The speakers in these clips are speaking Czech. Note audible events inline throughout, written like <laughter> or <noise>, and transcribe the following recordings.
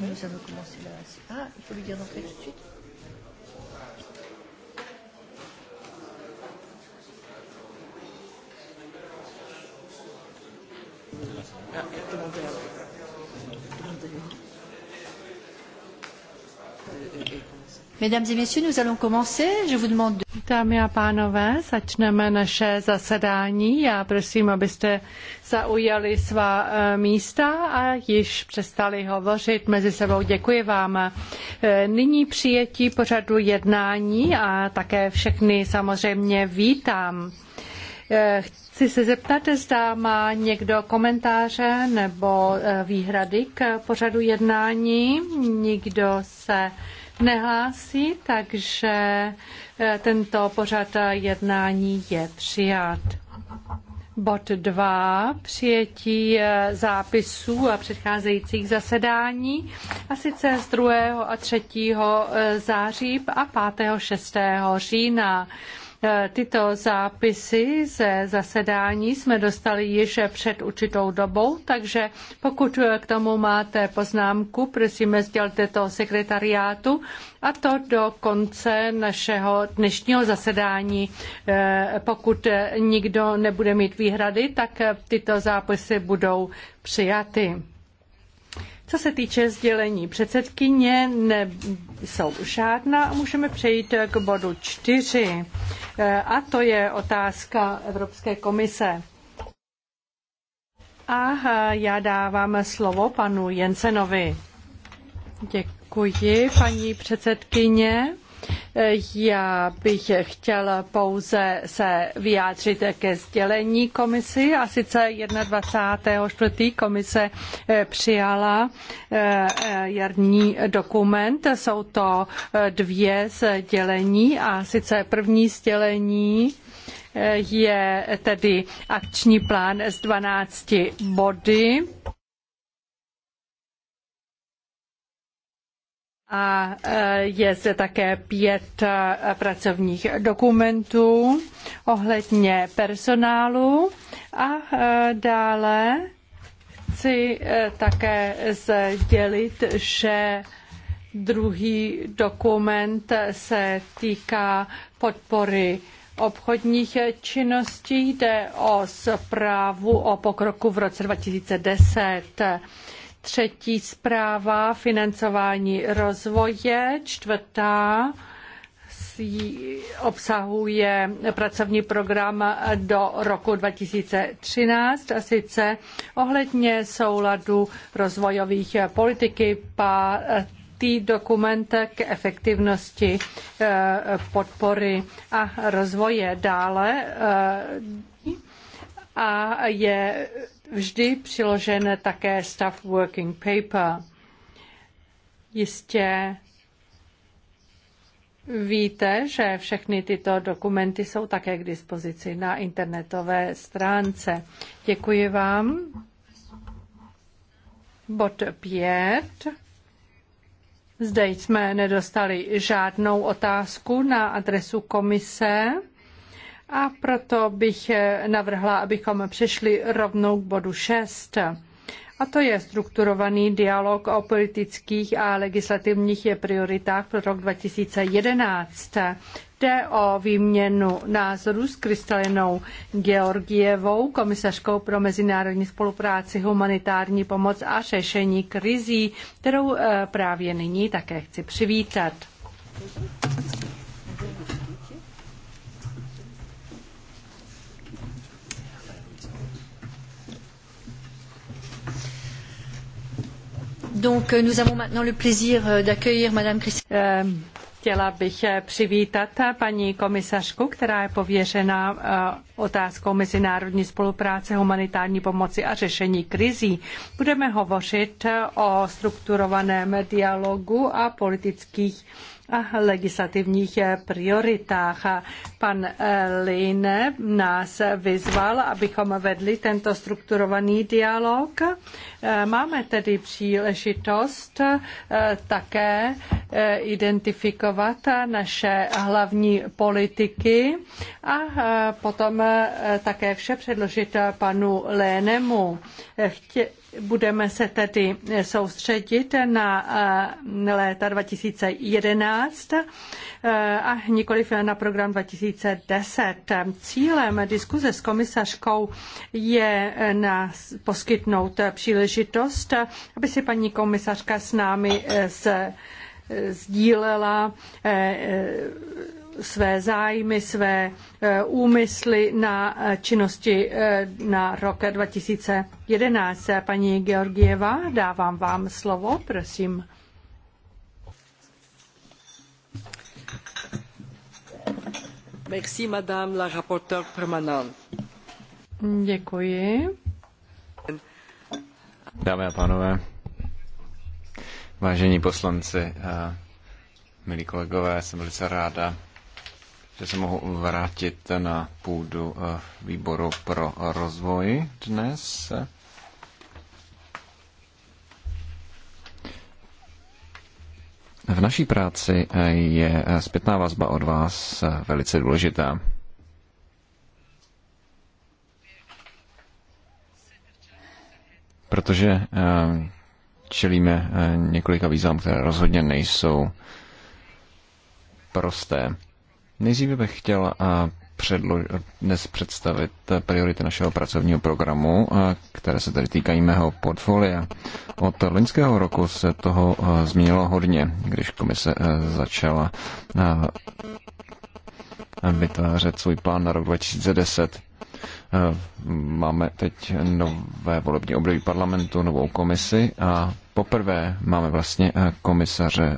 Il nous avons commencé là. Ah, il faut lui dire d'entrer tout de suite. Mesdames et messieurs, nous allons commencer. Je vous demande de... Dámy a pánové, začneme naše zasedání. Já prosím, abyste zaujali svá e, místa a již přestali hovořit mezi sebou. Děkuji vám. E, nyní přijetí pořadu jednání a také všechny samozřejmě vítám. E, chci se zeptat, zda má někdo komentáře nebo výhrady k pořadu jednání. Nikdo se nehlásí, takže eh, tento pořad jednání je přijat. Bod 2. Přijetí eh, zápisů a předcházejících zasedání a sice z 2. a 3. Eh, září a 5. 6. října. E, tyto zápisy ze zasedání jsme dostali již před určitou dobou, takže pokud k tomu máte poznámku, prosím, sdělte to sekretariátu a to do konce našeho dnešního zasedání. E, pokud nikdo nebude mít výhrady, tak tyto zápisy budou přijaty. Co se týče sdělení předsedkyně, ne, jsou žádná a můžeme přejít k bodu čtyři. Eh, a to je otázka Evropské komise. A eh, já dávám slovo panu Jensenovi. Děkuji, paní předsedkyně. Já bych chtěla pouze se vyjádřit ke sdělení komisi a sice 21. čtvrtý komise eh, přijala eh, jarní dokument. Jsou to eh, dvě sdělení a sice první sdělení je tedy akční plán s 12 body A eh, je zde také pět eh, pracovních dokumentů ohledně personálu a eh, dále chci také sdělit, že druhý dokument se týká podpory obchodních činností. Jde o zprávu o pokroku v roce 2010 třetí zpráva financování rozvoje, čtvrtá obsahuje pracovní program do roku 2013, a sice ohledně souladu rozvojových politiky pátý dokument k efektivnosti eh, podpory a rozvoje. Dále eh, a je vždy přiložen také staff working paper. Jistě víte, že všechny tyto dokumenty jsou také k dispozici na internetové stránce. Děkuji vám. Bod 5. Zde jsme nedostali žádnou otázku na adresu komise. A proto bych eh, navrhla, abychom přešli rovnou k bodu 6 a to je strukturovaný dialog o politických a legislativních prioritách pro rok 2011. Jde o výměnu názorů s Kristalinou Georgievou, komisařkou pro mezinárodní spolupráci, humanitární pomoc a řešení krizí, kterou eh, právě nyní také chci přivítat. Donc, euh, nous avons maintenant le plaisir euh, d'accueillir Madame Christine. Eh, chtěla bych eh, přivítat eh, paní komisařku, která je pověřena otázkou mezinárodní spolupráce, humanitární pomoci a řešení krizí. Budeme hovořit o strukturovaném dialogu a politických a legislativních prioritách. Pan eh, Line nás vyzval, abychom vedli tento strukturovaný dialog. Eh, máme tedy příležitost eh, také identifikovat naše hlavní politiky a potom také vše předložit panu Lénemu. Chtě... Budeme se tedy soustředit na léta 2011 2012 eh, a nikoliv na program 2010. Cílem diskuze s komisařkou je eh, na poskytnout příležitost, aby si paní komisařka s námi eh, sdílela své zájmy, své úmysly na činnosti na rok 2011. Paní Georgieva, dávám vám slovo, prosím. Merci, madame la rapporteure permanente. Děkuji. Dámy a pánové, vážení poslanci, a eh, milí kolegové, jsem velice ráda, že se mohu vrátit na půdu eh, výboru pro rozvoj dnes. V naší práci eh, je eh, zpětná vazba od vás eh, velice důležitá. Protože čelíme několika výzvám, které rozhodně nejsou prosté. Nejdříve bych chtěl předlo- dnes představit priority našeho pracovního programu, které se tady týkají mého portfolia. Od loňského roku se toho změnilo hodně, když komise začala vytvářet svůj plán na rok 2010. Máme teď nové volební období parlamentu, novou komisi a poprvé máme vlastně komisaře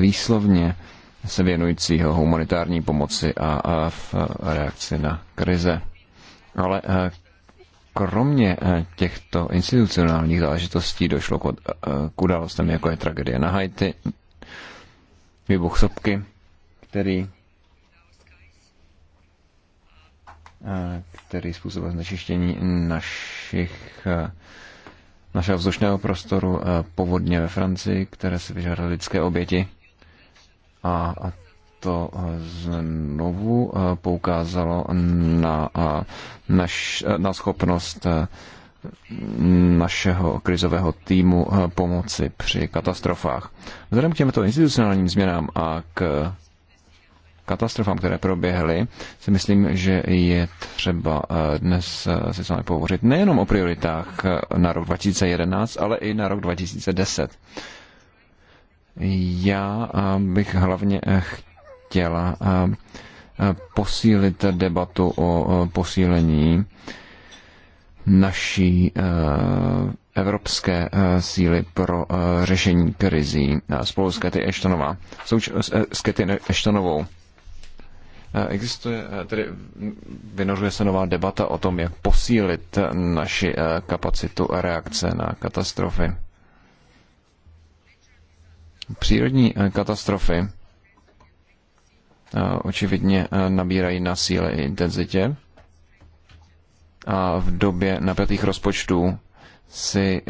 výslovně se věnujícího humanitární pomoci a v reakci na krize. Ale kromě těchto institucionálních záležitostí došlo k událostem, jako je tragédie na Haiti, výbuch sopky, který který způsobil znečištění našich, našeho vzdušného prostoru povodně ve Francii, které si vyžádaly lidské oběti a, a to eh, znovu eh, poukázalo na, eh, naš, na schopnost našeho krizového týmu pomoci při katastrofách. Vzhledem k těmto institucionálním změnám a k katastrofám, které proběhly, si myslím, že je třeba dnes si s vámi pohovořit nejenom o prioritách na rok 2011, ale i na rok 2010. Já eh, bych hlavně eh, chtěla eh, posílit debatu o posílení naší evropské síly pro řešení krizí spolu s Kety Eštonová. Souč- s Kety Eštonovou. Existuje, tedy vynořuje se nová debata o tom, jak posílit naši kapacitu a reakce na katastrofy. Přírodní eh, katastrofy eh, očividně eh, nabírají na síle i intenzitě a v době napjatých rozpočtů si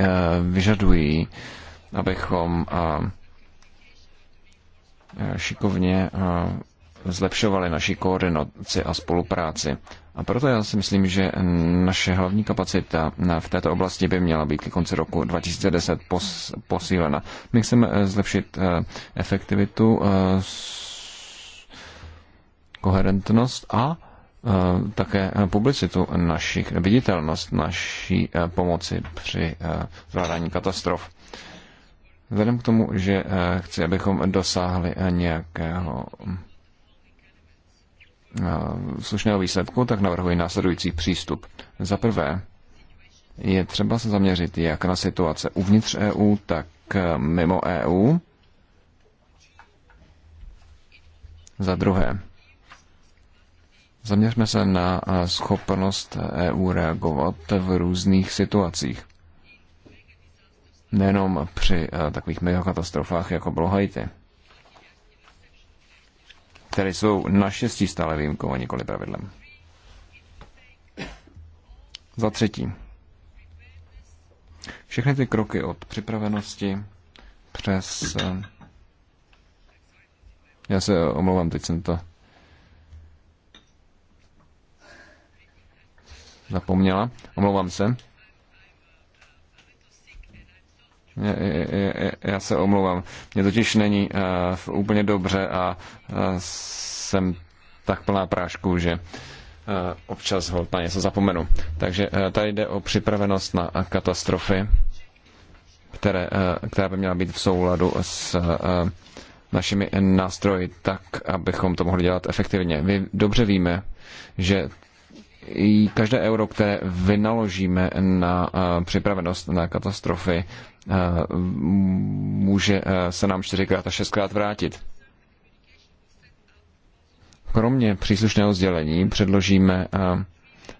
vyžadují, abychom šikovně zlepšovali naši koordinaci a spolupráci. A proto já si myslím, že naše hlavní kapacita v této oblasti by měla být ke konci roku 2010 pos, posílena. My chceme eh, zlepšit eh, efektivitu, eh, koherentnost a také publicitu našich, viditelnost naší pomoci při zvládání katastrof. Vzhledem k tomu, že chci, abychom dosáhli nějakého Eh, slušného výsledku, tak navrhuji následující přístup. Za prvé, je třeba se zaměřit jak na situace uvnitř EU, tak eh, mimo EU. Za druhé, zaměřme se na eh, schopnost EU reagovat v různých situacích. Nejenom při takových megakatastrofách, jako bylo Haiti které jsou naštěstí stále výjimkou a nikoli pravidlem. Za třetí. Všechny ty kroky od připravenosti přes... Eh, já se omlouvám, teď jsem to zapomněla. Omlouvám se. Já se omlouvám. Mně totiž není uh, úplně dobře a uh, jsem tak plná prášku, že uh, občas ho na něco zapomenu. Takže uh, tady jde o připravenost na katastrofy, které, uh, která by měla být v souladu s uh, našimi nástroji tak, abychom to mohli dělat efektivně. My dobře víme, že každé euro, které vynaložíme na eh, připravenost na katastrofy, eh, může eh, se nám čtyřikrát a šestkrát vrátit. Kromě příslušného sdělení předložíme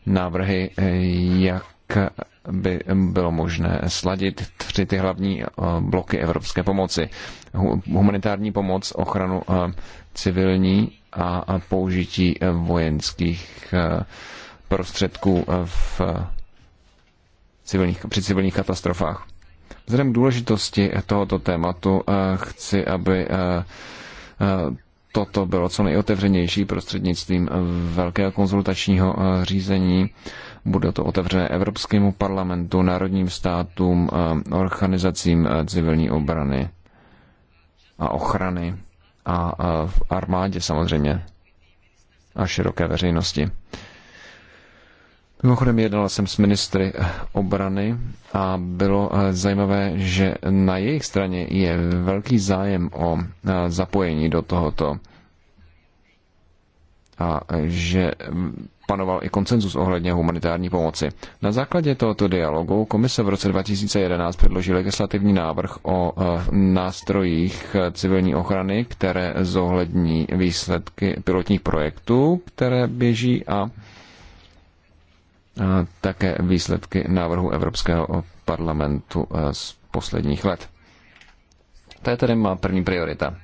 návrhy, jak by bylo možné sladit tři ty hlavní bloky evropské pomoci. Humanitární pomoc, ochranu civilní a použití vojenských prostředků eh, v eh, civilních, při civilních katastrofách. Vzhledem k důležitosti tohoto tématu eh, chci, aby toto bylo co nejotevřenější prostřednictvím velkého konzultačního řízení. Bude to otevřené Evropskému parlamentu, národním státům, organizacím civilní obrany a ochrany a v armádě samozřejmě a široké veřejnosti. Mimochodem jednala jsem s ministry eh, obrany a bylo eh, zajímavé, že na jejich straně je velký zájem o eh, zapojení do tohoto a že mm, panoval i koncenzus ohledně humanitární pomoci. Na základě tohoto dialogu komise v roce 2011 předloží legislativní návrh o nástrojích civilní ochrany, které zohlední výsledky pilotních projektů, které běží a také výsledky návrhu Evropského parlamentu eh, z posledních let. To je tedy má první priorita.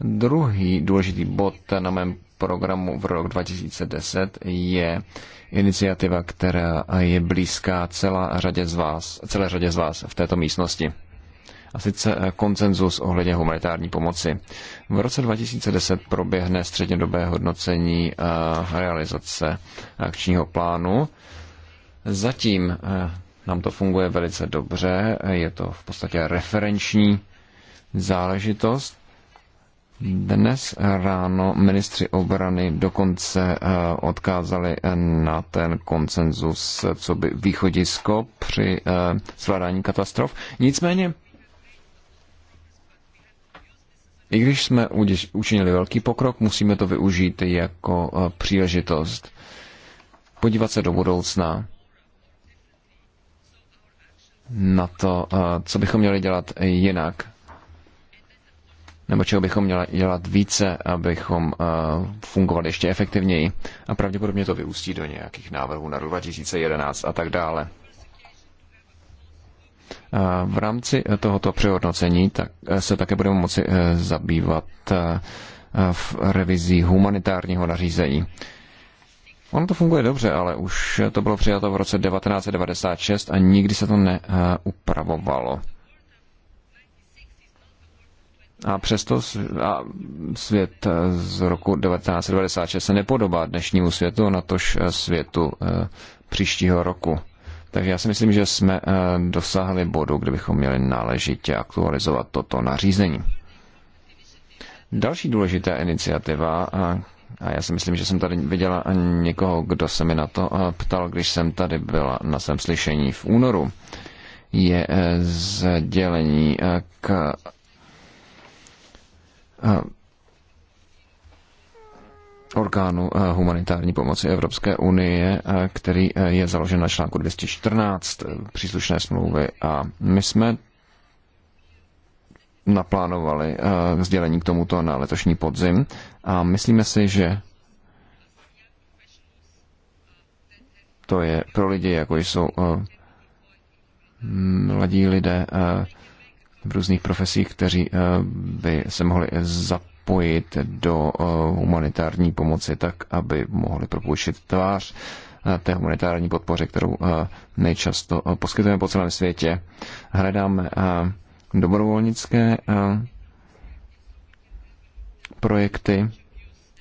Druhý důležitý bod na mém programu v rok 2010 je iniciativa, která je blízká celá řadě z vás, celé řadě z vás v této místnosti. A sice eh, koncenzus ohledně humanitární pomoci. V roce 2010 proběhne střednědobé hodnocení a eh, realizace akčního plánu Zatím eh, nám to funguje velice dobře, je to v podstatě referenční záležitost. Dnes ráno ministři obrany dokonce eh, odkázali na ten konsenzus, co by východisko při eh, zvládání katastrof. Nicméně, i když jsme učinili velký pokrok, musíme to využít jako příležitost podívat se do budoucna na to, eh, co bychom měli dělat jinak, nebo čeho bychom měli dělat více, abychom eh, fungovali ještě efektivněji. A pravděpodobně to vyústí do nějakých návrhů na 2011 a tak dále. Eh, v rámci tohoto přehodnocení tak se také budeme moci zabývat v revizí humanitárního nařízení. Ono to funguje dobře, ale už to bylo přijato v roce 1996 a nikdy se to neupravovalo. A přesto svět z roku 1996 se nepodobá dnešnímu světu, natož světu eh, příštího roku. Takže já si myslím, že jsme eh, dosáhli bodu, kde bychom měli náležitě aktualizovat toto nařízení. Další důležitá iniciativa, eh, a já si myslím, že jsem tady viděla někoho, kdo se mi na to eh, ptal, když jsem tady byla na svém slyšení v únoru. Je eh, sdělení eh, k orgánu humanitární pomoci Evropské unie, který je založen na článku 214 příslušné smlouvy. A my jsme naplánovali k eh, sdělení k tomuto na letošní podzim a myslíme si, že to je pro lidi, jako jsou eh, mladí lidé eh, v různých profesích, kteří by se mohli zapojit do humanitární pomoci tak, aby mohli propůjčit tvář té humanitární podpoře, kterou nejčasto poskytujeme po celém světě. Hledáme dobrovolnické eh, projekty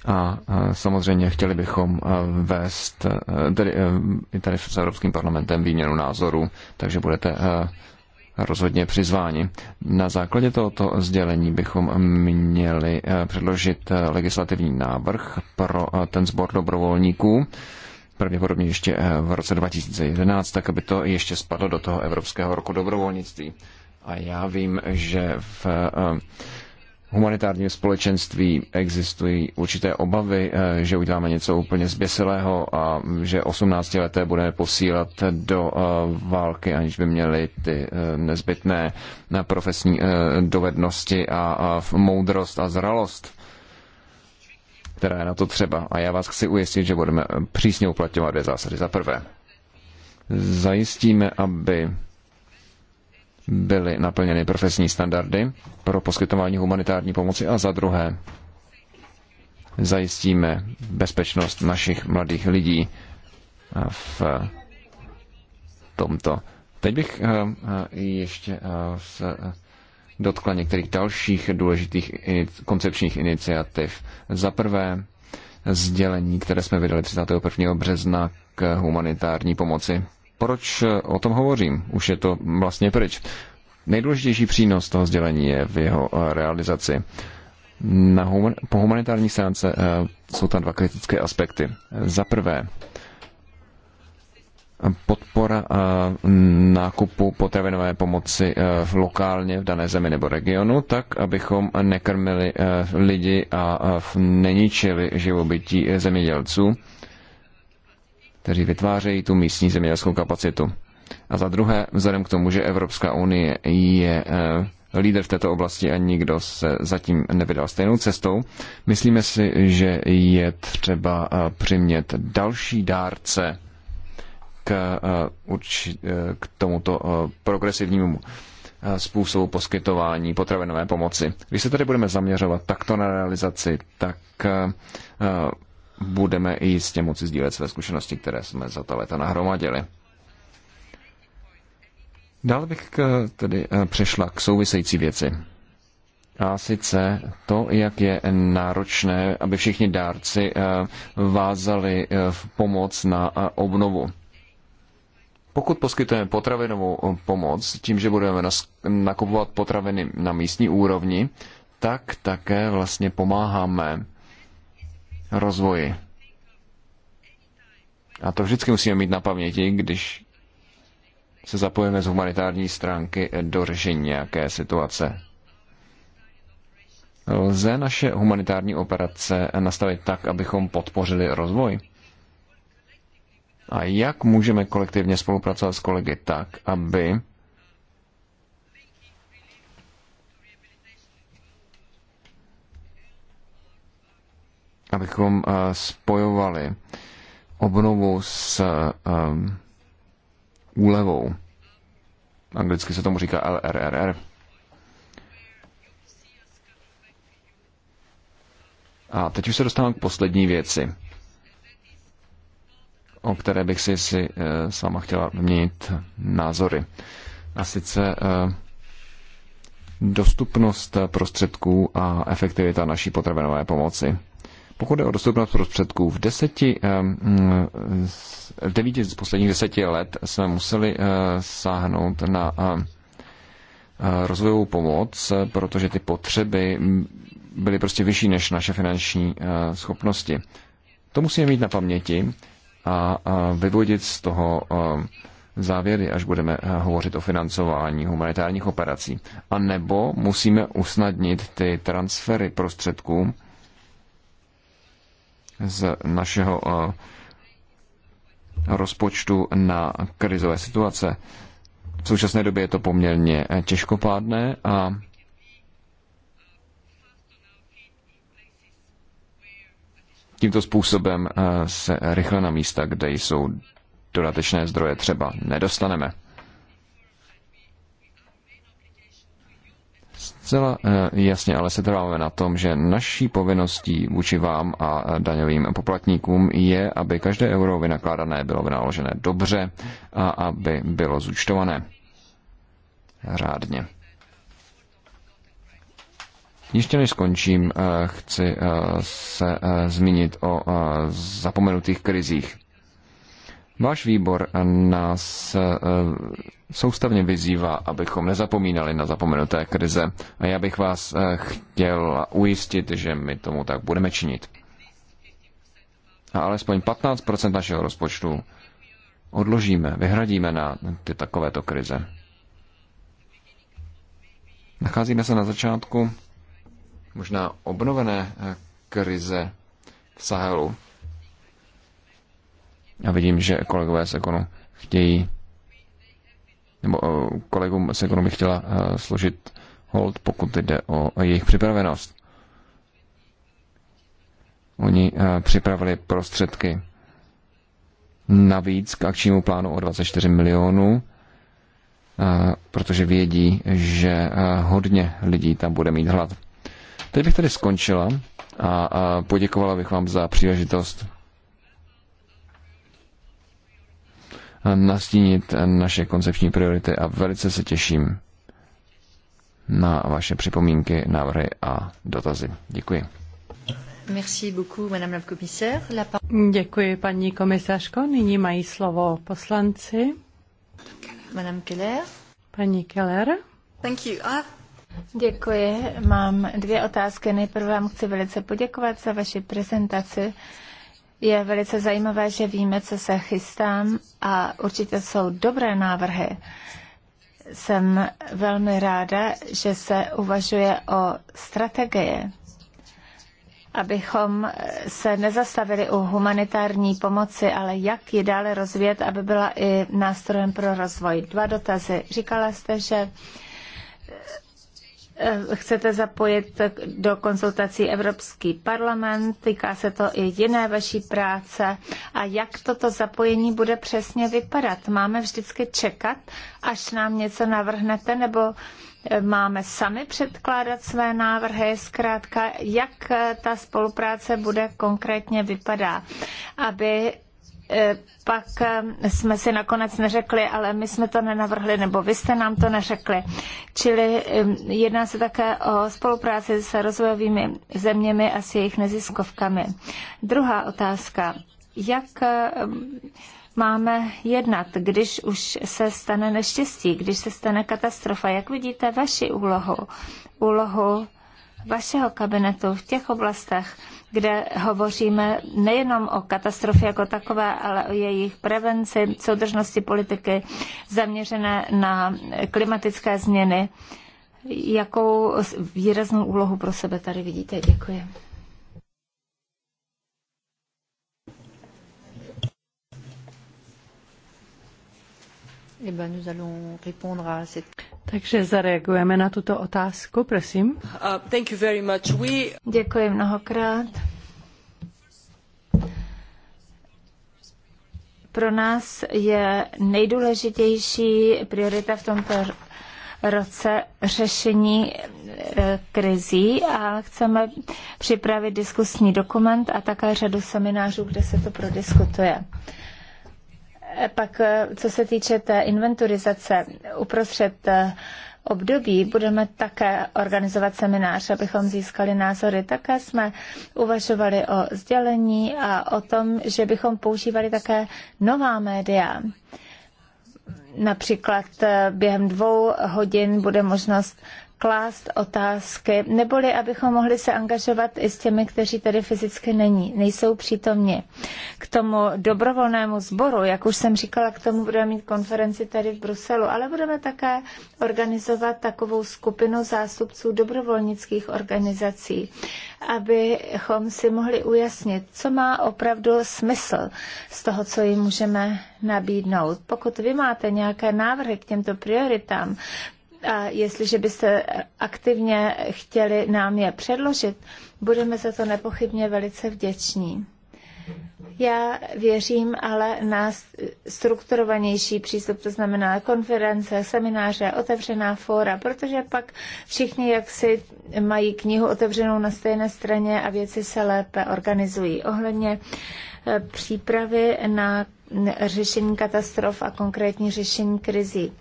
a eh, samozřejmě chtěli bychom eh, vést tedy, i tady s Evropským parlamentem výměnu názorů, takže budete rozhodně přizváni. Na základě tohoto sdělení bychom měli předložit legislativní návrh pro ten sbor dobrovolníků, pravděpodobně ještě v roce 2011, tak aby to ještě spadlo do toho Evropského roku dobrovolnictví. A já vím, že v eh, humanitárním společenství existují určité obavy, eh, že uděláme něco úplně zběsilého a že 18 leté budeme posílat do eh, války, aniž by měli ty nezbytné profesní dovednosti a moudrost a zralost která je na to třeba. A já vás chci ujistit, že budeme přísně uplatňovat dvě zásady. Za prvé, zajistíme, aby byly naplněny profesní standardy pro poskytování humanitární pomoci a za druhé zajistíme bezpečnost našich mladých lidí v tomto. Teď bych eh, eh, ještě eh, se dotkla některých dalších důležitých koncepčních iniciativ. Za prvé sdělení, které jsme vydali 31. března k humanitární pomoci proč o tom hovořím? Už je to vlastně pryč. Nejdůležitější přínos toho sdělení je v jeho eh, realizaci. Na human, po humanitární stránce eh, jsou tam dva kritické aspekty. Za prvé, podpora eh, nákupu potravinové pomoci v lokálně v dané zemi nebo regionu, tak abychom nekrmili lidi a neničili živobytí zemědělců kteří vytvářejí tu místní zemědělskou kapacitu. A za druhé, vzhledem k tomu, že Evropská unie je eh, lídr v této oblasti a nikdo se zatím nevydal stejnou cestou, myslíme si, že je třeba eh, přimět další dárce k, eh, k tomuto progresivnímu způsobu poskytování potravinové pomoci. Když se tady budeme zaměřovat takto na realizaci, tak budeme i jistě moci sdílet své zkušenosti, které jsme za ta léta nahromadili. Dále bych tedy eh, přešla k související věci. A sice to, jak je náročné, aby všichni dárci eh, vázali eh, pomoc na obnovu. Pokud poskytujeme potravinovou pomoc tím, že budeme nakupovat potraviny na místní úrovni, tak také vlastně pomáháme rozvoji. A to vždycky musíme mít na paměti, když se zapojíme z humanitární stránky do řešení nějaké situace. Lze naše humanitární operace nastavit tak, abychom podpořili rozvoj? A jak můžeme kolektivně spolupracovat s kolegy tak, aby abychom eh, spojovali obnovu s um, úlevou. Anglicky se tomu říká LRRR. A teď už se dostávám k poslední věci, o které bych si, si eh, s váma chtěla měnit názory. A sice dostupnost prostředků a efektivita naší potravinové pomoci. Pokud je o dostupnost prostředků, v, deseti, v devíti z posledních deseti let jsme museli eh, sáhnout na eh, rozvojovou pomoc, protože ty potřeby byly prostě vyšší než naše finanční eh, schopnosti. To musíme mít na paměti a vyvodit z toho závěry, až budeme hovořit o financování humanitárních operací. A nebo musíme usnadnit ty transfery prostředků, z našeho eh, rozpočtu na krizové situace. V současné době je to poměrně eh, těžkopádné a tímto způsobem eh, se rychle na místa, kde jsou dodatečné zdroje třeba nedostaneme. Zcela eh, jasně ale se trváme na tom, že naší povinností vůči vám a eh, daňovým poplatníkům je, aby každé euro vynakládané bylo vynaložené dobře a aby bylo zúčtované řádně. Ještě než skončím, eh, chci se zmínit o zapomenutých krizích. Váš výbor nás eh, soustavně vyzývá, abychom nezapomínali na zapomenuté krize a já bych vás eh, chtěl ujistit, že my tomu tak budeme činit. A alespoň 15% našeho rozpočtu odložíme, vyhradíme na ty takovéto krize. Nacházíme se na začátku možná obnovené eh, krize v Sahelu a vidím, že kolegové z Ekonu chtějí, nebo eh, kolegům z Ekonu bych chtěla eh, složit hold, pokud jde o jejich připravenost. Oni eh, připravili prostředky navíc k akčnímu plánu o 24 milionů, protože vědí, že hodně lidí tam bude mít hlad. Teď bych tady skončila a poděkovala bych vám za příležitost nastínit naše koncepční priority a velice se těším na vaše připomínky, návrhy a dotazy. Děkuji. Merci beaucoup, Madame la Commissaire. La... Děkuji, paní komisařko. Nyní mají slovo poslanci. Madame Keller. Paní Keller. Thank you. I Děkuji. Mám dvě otázky. Nejprve vám chci velice poděkovat za vaši prezentaci je velice zajímavé, že víme, co se chystám a určitě jsou dobré návrhy. Jsem velmi ráda, že se uvažuje o strategii, abychom se nezastavili u humanitární pomoci, ale jak ji dále rozvíjet, aby byla i nástrojem pro rozvoj. Dva dotazy. Říkala jste, že Eh, chcete zapojit do konzultací Evropský parlament, týká se to i jiné vaší práce. A jak toto zapojení bude přesně vypadat? Máme vždycky čekat, až nám něco navrhnete, nebo eh, máme sami předkládat své návrhy, zkrátka, jak eh, ta spolupráce bude konkrétně vypadat, aby Eh, pak eh, jsme si nakonec neřekli, ale my jsme to nenavrhli, nebo vy jste nám to neřekli. Čili jedná se také o spolupráci s rozvojovými zeměmi a s jejich neziskovkami. Druhá otázka. Jak máme jednat, když už se stane neštěstí, když se stane katastrofa? Jak vidíte vaši úlohu, úlohu vašeho kabinetu v těch oblastech, kde hovoříme nejenom o katastrofě jako takové, ale o jejich prevenci, soudržnosti politiky zaměřené na klimatické změny. Jakou výraznou úlohu pro sebe tady vidíte? Děkuji. Eh ben, nous allons répondre à cette takže zareagujeme na tuto otázku, prosím. Uh, thank you very much. We... Děkuji mnohokrát. Pro nás je nejdůležitější priorita v tomto roce řešení eh, krizí a chceme připravit diskusní dokument a také řadu seminářů, kde se to prodiskutuje. Uh, pak, eh, co se týče té inventurizace uprostřed eh, období budeme také organizovat seminář, abychom získali názory. Také jsme uvažovali o sdělení a o tom, že bychom používali také nová média. Například eh, během dvou hodin bude možnost klást otázky, neboli abychom mohli se angažovat i s těmi, kteří tady fyzicky není, nejsou přítomni. K tomu dobrovolnému sboru, jak už jsem říkala, k tomu budeme mít konferenci tady v Bruselu, ale budeme také organizovat takovou skupinu zástupců dobrovolnických organizací, abychom si mohli ujasnit, co má opravdu smysl z toho, co jim můžeme nabídnout. Pokud vy máte nějaké návrhy k těmto prioritám, a jestliže by se aktivně chtěli nám je předložit, budeme za to nepochybně velice vděční. Já věřím ale na strukturovanější přístup, to znamená konference, semináře, otevřená fóra, protože pak všichni jaksi mají knihu otevřenou na stejné straně a věci se lépe organizují. Ohledně eh, přípravy na řešení katastrof a konkrétní řešení krizí.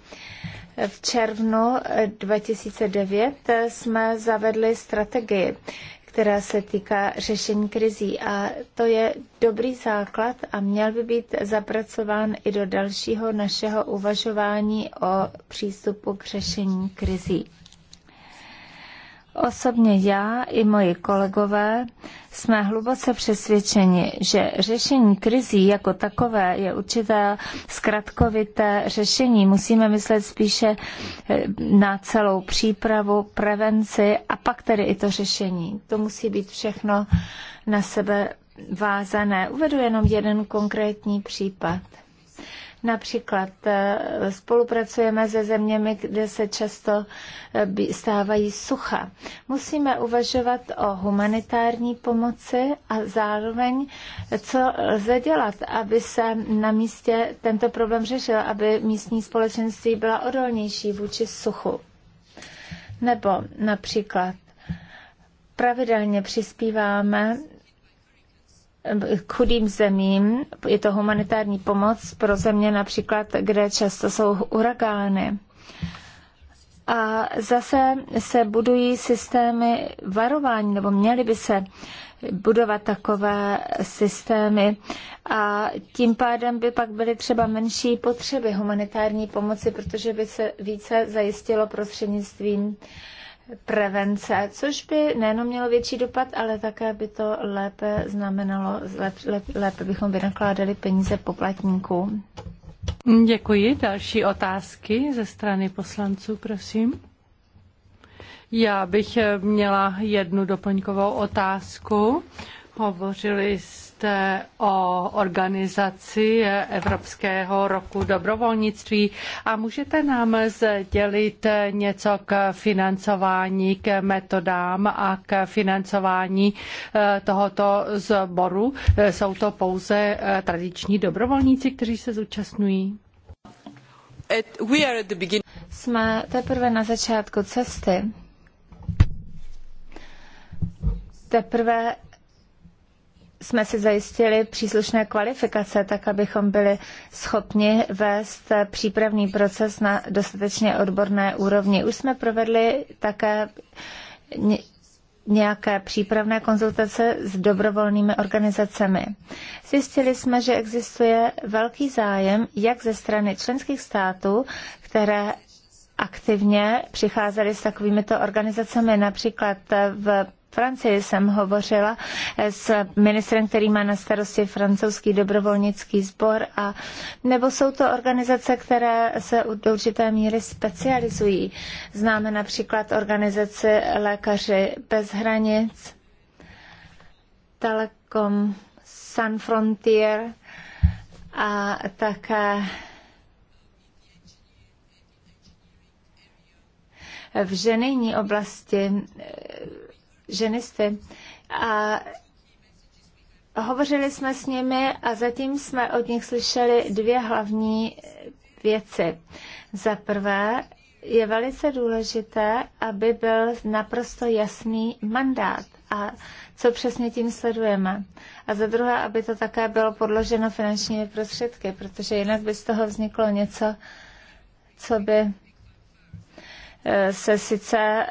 V červnu 2009 jsme zavedli strategii, která se týká řešení krizí. A to je dobrý základ a měl by být zapracován i do dalšího našeho uvažování o přístupu k řešení krizí. Osobně já i moji kolegové jsme hluboce přesvědčeni, že řešení krizí jako takové je určité zkratkovité řešení. Musíme myslet spíše eh, na celou přípravu, prevenci a pak tedy i to řešení. To musí být všechno na sebe vázané. Uvedu jenom jeden konkrétní případ. Například eh, spolupracujeme se zeměmi, kde se často eh, stávají sucha. Musíme uvažovat o humanitární pomoci a zároveň, co lze dělat, aby se na místě tento problém řešil, aby místní společenství byla odolnější vůči suchu. Nebo například pravidelně přispíváme chudým zemím. Je to humanitární pomoc pro země například, kde často jsou uragány. A zase se budují systémy varování, nebo měly by se budovat takové systémy a tím pádem by pak byly třeba menší potřeby humanitární pomoci, protože by se více zajistilo prostřednictvím prevence, což by nejenom mělo větší dopad, ale také by to lépe znamenalo, lépe, lépe, lépe bychom vynakládali peníze poplatníků. Děkuji. Další otázky ze strany poslanců, prosím. Já bych měla jednu doplňkovou otázku. Hovořili jsme jste o organizaci Evropského roku dobrovolnictví a můžete nám sdělit něco k financování, k metodám a k financování eh, tohoto sboru? Jsou to pouze eh, tradiční dobrovolníci, kteří se zúčastňují? Jsme teprve na začátku cesty. Teprve jsme si zajistili příslušné kvalifikace, tak abychom byli schopni vést přípravný proces na dostatečně odborné úrovni. Už jsme provedli také nějaké přípravné konzultace s dobrovolnými organizacemi. Zjistili jsme, že existuje velký zájem jak ze strany členských států, které aktivně přicházely s takovýmito organizacemi, například v Francii jsem hovořila s ministrem, který má na starosti francouzský dobrovolnický sbor, a nebo jsou to organizace, které se do určité míry specializují. Známe například organizaci Lékaři bez hranic, Telekom, San Frontier a také v ženejní oblasti ženisty. A hovořili jsme s nimi a zatím jsme od nich slyšeli dvě hlavní věci. Za prvé, je velice důležité, aby byl naprosto jasný mandát a co přesně tím sledujeme. A za druhé, aby to také bylo podloženo finančními prostředky, protože jinak by z toho vzniklo něco, co by se sice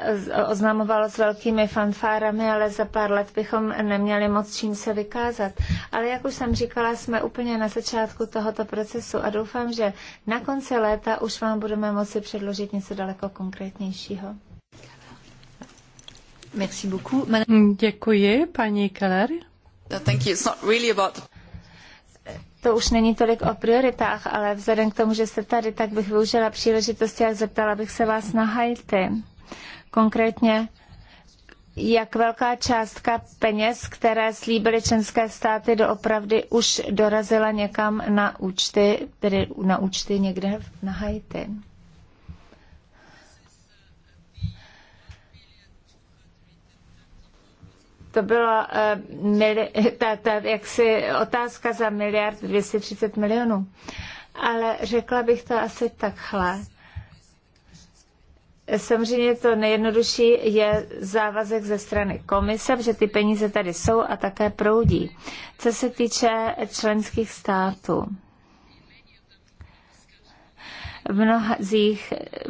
oznamovalo s velkými fanfárami, ale za pár let bychom neměli moc čím se vykázat. Ale jak už jsem říkala, jsme úplně na začátku tohoto procesu a doufám, že na konci léta už vám budeme moci předložit něco daleko konkrétnějšího. Merci beaucoup. Děkuji, paní Keller. Thank you. It's not really about to už není tolik o prioritách, ale vzhledem k tomu, že jste tady, tak bych využila příležitosti a zeptala bych se vás na Haiti. Konkrétně jak velká částka peněz, které slíbily členské státy, doopravdy už dorazila někam na účty, tedy na účty někde na Haiti. to byla eh, mili, ta, ta, jaksi otázka za miliard 230 milionů. Ale řekla bych to asi takhle. Samozřejmě to nejjednodušší je závazek ze strany komise, že ty peníze tady jsou a také proudí. Co se týče členských států, v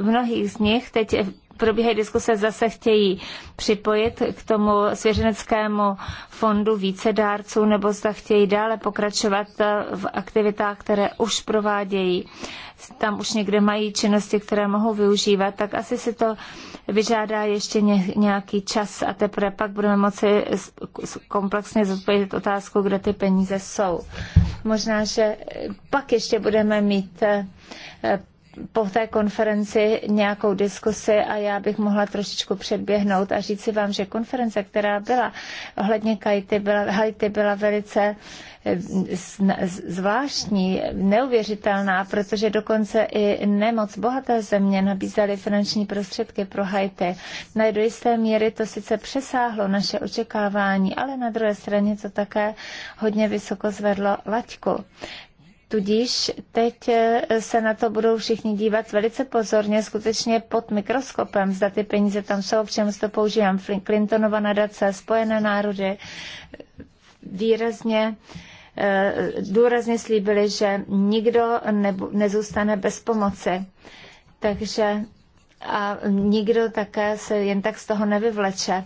mnohých z nich teď probíhají diskuse, zase chtějí připojit k tomu svěřeneckému fondu více dárců, nebo zda chtějí dále pokračovat v aktivitách, které už provádějí. Tam už někde mají činnosti, které mohou využívat, tak asi si to vyžádá ještě nějaký čas a teprve pak budeme moci komplexně zodpovědět otázku, kde ty peníze jsou. Možná, že pak ještě budeme mít eh, po té konferenci nějakou diskusi a já bych mohla trošičku předběhnout a říci vám, že konference, která byla ohledně Haiti, byla, Haiti byla velice eh, zvláštní, neuvěřitelná, protože dokonce i nemoc bohaté země nabízely finanční prostředky pro Haiti. Na do jisté míry to sice přesáhlo naše očekávání, ale na druhé straně to také hodně vysoko zvedlo laťku. Tudíž teď eh, se na to budou všichni dívat velice pozorně, skutečně pod mikroskopem, zda ty peníze tam jsou, k čemu to používám. Clintonova nadace, Spojené národy výrazně eh, důrazně slíbili, že nikdo nezůstane bez pomoci. Takže a nikdo také se jen tak z toho nevyvleče.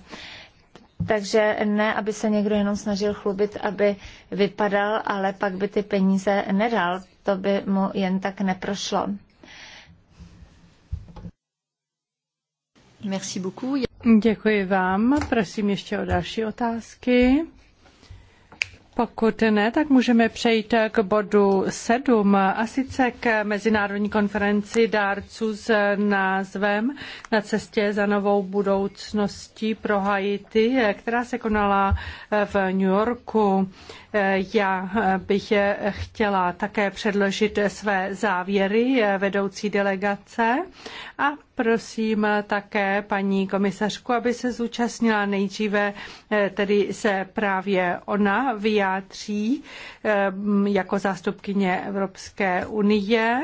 Takže ne, aby se někdo jenom snažil chlubit, aby vypadal, ale pak by ty peníze nedal. To by mu jen tak neprošlo. Merci beaucoup. Děkuji vám. Prosím ještě o další otázky. Pokud ne, tak můžeme přejít k bodu 7, a sice k Mezinárodní konferenci dárců s názvem Na cestě za novou budoucností pro Haiti, která se konala v New Yorku. Já bych chtěla také předložit své závěry vedoucí delegace a prosím také paní komisařku, aby se zúčastnila nejdříve, eh, tedy se právě ona vyjádří eh, jako zástupkyně Evropské unie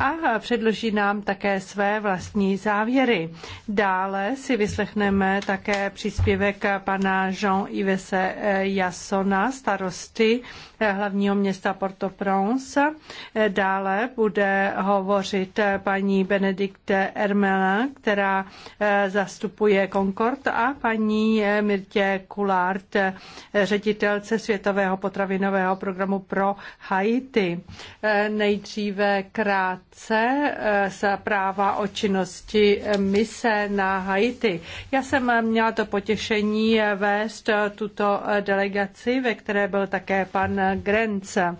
a předloží nám také své vlastní závěry. Dále si vyslechneme také příspěvek pana Jean-Ivese Jasona, starosta starosty hlavního města Port-au-Prince. Dále bude hovořit paní Benedikte Ermela, která eh, zastupuje Concord a paní Mirtě Kulart, eh, ředitelce Světového potravinového programu pro Haiti. Eh, nejdříve krátce zpráva o činnosti mise na Haiti. Já jsem měla to potěšení vést tuto delegaci, ve které byl také pan Grenca.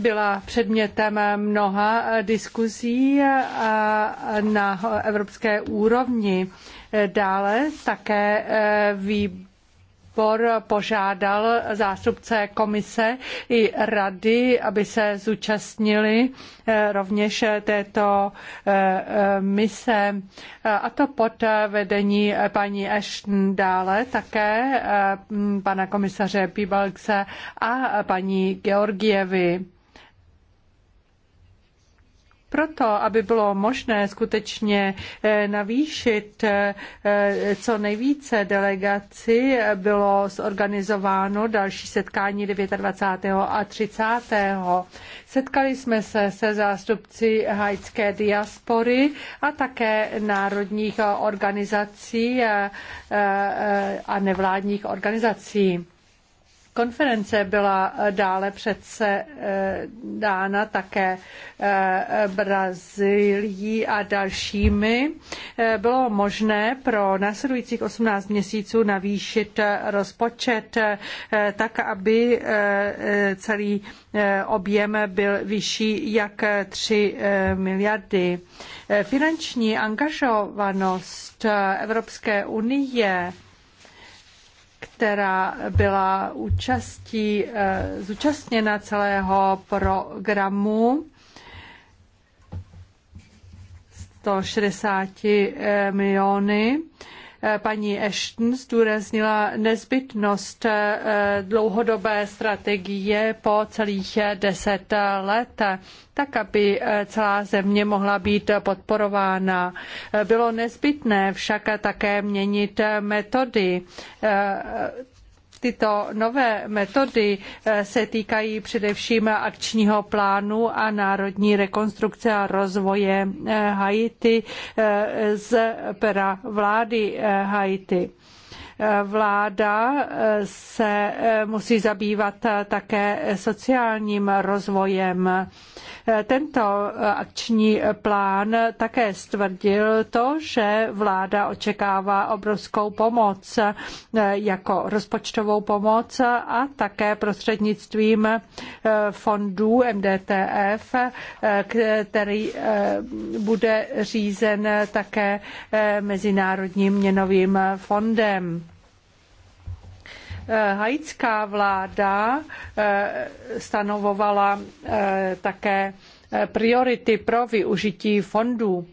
byla předmětem mnoha diskuzí na evropské úrovni. Dále také eh, výbor výbor požádal zástupce komise i rady, aby se zúčastnili eh, rovněž této eh, eh, mise. A to pod vedení paní Ashton dále také pana komisaře Pibalkse a paní Georgievy. Proto, aby bylo možné skutečně eh, navýšit eh, eh, co nejvíce delegaci, bylo zorganizováno další setkání 29. a 30. Setkali jsme se se zástupci hajské diaspory a také národních organizací a nevládních organizací. Konference byla eh, dále přece eh, dána také eh, Brazílií a dalšími. Bylo možné pro následujících 18 měsíců navýšit rozpočet tak, aby celý objem byl vyšší jak 3 miliardy. Finanční angažovanost Evropské unie která byla účastí, eh, zúčastněna celého programu 160 eh, miliony Eh, paní Ashton zdůraznila nezbytnost eh, dlouhodobé strategie po celých eh, deset let, tak aby celá země mohla být podporována. Bylo nezbytné však také měnit metody Tyto nové metody eh, se týkají především akčního plánu a národní rekonstrukce a rozvoje eh, Haiti eh, z pera vlády Haiti. Vláda eh, se eh, musí zabývat eh, také sociálním rozvojem. Tento akční plán také stvrdil to, že vláda očekává obrovskou pomoc jako rozpočtovou pomoc a také prostřednictvím fondů MDTF, který bude řízen také Mezinárodním měnovým fondem. Eh, haitská vláda eh, stanovovala eh, také priority pro využití fondů.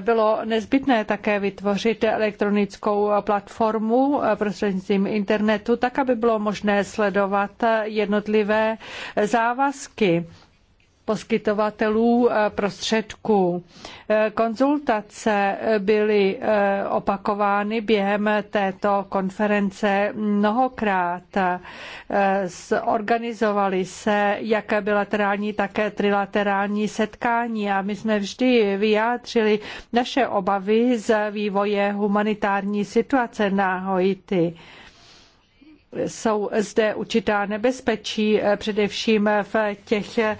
Bylo nezbytné také vytvořit elektronickou platformu prostřednictvím internetu, tak aby bylo možné sledovat jednotlivé závazky poskytovatelů eh, prostředků. Eh, konzultace eh, byly opakovány během této konference mnohokrát. Organizovaly se jak bilaterální, tak trilaterální setkání a my jsme vždy vyjádřili naše obavy z vývoje humanitární situace na Haiti jsou zde určitá nebezpečí, eh, především v těch eh,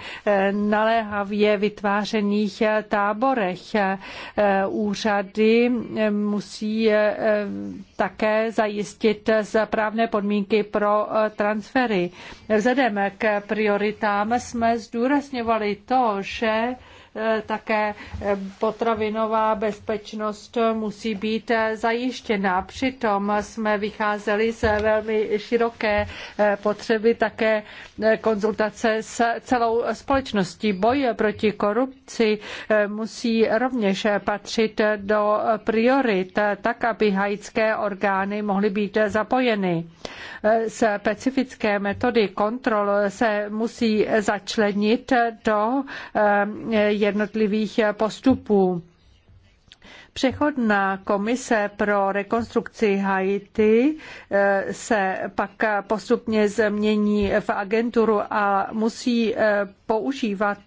naléhavě vytvářených eh, táborech. Úřady musí také zajistit správné podmínky pro transfery. Vzhledem k prioritám jsme zdůrazňovali to, že Eh, také eh, potravinová bezpečnost musí být eh, zajištěna. Přitom jsme vycházeli z velmi široké potřeby také konzultace s celou společností. Boj proti korupci musí rovněž patřit do priorit, tak aby haitské orgány mohly být zapojeny specifické metody kontrol se musí začlenit do eh, jednotlivých postupů. Přechodná komise pro rekonstrukci Haiti eh, se pak postupně změní v agenturu a musí eh, používat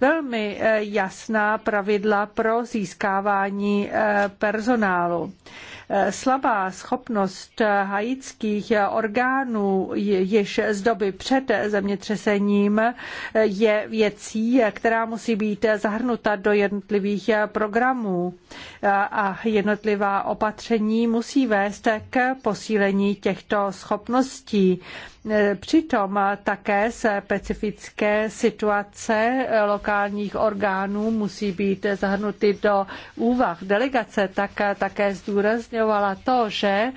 velmi jasná pravidla pro získávání personálu. Slabá schopnost haitských orgánů již z doby před zemětřesením je věcí, která musí být zahrnuta do jednotlivých programů a jednotlivá opatření musí vést k posílení těchto schopností. Přitom také specifické situace lokálních orgánů musí být zahrnuty do úvah. Delegace tak také zdůrazňovala to, že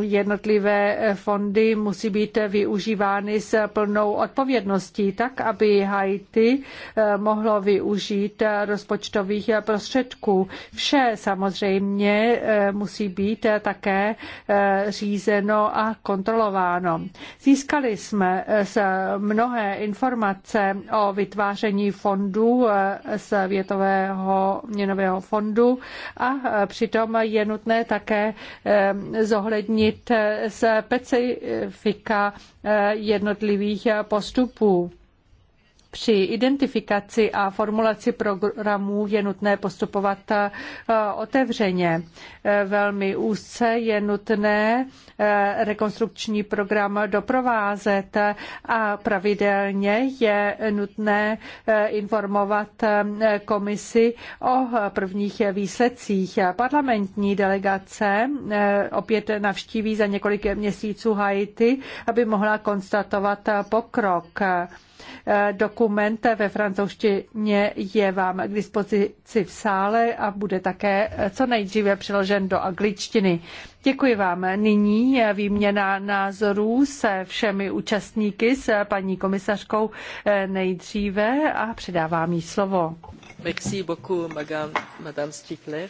Jednotlivé fondy musí být využívány s plnou odpovědností, tak aby Haiti eh, mohlo využít rozpočtových prostředků. Vše samozřejmě eh, musí být také eh, řízeno a kontrolováno. Získali jsme mnohé informace o vytváření fondů Světového měnového fondu a přitom je nutné také zohlednit zohlednit specifika jednotlivých postupů. Při identifikaci a formulaci programů je nutné postupovat eh, otevřeně. Eh, velmi úzce je nutné eh, rekonstrukční program doprovázet a pravidelně je nutné informovat komisi o prvních výsledcích. Parlamentní delegace opět navštíví za několik měsíců Haiti, aby mohla konstatovat pokrok. Eh, dokument ve francouzštině je vám k dispozici v sále a bude také eh, co nejdříve přeložen do angličtiny. Děkuji vám. Nyní výměna názorů se všemi účastníky, s paní komisařkou eh, nejdříve a předávám jí slovo. Merci beaucoup, madame, madame Stifler.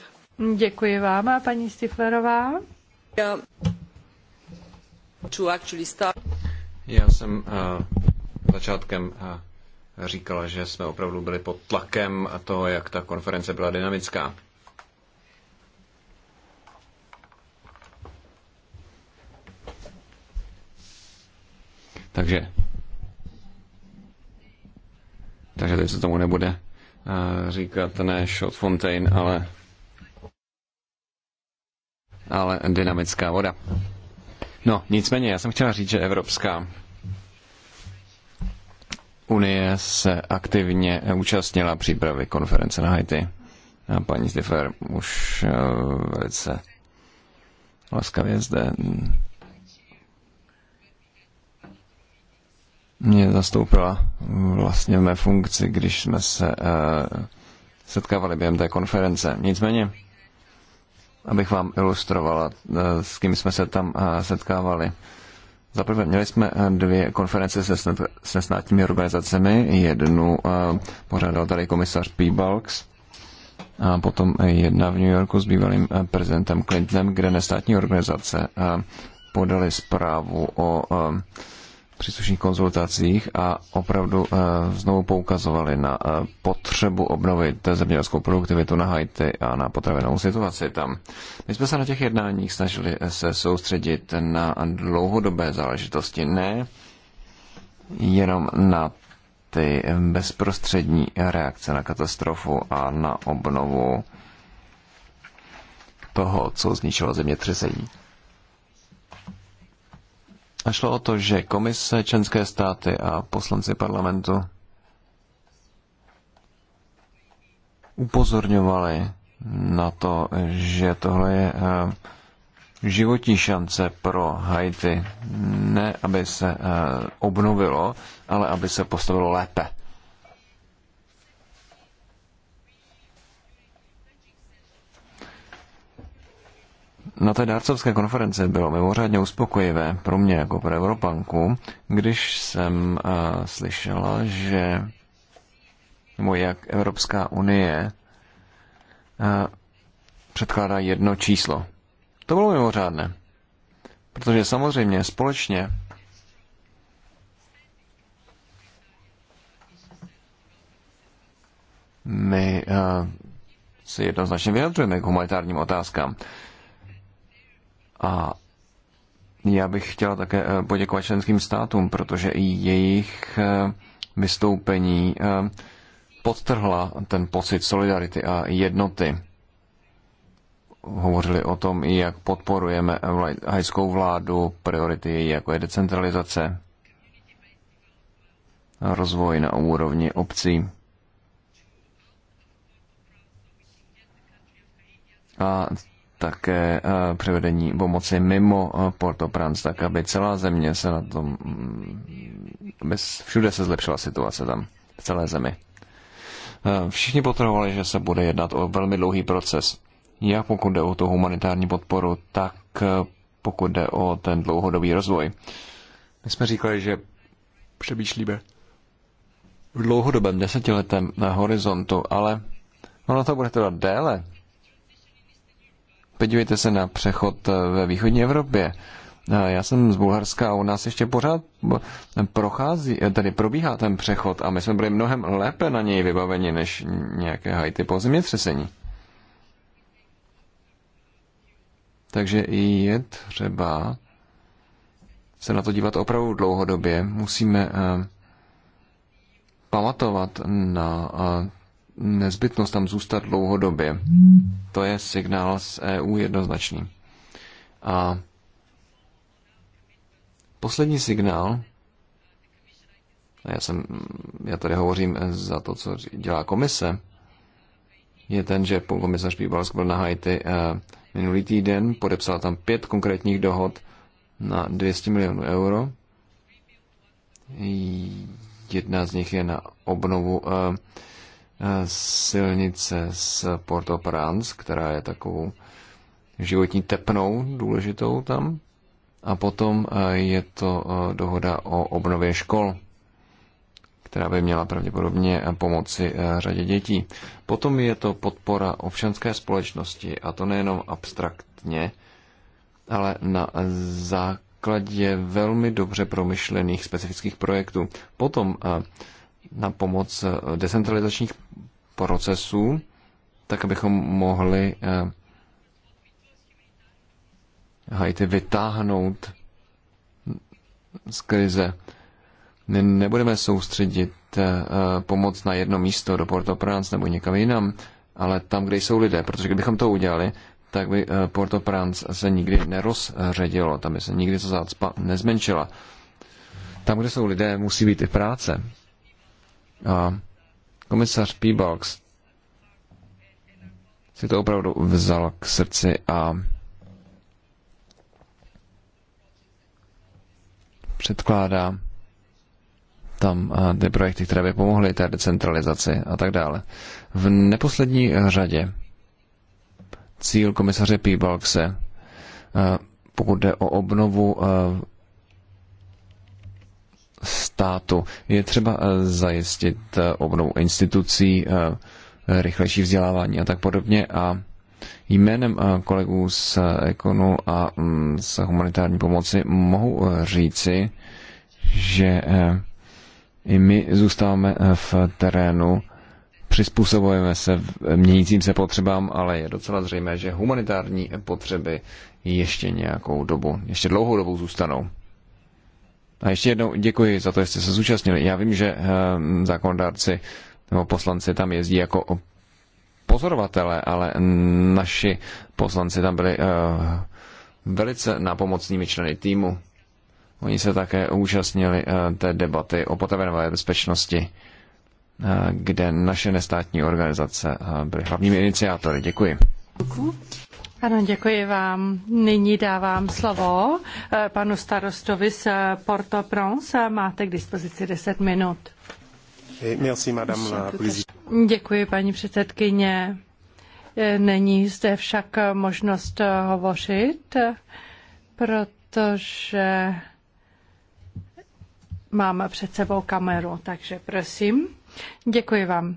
Děkuji vám, paní Stiflerová. Já, Já jsem uh začátkem říkala, že jsme opravdu byli pod tlakem a toho, jak ta konference byla dynamická. Takže takže teď se tomu nebude eh, říkat ne shot fontaine, ale ale dynamická voda. No, nicméně, já jsem chtěla říct, že evropská Unie se aktivně účastnila přípravy konference na Haiti. A paní Stiffer už eh, velice laskavě zde mě zastoupila vlastně v mé funkci, když jsme se eh, setkávali během té konference. Nicméně, abych vám ilustrovala, eh, s kým jsme se tam setkávali. Zaprvé měli jsme eh, dvě konference se, snad, se snadními organizacemi. Jednu eh, pořádal tady komisař Balks a potom jedna v New Yorku s bývalým eh, prezidentem Clintonem, kde nestátní organizace podali zprávu o příslušných konzultacích a opravdu eh, znovu poukazovali na eh, potřebu obnovit zemědělskou produktivitu na Haiti a na potravinovou situaci tam. My jsme se na těch jednáních snažili eh, se soustředit na dlouhodobé záležitosti, ne jenom na ty bezprostřední reakce na katastrofu a na obnovu toho, co zničilo zemětřesení. A šlo o to, že komise, členské státy a poslanci parlamentu upozorňovali na to, že tohle je eh, životní šance pro Haiti. Ne, aby se eh, obnovilo, ale aby se postavilo lépe. na té dárcovské konferenci bylo mimořádně uspokojivé pro mě jako pro Evropanku, když jsem uh, slyšela, že nebo jak Evropská unie uh, předkládá jedno číslo. To bylo mimořádné. Protože samozřejmě společně my uh, se jednoznačně vyjadřujeme k humanitárním otázkám. A já bych chtěl také eh, poděkovat členským státům, protože i jejich eh, vystoupení eh, podtrhla ten pocit solidarity a jednoty. Hovořili o tom, jak podporujeme hajskou vládu, priority jako je decentralizace, rozvoj na úrovni obcí. A také eh, převedení pomoci mimo eh, Porto Prance, tak aby celá země se na tom, mm, aby všude se zlepšila situace tam, v celé zemi. Eh, všichni potřebovali, že se bude jednat o velmi dlouhý proces. Jak pokud jde o tu humanitární podporu, tak pokud jde o ten dlouhodobý rozvoj. My jsme říkali, že přemýšlíme v dlouhodobém desetiletém horizontu, ale ono to bude teda déle, Podívejte se na přechod eh, ve východní Evropě. Eh, já jsem z Bulharska a u nás ještě pořád eh, prochází, tady probíhá ten přechod a my jsme byli mnohem lépe na něj vybaveni než nějaké Haiti po zemětřesení. Takže i je třeba se na to dívat opravdu dlouhodobě. Musíme pamatovat na nezbytnost tam zůstat dlouhodobě. To je signál z EU jednoznačný. A poslední signál, a já, jsem, já tady hovořím za to, co dělá komise, je ten, že komisař Píbalsk byl na Haiti eh, minulý týden, podepsal tam pět konkrétních dohod na 200 milionů euro. Jedna z nich je na obnovu eh, Eh, silnice z Port-au-Prince, která je takovou životní tepnou důležitou tam. A potom eh, je to eh, dohoda o obnově škol, která by měla pravděpodobně pomoci řadě dětí. Potom je to podpora občanské společnosti, a to nejenom abstraktně, ale na základě velmi dobře promyšlených specifických projektů. Potom na pomoc eh, decentralizačních procesů, tak abychom mohli eh, Haiti vytáhnout z krize. My nebudeme soustředit eh, pomoc na jedno místo do Port-au-Prince nebo někam jinam, ale tam, kde jsou lidé, protože kdybychom to udělali, tak by Port-au-Prince se nikdy nerozředilo, tam by se nikdy ta zácpa nezmenšila. Tam, kde jsou lidé, musí být i práce. A komisař Peebalks si to opravdu vzal k srdci a předkládá tam ty projekty, které by pomohly té decentralizaci a tak dále. V neposlední řadě cíl komisaře Peebalkse, pokud jde o obnovu státu. Je třeba eh, zajistit eh, obnovu institucí, eh, rychlejší vzdělávání a tak podobně a jménem kolegů z Ekonu a mm, z humanitární pomoci mohu říci, že i my zůstáváme v terénu, přizpůsobujeme se měnícím se potřebám, ale je docela zřejmé, že humanitární potřeby ještě nějakou dobu, ještě dlouhou dobu zůstanou. A ještě jednou děkuji za to, že jste se zúčastnili. Já vím, že eh, zákonodárci nebo poslanci tam jezdí jako pozorovatele, ale naši poslanci tam byli eh, velice nápomocnými členy týmu. Oni se také účastnili eh, té debaty o potravinové bezpečnosti, kde naše nestátní organizace byly hlavními iniciátory. Děkuji. Děkuji. Ano, děkuji vám. Nyní dávám slovo eh, panu starostovi z Port-au-Prince. Máte k dispozici 10 minut. Eh, merci, madame Děkuji, paní předsedkyně. Eh, není zde však možnost hovořit, protože mám před sebou kameru, takže prosím. Děkuji vám.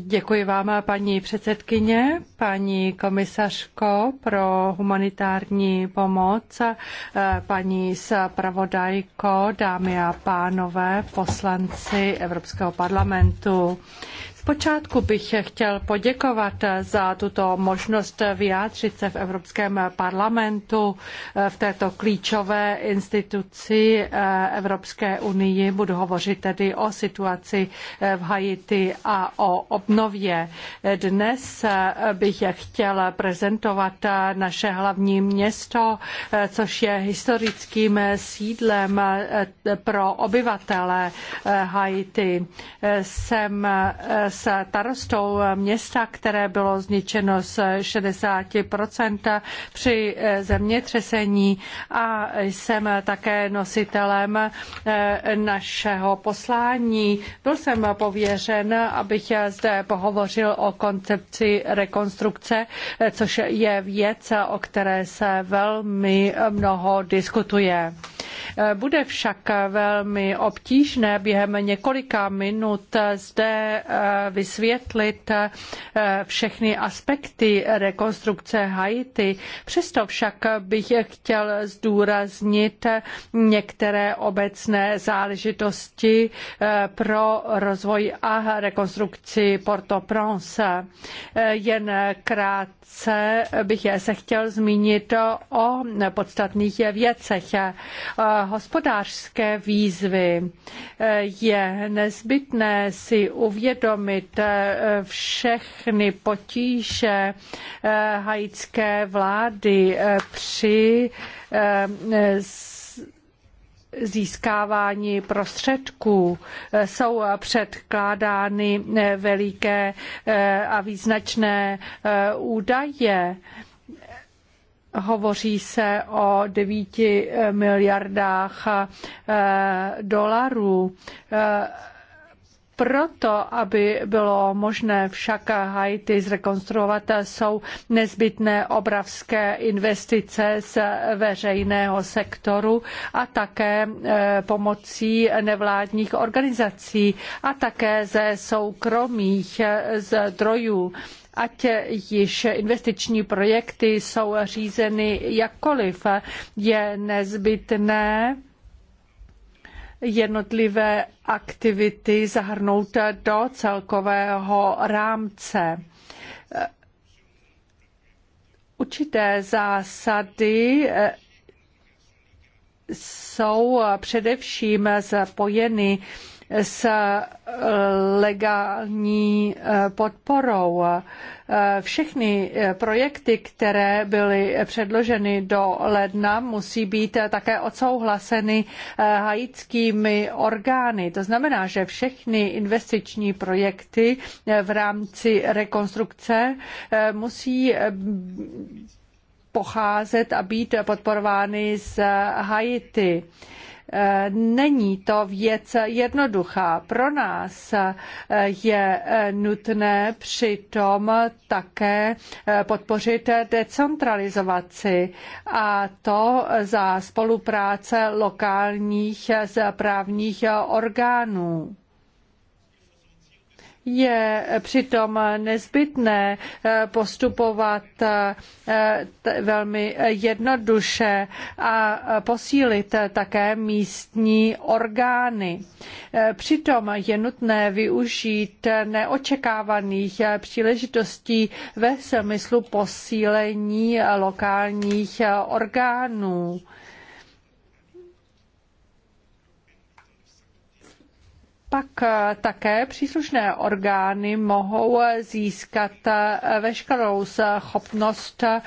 Děkuji vám, paní předsedkyně, paní komisařko pro humanitární pomoc, paní zpravodajko, dámy a pánové, poslanci Evropského parlamentu. Zpočátku bych chtěl poděkovat za tuto možnost vyjádřit se v Evropském parlamentu eh, v této klíčové instituci eh, Evropské unie. Budu hovořit tedy o situaci eh, v Haiti a o obnově. Dnes bych chtěl prezentovat naše hlavní město, což je historickým sídlem pro obyvatele Haiti. Jsem starostou města, které bylo zničeno z 60% při eh, zemětřesení a jsem také nositelem eh, našeho poslání. Byl jsem pověřen, abych zde pohovořil o koncepci rekonstrukce, eh, což je věc, o které se velmi mnoho diskutuje. Bude však velmi obtížné během několika minut zde eh, vysvětlit eh, všechny aspekty rekonstrukce Haiti. Přesto však bych chtěl zdůraznit některé obecné záležitosti eh, pro rozvoj a rekonstrukci Port-au-Prince. Jen krát krátce bych se chtěl zmínit o podstatných věcech. Hospodářské výzvy je nezbytné si uvědomit všechny potíže haitské vlády při získávání prostředků jsou předkládány veliké eh, a význačné eh, údaje. Hovoří se o 9 miliardách eh, dolarů. Proto, aby bylo možné však Haiti zrekonstruovat, jsou nezbytné obravské investice z veřejného sektoru a také eh, pomocí nevládních organizací a také ze soukromých eh, zdrojů ať již investiční projekty jsou řízeny jakkoliv, je nezbytné jednotlivé aktivity zahrnout do celkového rámce. Určité zásady eh, jsou především zapojeny s legální eh, podporou. Eh, všechny eh, projekty, které byly předloženy do ledna, musí být eh, také odsouhlaseny haitskými orgány. To znamená, že všechny investiční projekty v rámci rekonstrukce musí pocházet a být podporovány z Haiti. Eh, není to věc jednoduchá. Pro nás eh, je eh, nutné přitom také podpořit decentralizaci a to za spolupráce lokálních správních orgánů je přitom nezbytné eh, postupovat eh, velmi jednoduše a posílit také místní orgány. Eh, přitom je nutné využít neočekávaných příležitostí ve smyslu posílení lokálních orgánů pak eh, také příslušné orgány mohou získat eh, veškerou schopnost eh,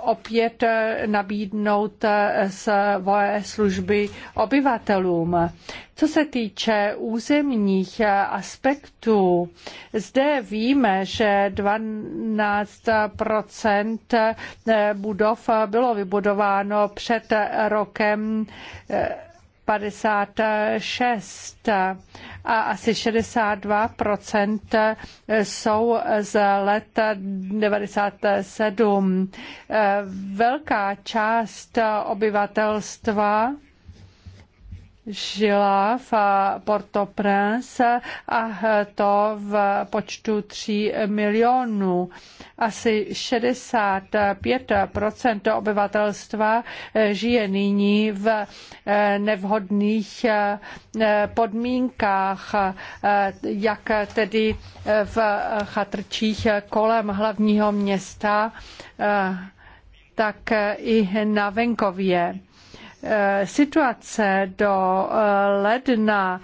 opět nabídnout svoje služby obyvatelům. Co se týče územních aspektů, zde víme, že 12 budov bylo vybudováno před rokem 56 a asi 62 jsou z let 97. Velká část obyvatelstva žila v Port-au-Prince a to v počtu 3 milionů. Asi 65 obyvatelstva žije nyní v nevhodných podmínkách, jak tedy v chatrčích kolem hlavního města, tak i na venkově Eh, situace do eh, ledna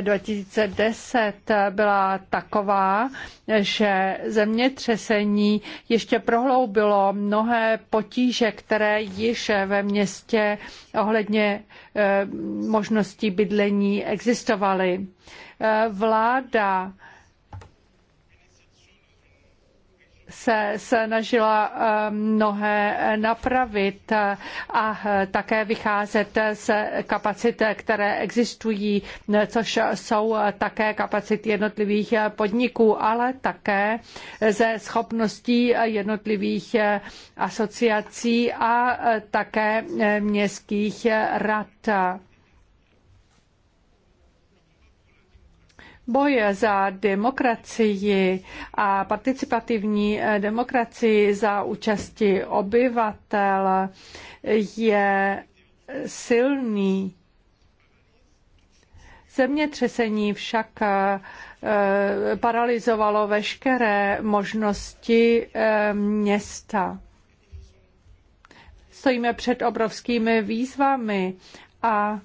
2010 eh, byla taková, že zemětřesení ještě prohloubilo mnohé potíže, které již ve městě ohledně možností bydlení existovaly. Vláda se snažila eh, mnohé napravit a eh, také vycházet z kapacit, které existují, což jsou také kapacity jednotlivých podniků, ale také ze schopností jednotlivých asociací a eh, také městských rad. Boj za demokracii a participativní eh, demokracii za účasti obyvatel je silný. Zemětřesení však eh, eh, paralizovalo veškeré možnosti města. Stojíme před obrovskými výzvami a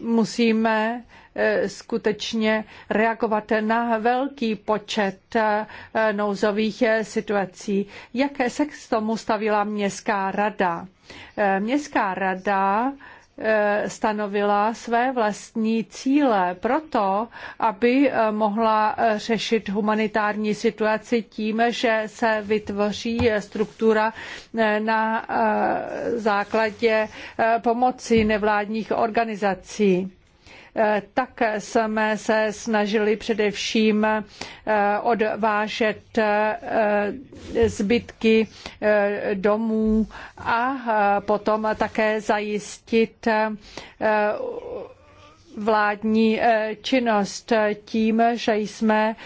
musíme eh, skutečně reagovat na velký počet eh, nouzových eh, situací. Jak se k tomu stavila městská rada? Městská rada Eh, stanovila své vlastní cíle proto, aby eh, mohla eh, řešit humanitární situaci tím, že se vytvoří struktura na základě pomoci nevládních organizací tak jsme se snažili především eh, odvážet eh, zbytky eh, domů a potom také zajistit vládní činnost tím, že jsme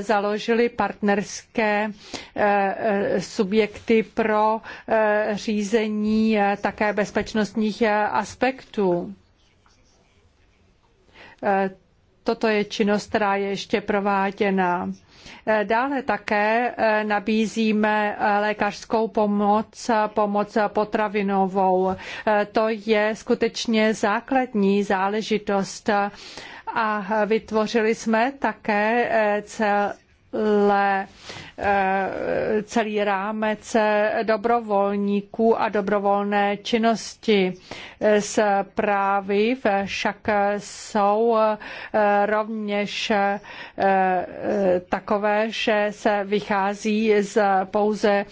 založili partnerské subjekty pro řízení také bezpečnostních aspektů. Eh, toto je činnost, která je ještě prováděna. Eh, dále také eh, nabízíme lékařskou pomoc, pomoc potravinovou. To je skutečně základní záležitost a vytvořili jsme také cel Eh, celý rámec dobrovolníků a dobrovolné činnosti. Zprávy však jsou eh, rovněž eh, takové, že se vychází z pouze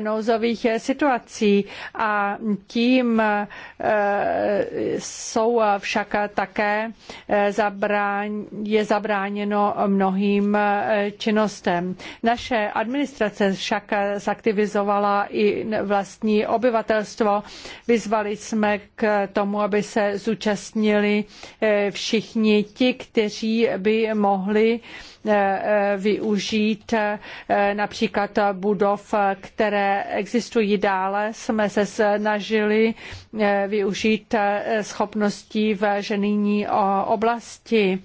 nouzových situací a tím jsou však také je zabráněno mnohým činnostem činnostem. Naše administrace však zaktivizovala i vlastní obyvatelstvo. Vyzvali jsme k tomu, aby se zúčastnili eh, všichni ti, kteří by mohli Eh, využít eh, například budov, které existují dále. Jsme se snažili eh, využít schopností v ženijní oblasti.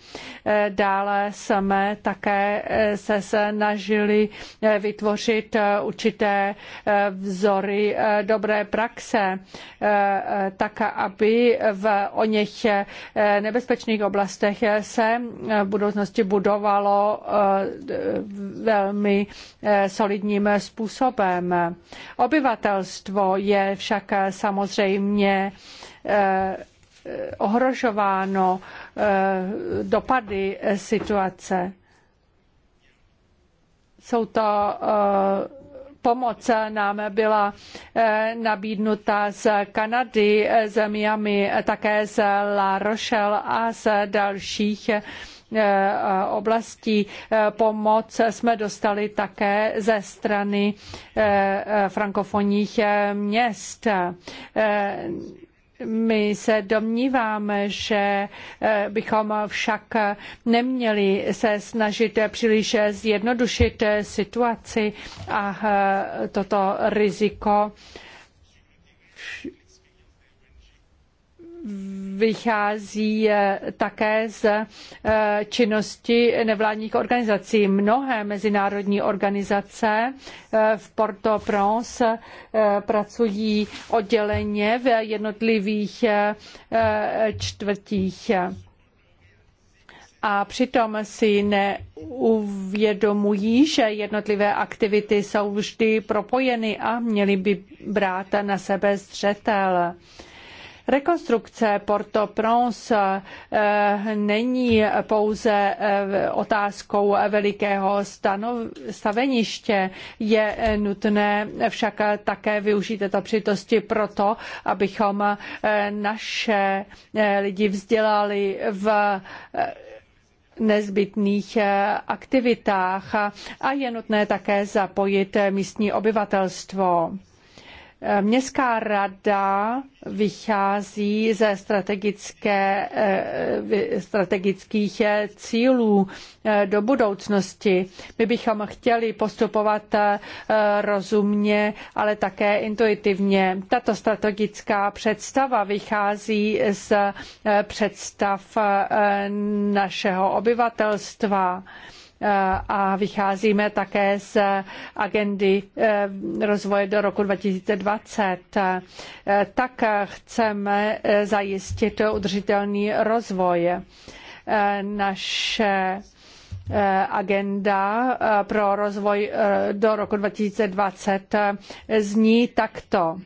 Dále jsme také se snažili vytvořit určité vzory dobré praxe, tak aby v o něch nebezpečných oblastech se v budoucnosti budovalo Eh, velmi eh, solidním způsobem. Obyvatelstvo je však samozřejmě eh, ohrožováno dopady situace. Jsou to pomoc nám byla nabídnuta z Kanady, z Miami, také z La Rochelle a z dalších Eh, oblastí. Eh, pomoc jsme dostali také ze strany eh, frankofonních měst. My se domníváme, že bychom však neměli se snažit příliš zjednodušit situaci a toto riziko vychází eh, také z eh, činnosti nevládních organizací. Mnohé mezinárodní organizace eh, v Port-au-Prince pracují odděleně v jednotlivých čtvrtích a přitom si neuvědomují, že jednotlivé aktivity jsou vždy propojeny a měly by brát na sebe zřetel. Rekonstrukce Port-au-Prince eh, není pouze eh, otázkou velikého stanov, staveniště. Je nutné však také využít této přitosti proto, abychom eh, naše lidi vzdělali v nezbytných aktivitách a je nutné také zapojit místní obyvatelstvo. Eh, Městská rada vychází ze strategické, eh, strategických eh, cílů do budoucnosti. My bychom chtěli postupovat rozumně, ale také intuitivně. Tato strategická představa vychází z představ našeho obyvatelstva. Eh, a vycházíme také z agendy eh, rozvoje do roku 2020. Eh, tak chceme zajistit udržitelný rozvoj. Naše agenda pro rozvoj do roku 2020 zní takto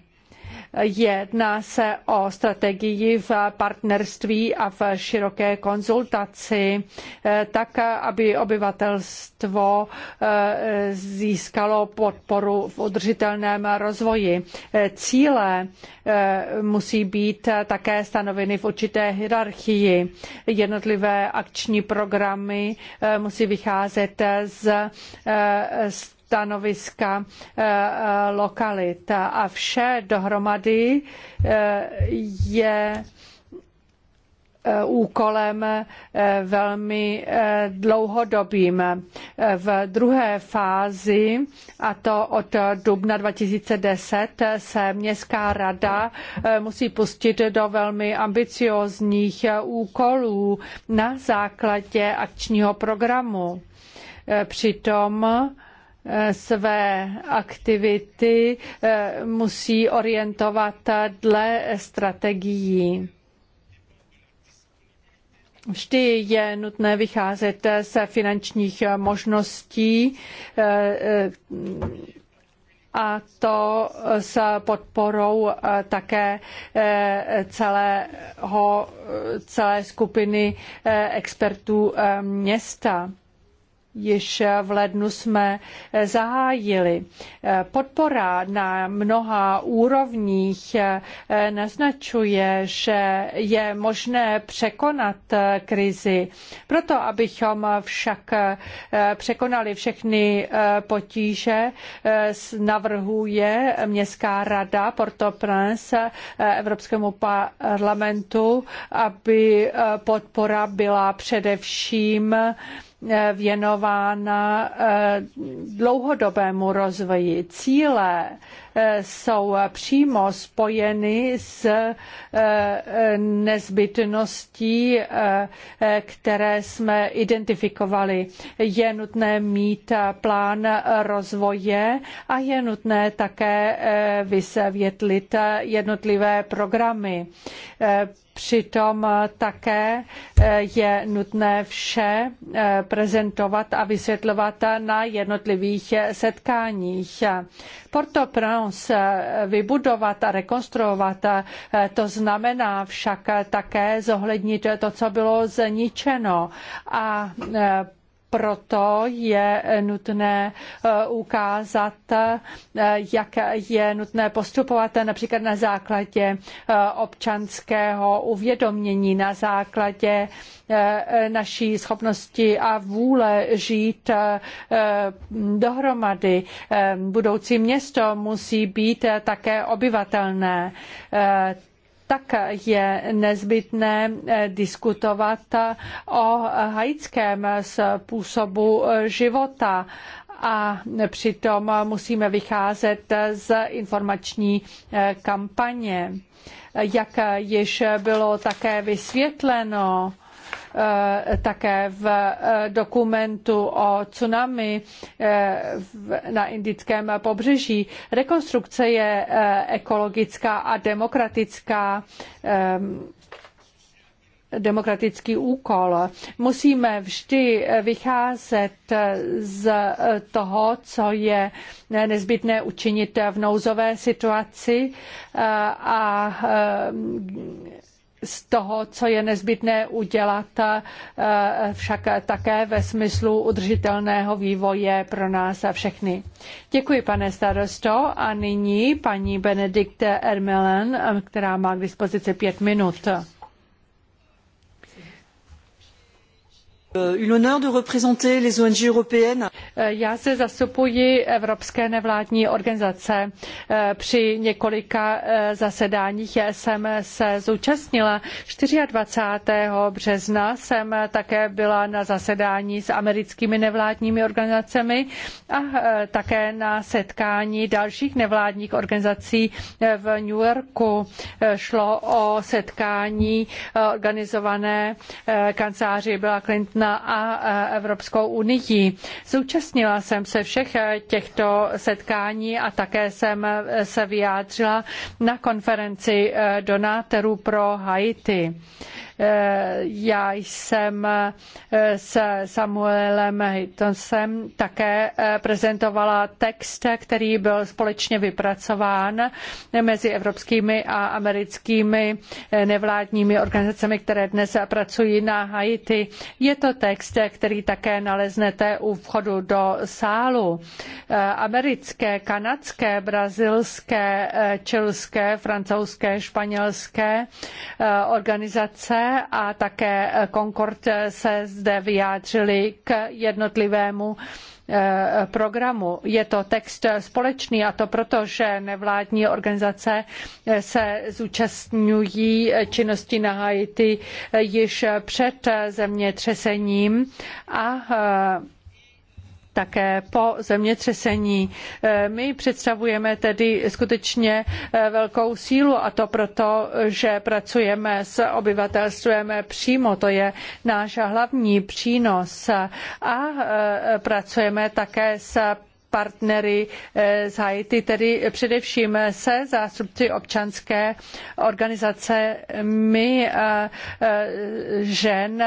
Jedná se o strategii v partnerství a v široké konzultaci, eh, tak aby obyvatelstvo eh, získalo podporu v udržitelném rozvoji. Eh, cíle musí být také stanoveny v určité hierarchii. Jednotlivé akční programy musí vycházet z stanoviska eh, eh, lokalit. A vše dohromady eh, je úkolem velmi dlouhodobým. V druhé fázi, a to od dubna 2010, se Městská rada musí pustit do velmi ambiciózních úkolů na základě akčního programu. Přitom své aktivity eh, musí orientovat dle strategií. Vždy je nutné vycházet z finančních možností eh, eh, a to s podporou také celého, celé skupiny expertů města již v lednu jsme eh, zahájili. Eh, podpora na mnoha úrovních eh, naznačuje, že je možné překonat krizi. Proto, abychom však překonali všechny potíže, navrhuje Městská rada Port-au-Prince Evropskému parlamentu, aby podpora byla především Eh, věnována eh, dlouhodobému rozvoji. Cíle Eh, jsou přímo spojeny s eh, nezbytností, eh, které jsme identifikovali. Je nutné mít plán rozvoje a je nutné také vysvětlit jednotlivé programy. Přitom také je nutné vše prezentovat a vysvětlovat na jednotlivých setkáních. Proto Pro možnost vybudovat a rekonstruovat, to znamená však také zohlednit to, co bylo zničeno a eh, proto je nutné eh, ukázat, eh, jak je nutné postupovat například na základě eh, občanského uvědomění, na základě naší schopnosti a vůle žít dohromady. Budoucí město musí být také obyvatelné tak je nezbytné eh, diskutovat eh, o haitském způsobu života a přitom musíme vycházet z informační eh, kampaně. Jak již bylo také vysvětleno, Eh, také v eh, dokumentu o tsunami eh, na indickém pobřeží. Rekonstrukce je ekologická a demokratická demokratický úkol. Musíme vždy vycházet z toho, co je nezbytné učinit v nouzové situaci a z toho, co je nezbytné udělat, eh, však také ve smyslu udržitelného vývoje pro nás a všechny. Děkuji, pane starosto. A nyní paní Benedikte Ermelen, eh, která má k dispozici pět minut. Euh, eh, já se zastupuji evropské nevládní organizace. Eh, při několika eh, zasedáních jsem se zúčastnila. 24. března jsem také byla na zasedání s americkými nevládními organizacemi a také na setkání dalších nevládních organizací v New Yorku. Šlo o setkání organizované kanceláři Billa Clinton na e, Evropskou unii. Zúčastnila jsem se všech e, těchto setkání a také jsem e, se vyjádřila na konferenci donátorů pro Haiti. Já jsem eh, se Samuelem Hitonsem také eh, prezentovala text, který byl společně vypracován mezi evropskými a americkými eh, nevládními organizacemi, které dnes pracují na Haiti. Je to text, který také naleznete u vchodu do sálu. Americké, kanadské, brazilské, čilské, francouzské, španělské organizace a také Concord se zde vyjádřili k jednotlivému eh, programu. Je to text společný a to proto, že nevládní organizace eh, se zúčastňují činnosti na Haiti eh, již před zemětřesením a také po zemětřesení. Eh, my představujeme tedy skutečně eh, velkou sílu a to proto, že pracujeme s obyvatelstvem přímo, to je náš hlavní přínos a eh, pracujeme také s partnery eh, z Haiti, tedy především se zástupci občanské organizace my eh, eh, žen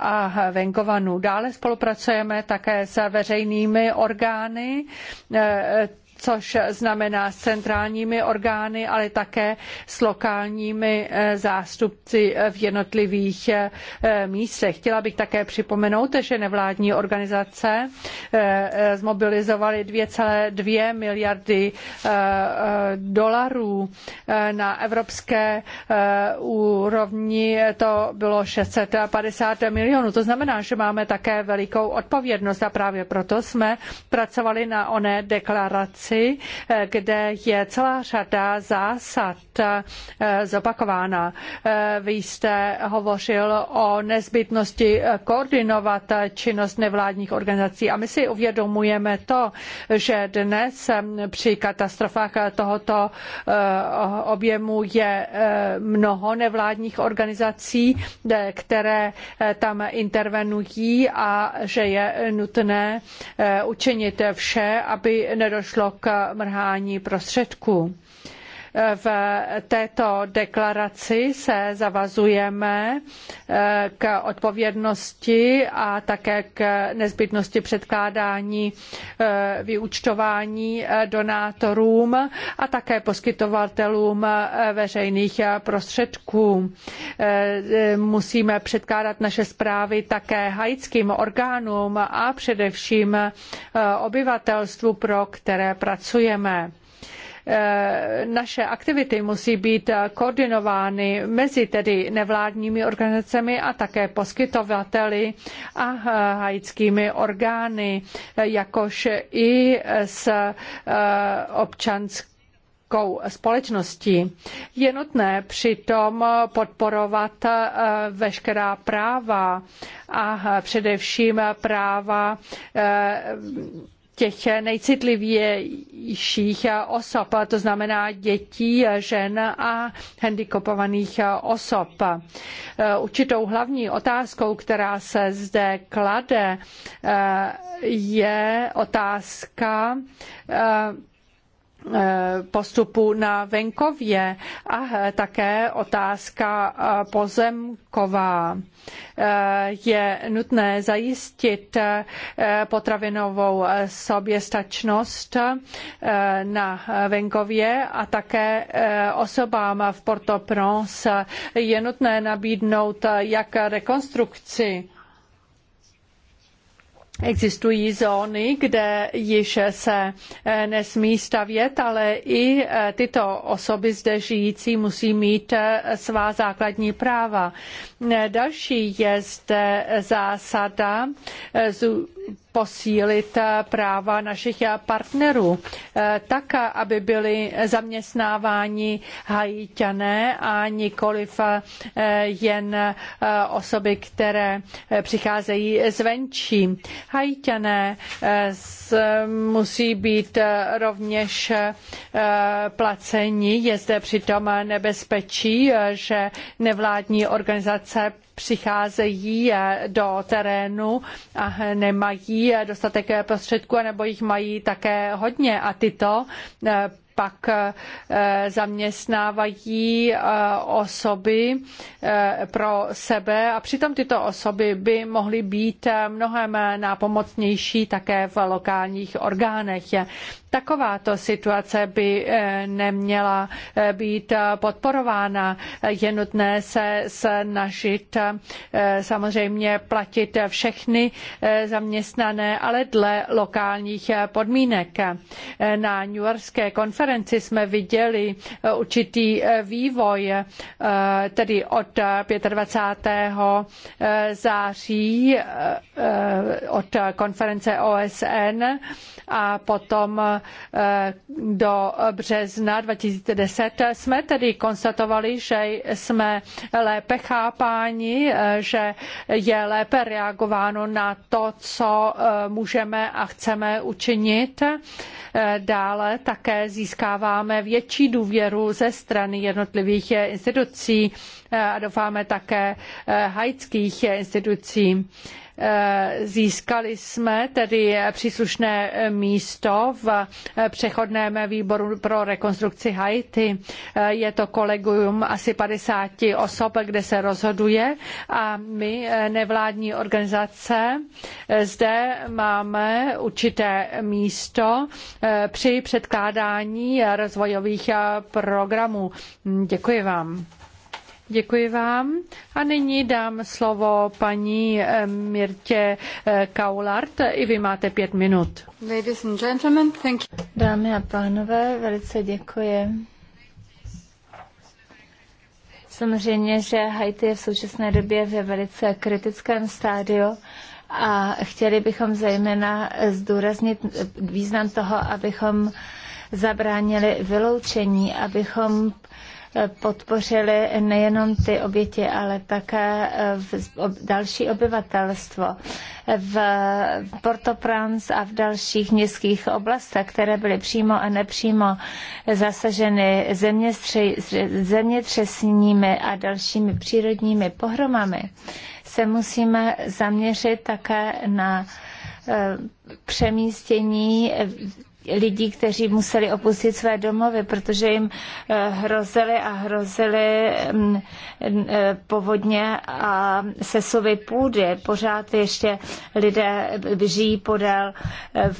a venkovanů. Dále spolupracujeme také s veřejnými orgány což znamená s centrálními orgány, ale také s lokálními eh, zástupci eh, v jednotlivých eh, místech. Chtěla bych také připomenout, že nevládní organizace zmobilizovaly 2,2 miliardy dolarů na evropské úrovni to bylo 650 milionů. To znamená, že máme také velikou odpovědnost a právě proto jsme pracovali na oné deklaraci 3, kde je celá řada zásad eh, zopakována. Eh, vy jste hovořil o nezbytnosti koordinovat činnost nevládních organizací a my si uvědomujeme to, že dnes při katastrofách tohoto eh, objemu je mnoho nevládních organizací, které tam intervenují a že je nutné učinit vše, aby nedošlo k mrhání prostředků. V této deklaraci se zavazujeme eh, k odpovědnosti a také k nezbytnosti předkládání eh, vyúčtování eh, donátorům a také poskytovatelům veřejných prostředků. Musíme předkládat naše zprávy také haitským orgánům a především obyvatelstvu, pro které pracujeme. Eh, naše aktivity musí být eh, koordinovány mezi tedy nevládními organizacemi a také poskytovateli a eh, haitskými orgány, jakož i s občanskými občanskou společností. Je nutné přitom podporovat veškerá práva a především práva těch nejcitlivějších osob, to znamená dětí, žen a handicapovaných osob. Určitou hlavní otázkou, která se zde klade, je otázka Eh, postupu na venkově a také otázka eh, pozemková. Eh, je nutné zajistit potravinovou soběstačnost na venkově a také osobám v Port-au-Prince je nutné nabídnout jak rekonstrukci Existují zóny, kde již se eh, nesmí stavět, ale i eh, tyto osoby zde žijící musí mít eh, svá základní práva. Další je zde zásada posílit eh, práva našich eh, partnerů, eh, tak, aby byli zaměstnáváni hajíťané a nikoliv jen osoby, které přicházejí zvenčí. Hajíťané musí být rovněž placeni. Je zde přitom nebezpečí, že nevládní organizace přicházejí eh, do terénu a nemají eh, dostatek eh, prostředků, nebo jich mají také hodně a tyto pak eh, zaměstnávají eh, osoby eh, pro sebe a přitom tyto osoby by mohly být mnohem nápomocnější také v lokálních orgánech. Takováto situace by neměla být podporována. Je nutné se snažit samozřejmě platit všechny zaměstnané, ale dle lokálních podmínek. Na New Yorkské konferenci konferenci jsme viděli eh, určitý eh, vývoj, eh, tedy od 25. září od konference OSN a potom eh, do března 2010 jsme tedy konstatovali, že jsme lépe chápáni, eh, že je lépe reagováno na to, co eh, můžeme a chceme učinit. Dále také získáváme větší důvěru ze strany jednotlivých institucí a doufáme také haitských institucí. Eh, získali jsme tedy příslušné místo v přechodném výboru pro rekonstrukci Haiti. Eh, je to kolegium asi 50 osob, kde se rozhoduje a my eh, nevládní organizace zde máme určité místo při předkládání rozvojových programů. Děkuji vám. Děkuji vám. A nyní dám slovo paní eh, Mirtě eh, Kaulart. I vy máte pět minut. Ladies and gentlemen, thank you. Dámy a pánové, velice děkuji. Samozřejmě, že Haiti je v současné době ve velice kritickém stádiu a chtěli bychom zejména zdůraznit význam toho, abychom zabránili vyloučení, abychom podpořili nejenom ty oběti, ale také eh, další obyvatelstvo. V Port-au-Prince a v dalších městských oblastech, které byly přímo a nepřímo zasaženy zemětřesními a dalšími přírodními pohromami, se musíme zaměřit také na eh, přemístění lidí, kteří museli opustit své domovy, protože jim eh, hrozily a hrozily mm, eh, povodně a sesuvy půdy. Pořád ještě lidé žijí podél eh,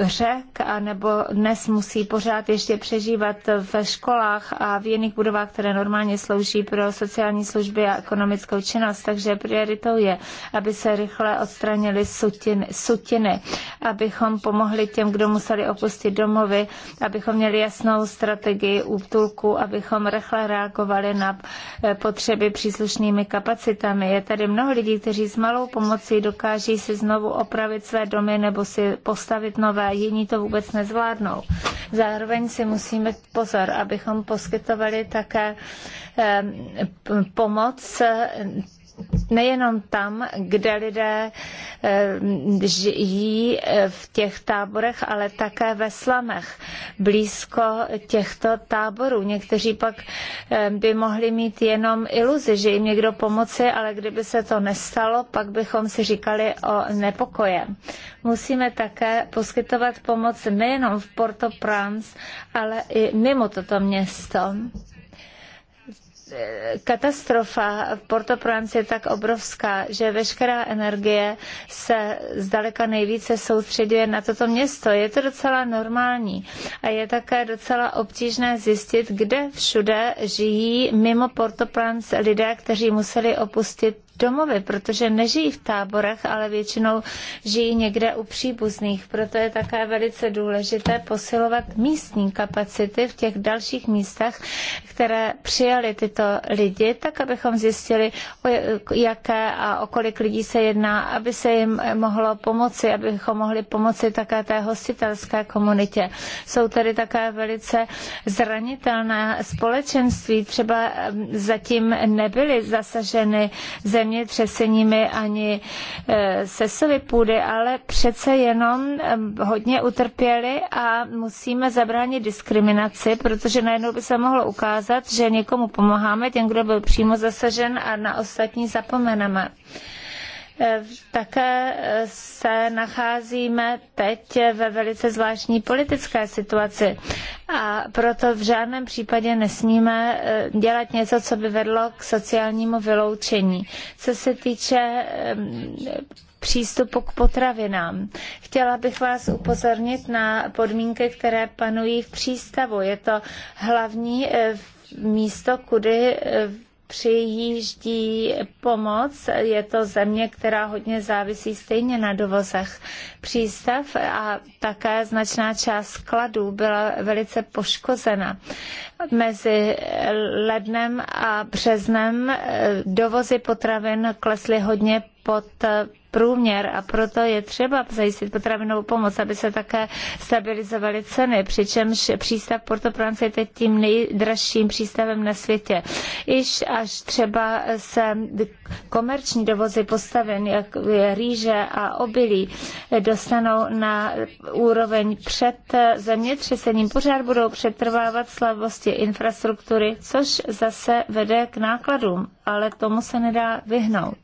řek, a nebo dnes musí pořád ještě přežívat ve školách a v jiných budovách, které normálně slouží pro sociální služby a ekonomickou činnost. Takže prioritou je, aby se rychle odstranili sutiny, sutiny abychom pomohli těm, kdo museli opustit starosti domovy, abychom měli jasnou strategii útulku, abychom rychle reagovali na eh, potřeby příslušnými kapacitami. Je tady mnoho lidí, kteří s malou pomocí dokáží si znovu opravit své domy nebo si postavit nové, jiní to vůbec nezvládnou. Zároveň si musíme pozor, abychom poskytovali také eh, pomoc nejenom tam, kde lidé eh, žijí eh, v těch táborech, ale také ve slamech blízko těchto táborů. Někteří pak eh, by mohli mít jenom iluzi, že jim někdo pomoci, ale kdyby se to nestalo, pak bychom si říkali o nepokoje. Musíme také poskytovat pomoc nejenom v Port-au-Prince, ale i mimo toto město katastrofa v Porto Prance je tak obrovská, že veškerá energie se zdaleka nejvíce soustředuje na toto město. Je to docela normální a je také docela obtížné zjistit, kde všude žijí mimo Porto Prance lidé, kteří museli opustit domovy, protože nežijí v táborech, ale většinou žijí někde u příbuzných. Proto je také velice důležité posilovat místní kapacity v těch dalších místech, které přijali tyto lidi, tak abychom zjistili, o jaké a o kolik lidí se jedná, aby se jim mohlo pomoci, abychom mohli pomoci také té hostitelské komunitě. Jsou tady také velice zranitelné společenství, třeba zatím nebyly zasaženy země zemětřeseními ani eh, sesily půdy, ale přece jenom eh, hodně utrpěli a musíme zabránit diskriminaci, protože najednou by se mohlo ukázat, že někomu pomáháme, ten, kdo byl přímo zasažen a na ostatní zapomeneme. Eh, také eh, se nacházíme teď ve velice zvláštní politické situaci a proto v žádném případě nesmíme eh, dělat něco, co by vedlo k sociálnímu vyloučení. Co se týče přístupu k potravinám. Chtěla bych vás upozornit na podmínky, které panují v přístavu. Je to hlavní místo, kudy přijíždí pomoc. Je to země, která hodně závisí stejně na dovozech. Přístav a také značná část skladů byla velice poškozena. Mezi lednem a březnem eh, dovozy potravin klesly hodně pod průměr a proto je třeba zajistit potravinovou pomoc, aby se také stabilizovaly ceny, přičemž přístav Porto Prance je teď tím nejdražším přístavem na světě. Iž až třeba se komerční dovozy postaven, jak je rýže a obilí, dostanou na úroveň před zemětřesením, pořád budou přetrvávat slabosti infrastruktury, což zase vede k nákladům, ale tomu se nedá vyhnout.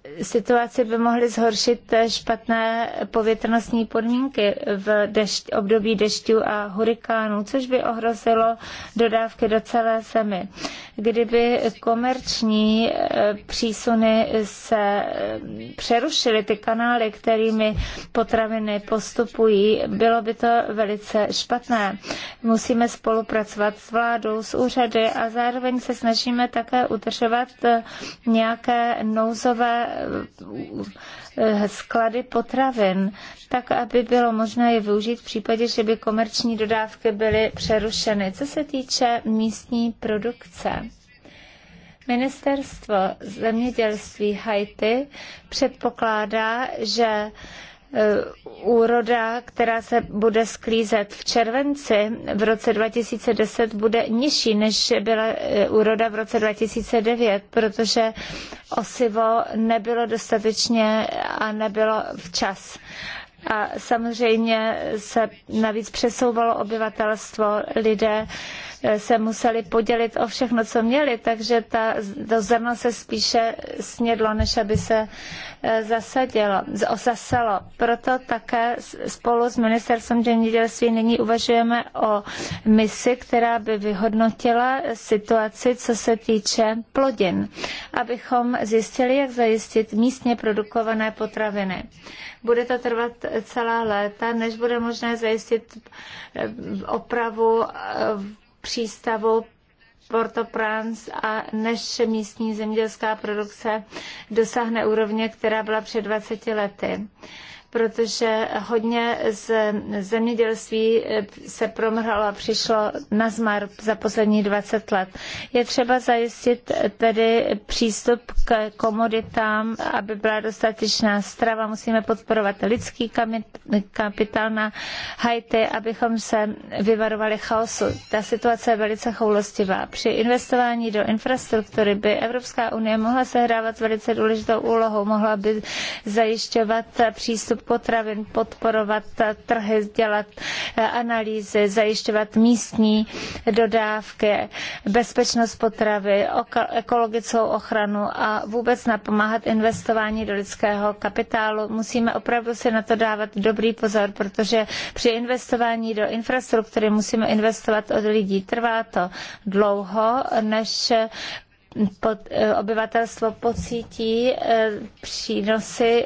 situaci by mohly zhoršit špatné povětrnostní podmínky v dešť, období dešťů a hurikánů, což by ohrozilo dodávky do celé zemi. Kdyby komerční eh, přísuny se eh, přerušily, ty kanály, kterými potraviny postupují, bylo by to velice špatné. Musíme spolupracovat s vládou, s úřady a zároveň se snažíme také udržovat eh, nějaké nouzové Eh, sklady potravin, tak aby bylo možné je využít v případě, že by komerční dodávky byly přerušeny. Co se týče místní produkce, Ministerstvo zemědělství Haiti předpokládá, že Eh, úroda, která se bude sklízet v červenci v roce 2010, bude nižší, než byla eh, úroda v roce 2009, protože osivo nebylo dostatečně a nebylo včas. A samozřejmě se navíc přesouvalo obyvatelstvo, lidé se museli podělit o všechno, co měli, takže ta, to zrno se spíše snědlo, než aby se eh, zasadilo, zasalo. Proto také spolu s ministerstvem zemědělství nyní uvažujeme o misi, která by vyhodnotila situaci, co se týče plodin, abychom zjistili, jak zajistit místně produkované potraviny. Bude to trvat celá léta, než bude možné zajistit eh, opravu eh, přístavu Port-au-Prince a než místní zemědělská produkce dosáhne úrovně, která byla před 20 lety protože hodně z zemědělství eh, se promrhalo a přišlo na zmar za poslední 20 let. Je třeba zajistit eh, tedy přístup k komoditám, aby byla dostatečná strava. Musíme podporovat lidský kapitál na Haiti, abychom se vyvarovali chaosu. Ta situace je velice choulostivá. Při investování do infrastruktury by Evropská unie mohla sehrávat velice důležitou úlohu, mohla by zajišťovat přístup potravin, podporovat trhy, dělat eh, analýzy, zajišťovat místní dodávky, bezpečnost potravy, ekologickou ochranu a vůbec napomáhat investování do lidského kapitálu. Musíme opravdu si na to dávat dobrý pozor, protože při investování do infrastruktury musíme investovat od lidí. Trvá to dlouho, než pod, eh, obyvatelstvo pocítí eh, přínosy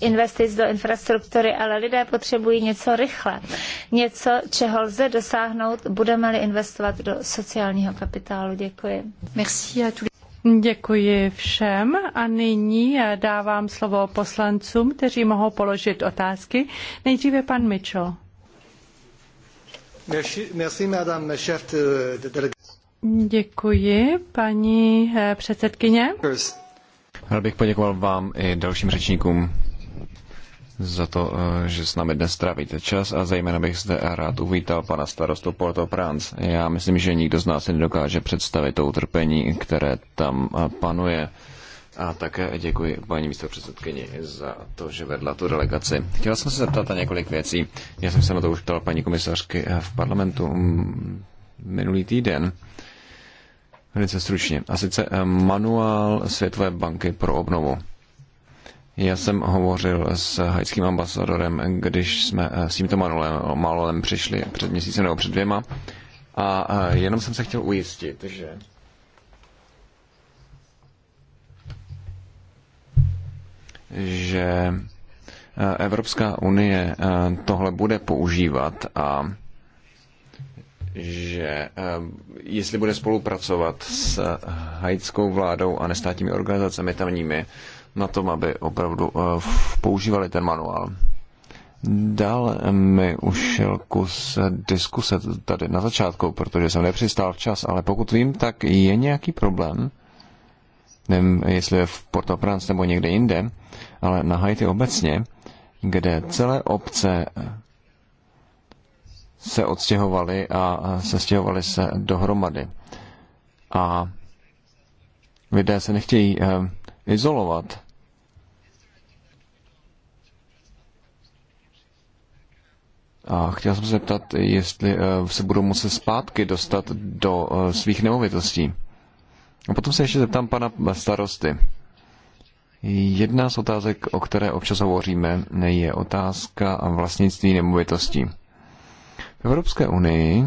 investic do infrastruktury, ale lidé potřebují něco rychle, něco, čeho lze dosáhnout, budeme-li investovat do sociálního kapitálu. Děkuji. Merci Děkuji všem a nyní eh, dávám slovo poslancům, kteří mohou položit otázky. Nejdříve pan Mitchell. Merci, merci madame, chef euh, de, Děkuji, paní eh, předsedkyně. Rád bych poděkoval vám i dalším řečníkům za to, eh, že s námi dnes trávíte čas a zejména bych zde rád uvítal pana starostu Porto Prance. Já myslím, že nikdo z nás si nedokáže představit to utrpení, které tam eh, panuje. A také děkuji paní místopředsedkyni za to, že vedla tu delegaci. Chtěla jsem se zeptat na několik věcí. Já jsem se na to už ptal paní komisařky v parlamentu mm, minulý týden. Velice stručně. A sice eh, manuál Světové banky pro obnovu. Já jsem hovořil s hajským ambasadorem, když jsme eh, s tímto manuálem, manuálem přišli před měsícem nebo před dvěma. A eh, jenom jsem se chtěl ujistit, že že Evropská unie tohle bude používat a že ehm, jestli bude spolupracovat s eh, haitskou vládou a nestátními organizacemi tamními na tom, aby opravdu eh, používali ten manuál. Dál mi ušel kus diskuse tady na začátku, protože jsem nepřistál včas, ale pokud vím, tak je nějaký problém, nevím, jestli je v Port-au-Prince nebo někde jinde, ale na Haiti obecně, kde celé obce se odstěhovali a sestěhovali se dohromady. A lidé se nechtějí eh, izolovat. A chtěl jsem se zeptat, jestli eh, se budou muset zpátky dostat do eh, svých nemovitostí. A potom se ještě zeptám pana starosty. Jedna z otázek, o které občas hovoříme, je otázka vlastnictví nemovitostí. V Evropské unii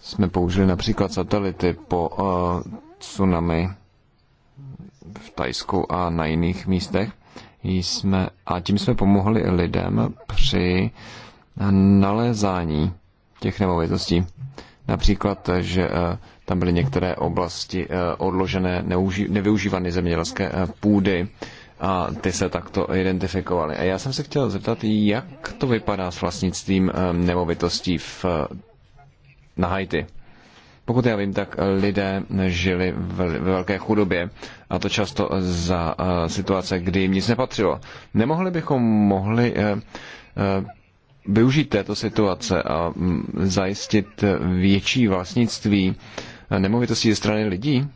jsme použili například satelity po uh, tsunami v Tajsku a na jiných místech. Jsme, a tím jsme pomohli lidem při nalézání těch nemovitostí. Například, že eh, tam byly některé oblasti eh, odložené, nevyužívané zemědělské půdy, a ty se takto identifikovaly. A já jsem se chtěl zeptat, jak to vypadá s vlastnictvím nemovitostí v, na Haiti. Pokud já vím, tak lidé žili ve velké chudobě a to často za eh, situace, kdy jim nic nepatřilo. Nemohli bychom mohli eh, eh, využít této situace a mm, zajistit větší vlastnictví nemovitostí ze strany lidí?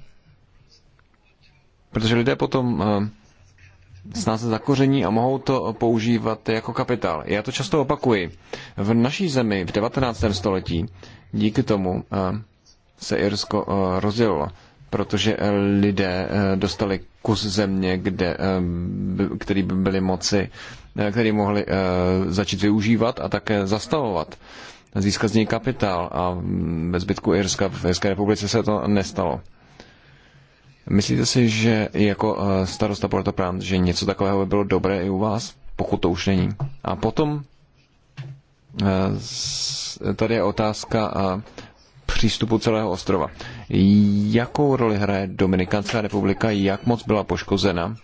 Protože lidé potom snáze zakoření a mohou to používat jako kapitál. Já to často opakuji. V naší zemi v 19. století díky tomu eh, se Irsko eh, rozdělilo, protože eh, lidé dostali kus země, kde, který by byli moci, který mohli začít využívat a také zastavovat získat z něj kapitál a mm, ve zbytku Irska v Irské republice se to nestalo. Myslíte si, že jako eh, starosta Porto Prant, že něco takového by bylo dobré i u vás, pokud to už není? A potom eh, tady je otázka eh, přístupu celého ostrova. Jakou roli hraje Dominikánská republika, jak moc byla poškozena?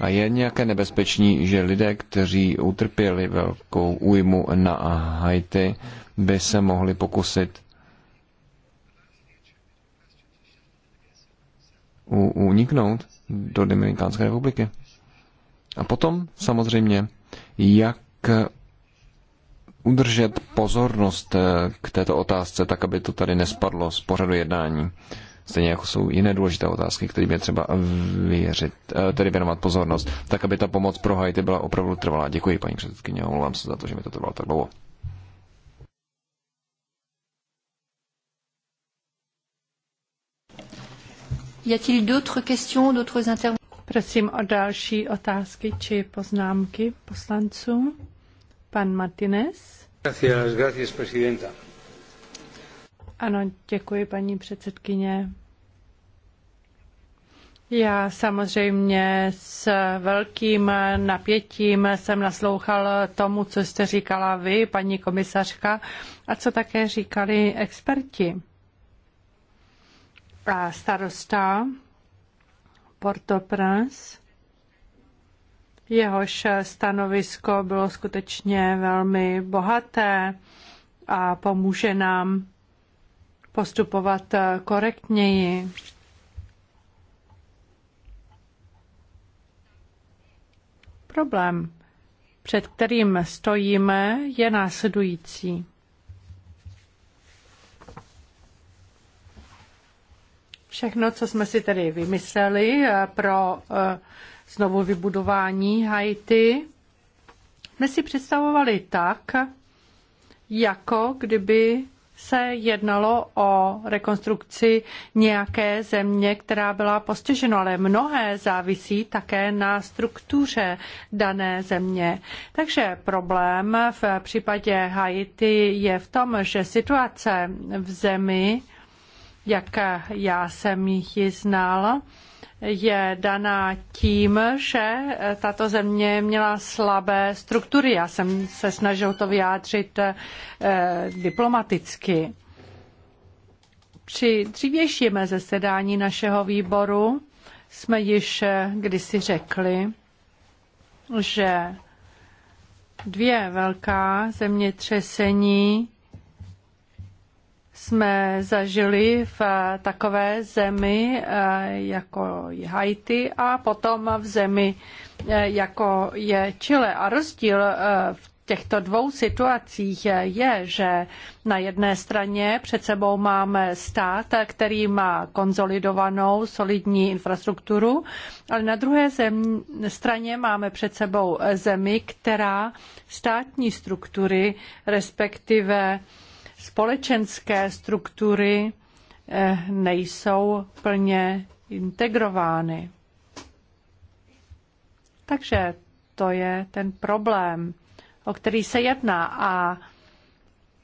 A je nějaké nebezpečí, že lidé, kteří utrpěli velkou újmu na Haiti, by se mohli pokusit uniknout do Dominikánské republiky. A potom samozřejmě, jak udržet pozornost eh, k této otázce, tak aby to tady nespadlo z pořadu jednání. Stejně jako jsou jiné důležité otázky, kterým je třeba věřit, eh, tedy věnovat pozornost, tak aby ta pomoc pro Haiti byla opravdu trvalá. Děkuji, paní předsedkyně, omlouvám se za to, že mi to trvalo tak dlouho. Y a-t-il d'autres questions, d'autres interventions? Prosím o další otázky či poznámky poslanců. Pan Martinez. Gracias, gracias, presidenta. Ano, děkuji, paní předsedkyně. Já samozřejmě s velkým napětím jsem naslouchal tomu, co jste říkala vy, paní komisařka, a co také říkali experti a starosta Port-au-Prince. Jehož stanovisko bylo skutečně velmi bohaté a pomůže nám postupovat korektněji. Problém, před kterým stojíme, je následující. Všechno, co jsme si tady vymysleli eh, pro eh, znovu vybudování Haiti, jsme si představovali tak, jako kdyby se jednalo o rekonstrukci nějaké země, která byla postižena, ale mnohé závisí také na struktuře dané země. Takže problém v případě Haiti je v tom, že situace v zemi jak já jsem ji znal, je daná tím, že tato země měla slabé struktury. Já jsem se snažil to vyjádřit eh, diplomaticky. Při dřívějším zasedání našeho výboru jsme již eh, kdysi řekli, že dvě velká zemětřesení jsme zažili v takové zemi eh, jako Haiti a potom v zemi eh, jako je Chile. A rozdíl eh, v těchto dvou situacích je, že na jedné straně před sebou máme stát, který má konzolidovanou solidní infrastrukturu, ale na druhé zemi, straně máme před sebou zemi, která státní struktury, respektive společenské struktury eh, nejsou plně integrovány. Takže to je ten problém, o který se jedná. A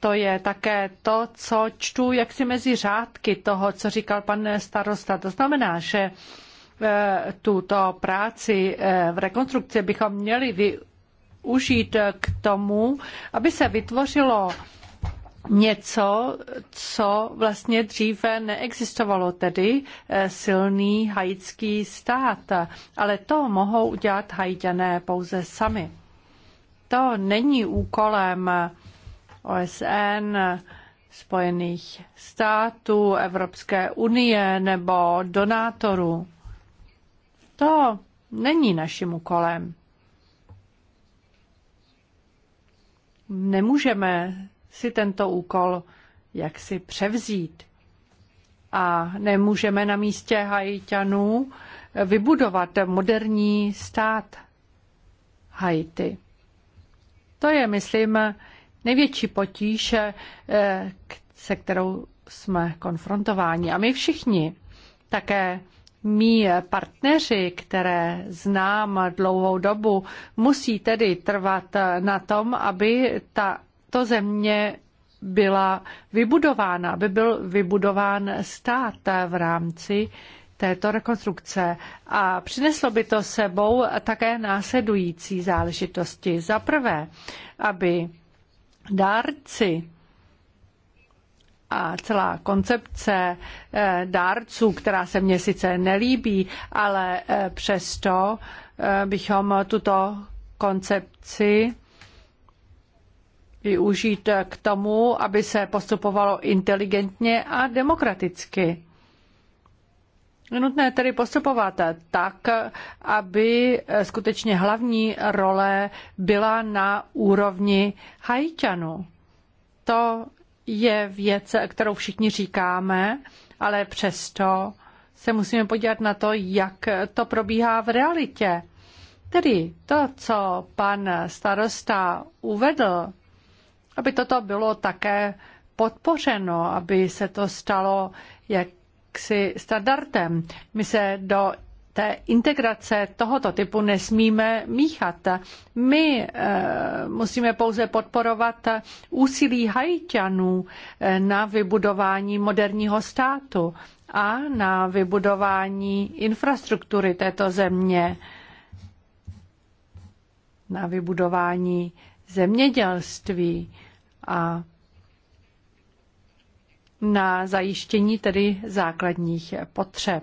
to je také to, co čtu jaksi mezi řádky toho, co říkal pan starosta. To znamená, že eh, tuto práci eh, v rekonstrukci bychom měli využít k tomu, aby se vytvořilo něco, co vlastně dříve neexistovalo, tedy eh, silný haitský stát. Ale to mohou udělat hajďané pouze sami. To není úkolem OSN, Spojených států, Evropské unie nebo donátorů. To není naším úkolem. Nemůžeme si tento úkol jak si převzít. A nemůžeme na místě Haitianů vybudovat moderní stát Haiti. To je, myslím, největší potíž, eh, se kterou jsme konfrontováni. A my všichni, také mý partneři, které znám dlouhou dobu, musí tedy trvat na tom, aby ta tato země byla vybudována, aby byl vybudován stát v rámci této rekonstrukce. A přineslo by to sebou také následující záležitosti. Za prvé, aby dárci a celá koncepce eh, dárců, která se mně sice nelíbí, ale eh, přesto eh, bychom tuto koncepci využít k tomu, aby se postupovalo inteligentně a demokraticky. Je nutné tedy postupovat tak, aby skutečně hlavní role byla na úrovni Haitianů. To je věc, kterou všichni říkáme, ale přesto se musíme podívat na to, jak to probíhá v realitě. Tedy to, co pan starosta uvedl aby toto bylo také podpořeno, aby se to stalo jaksi standardem. My se do té integrace tohoto typu nesmíme míchat. My eh, musíme pouze podporovat úsilí hajťanů eh, na vybudování moderního státu a na vybudování infrastruktury této země, na vybudování zemědělství a na zajištění tedy základních potřeb.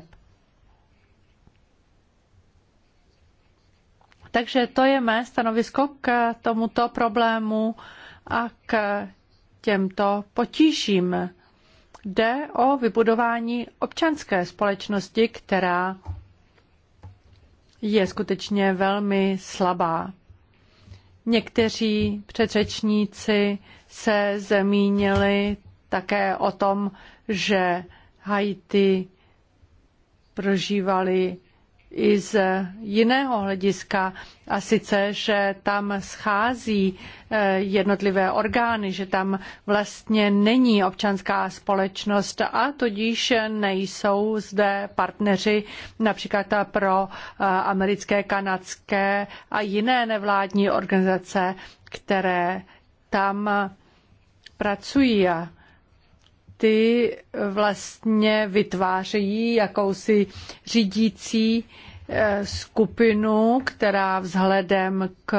Takže to je mé stanovisko k tomuto problému a k těmto potížím. Jde o vybudování občanské společnosti, která je skutečně velmi slabá. Někteří předřečníci se zmínili také o tom, že Haiti prožívali i z jiného hlediska, a sice, že tam schází eh, jednotlivé orgány, že tam vlastně není občanská společnost a tudíž nejsou zde partneři například pro eh, americké, kanadské a jiné nevládní organizace, které tam pracují a ty vlastně vytvářejí jakousi řídící eh, skupinu, která vzhledem k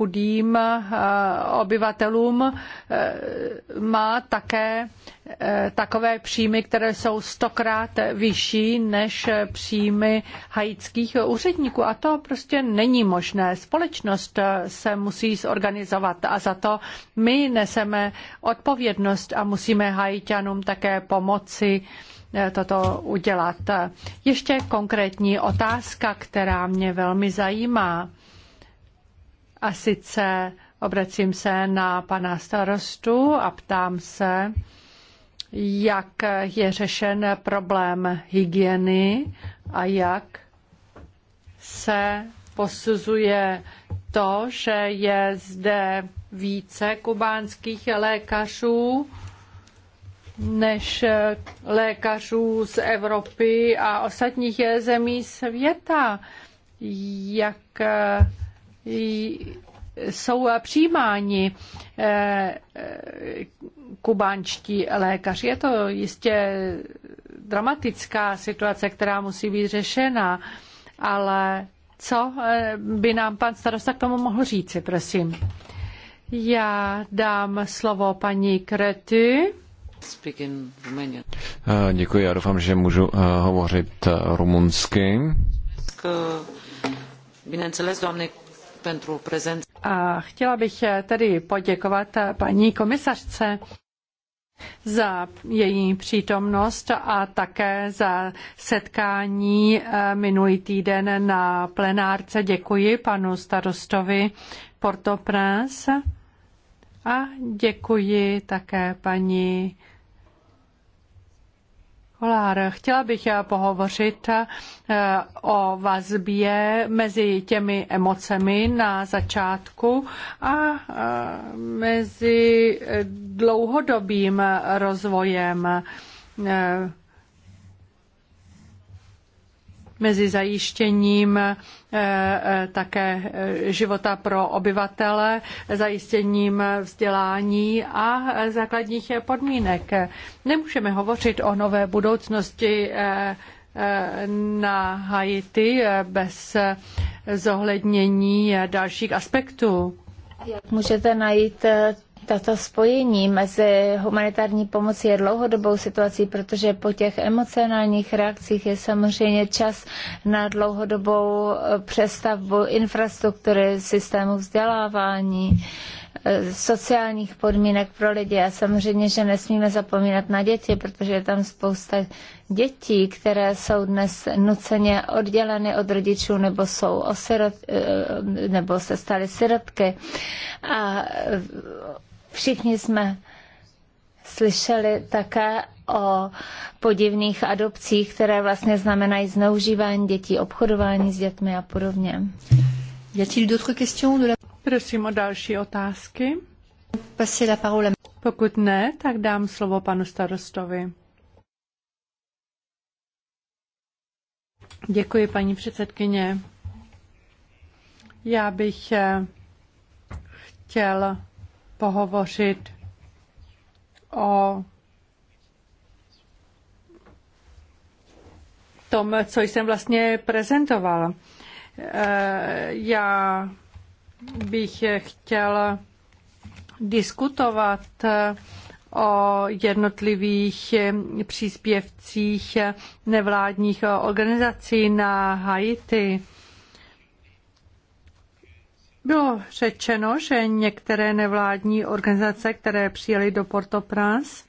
chudým eh, obyvatelům eh, má také eh, takové příjmy, které jsou stokrát vyšší než příjmy haitských úředníků. A to prostě není možné. Společnost se musí zorganizovat a za to my neseme odpovědnost a musíme haiťanům také pomoci toto udělat. Ještě konkrétní otázka, která mě velmi zajímá. A sice obracím se na pana starostu a ptám se, jak je řešen problém hygieny a jak se posuzuje to, že je zde více kubánských lékařů než lékařů z Evropy a ostatních zemí světa. Jak jsou eh, přijímáni eh, eh, kubánští lékaři. Je to jistě dramatická situace, která musí být řešena, ale co by nám pan starosta k tomu mohl říci, prosím? Já dám slovo paní Krety. Děkuji, já doufám, že můžu hovořit rumunsky. A chtěla bych tedy poděkovat paní komisařce za její přítomnost a také za setkání eh, minulý týden na plenárce. Děkuji panu starostovi Porto Prince a děkuji také paní Holár, chtěla bych eh, pohovořit eh, o vazbě mezi těmi emocemi na začátku a eh, mezi dlouhodobým rozvojem mezi zajištěním eh, eh, také eh, života pro obyvatele, zajištěním vzdělání a základních podmínek. Nemůžeme hovořit o nové budoucnosti na Haiti bez zohlednění dalších aspektů. Jak můžete najít tato spojení mezi humanitární pomocí je dlouhodobou situací, protože po těch emocionálních reakcích je samozřejmě čas na dlouhodobou eh, přestavbu infrastruktury, systému vzdělávání, eh, sociálních podmínek pro lidi a samozřejmě, že nesmíme zapomínat na děti, protože je tam spousta dětí, které jsou dnes nuceně odděleny od rodičů nebo jsou osirot, eh, nebo se staly sirotky a Všichni jsme slyšeli také o podivných adopcích, které vlastně znamenají zneužívání dětí, obchodování s dětmi a podobně. Prosím o další otázky. Pokud ne, tak dám slovo panu starostovi. Děkuji, paní předsedkyně. Já bych eh, chtěl pohovořit o tom, co jsem vlastně prezentoval. Eh, já bych chtěl diskutovat o jednotlivých příspěvcích nevládních organizací na Haiti. Bylo řečeno, že některé nevládní organizace, které přijeli do Port-au-Prince,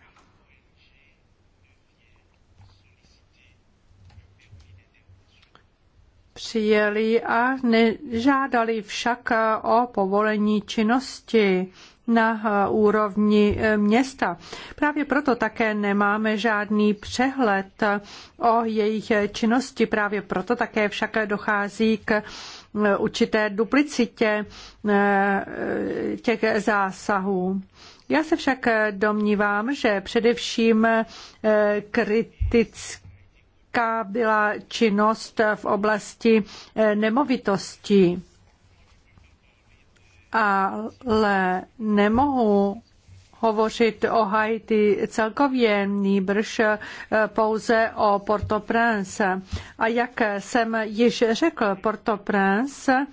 přijeli a nežádali však o povolení činnosti na úrovni města. Právě proto také nemáme žádný přehled o jejich činnosti. Právě proto také však dochází k určité duplicitě eh, těch zásahů. Já se však domnívám, že především eh, kritická byla činnost v oblasti eh, nemovitostí ale nemohu hovořit o Haiti celkově, nýbrž eh, pouze o Port-au-Prince. A jak jsem již řekl, Port-au-Prince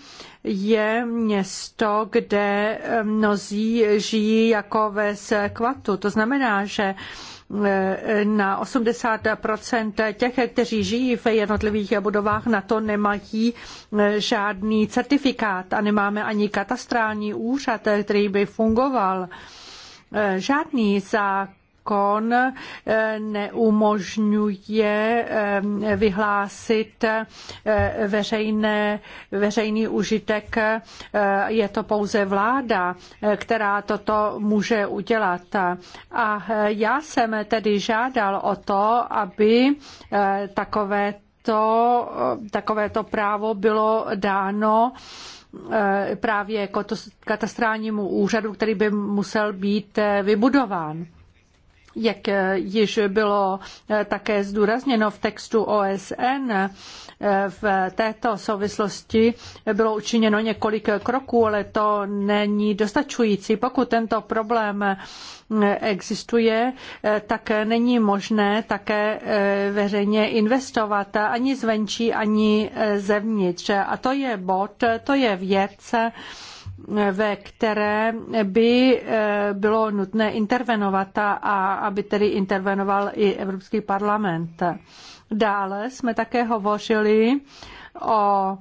je město, kde eh, mnozí žijí jako ve skvatu. To znamená, že eh, na 80 těch, kteří žijí v jednotlivých budovách, na to nemají žádný certifikát a nemáme ani katastrální úřad, který by fungoval. Eh, žádný zákon eh, neumožňuje eh, vyhlásit veřejné, veřejný užitek. Je to pouze vláda, která toto může udělat. A já jsem tedy žádal o to, aby takové to, takovéto právo bylo dáno Eh, právě katastrálnímu úřadu, který by musel být eh, vybudován. Jak eh, již bylo také zdůrazněno v textu OSN, v této souvislosti bylo učiněno několik kroků, ale to není dostačující. Pokud tento problém existuje, tak není možné také eh, veřejně investovat ani zvenčí, ani eh, zevnitř. A to je bod, to je věc, eh, ve které by bylo nutné intervenovat a aby tedy intervenoval i Evropský parlament. Dále jsme také hovořili o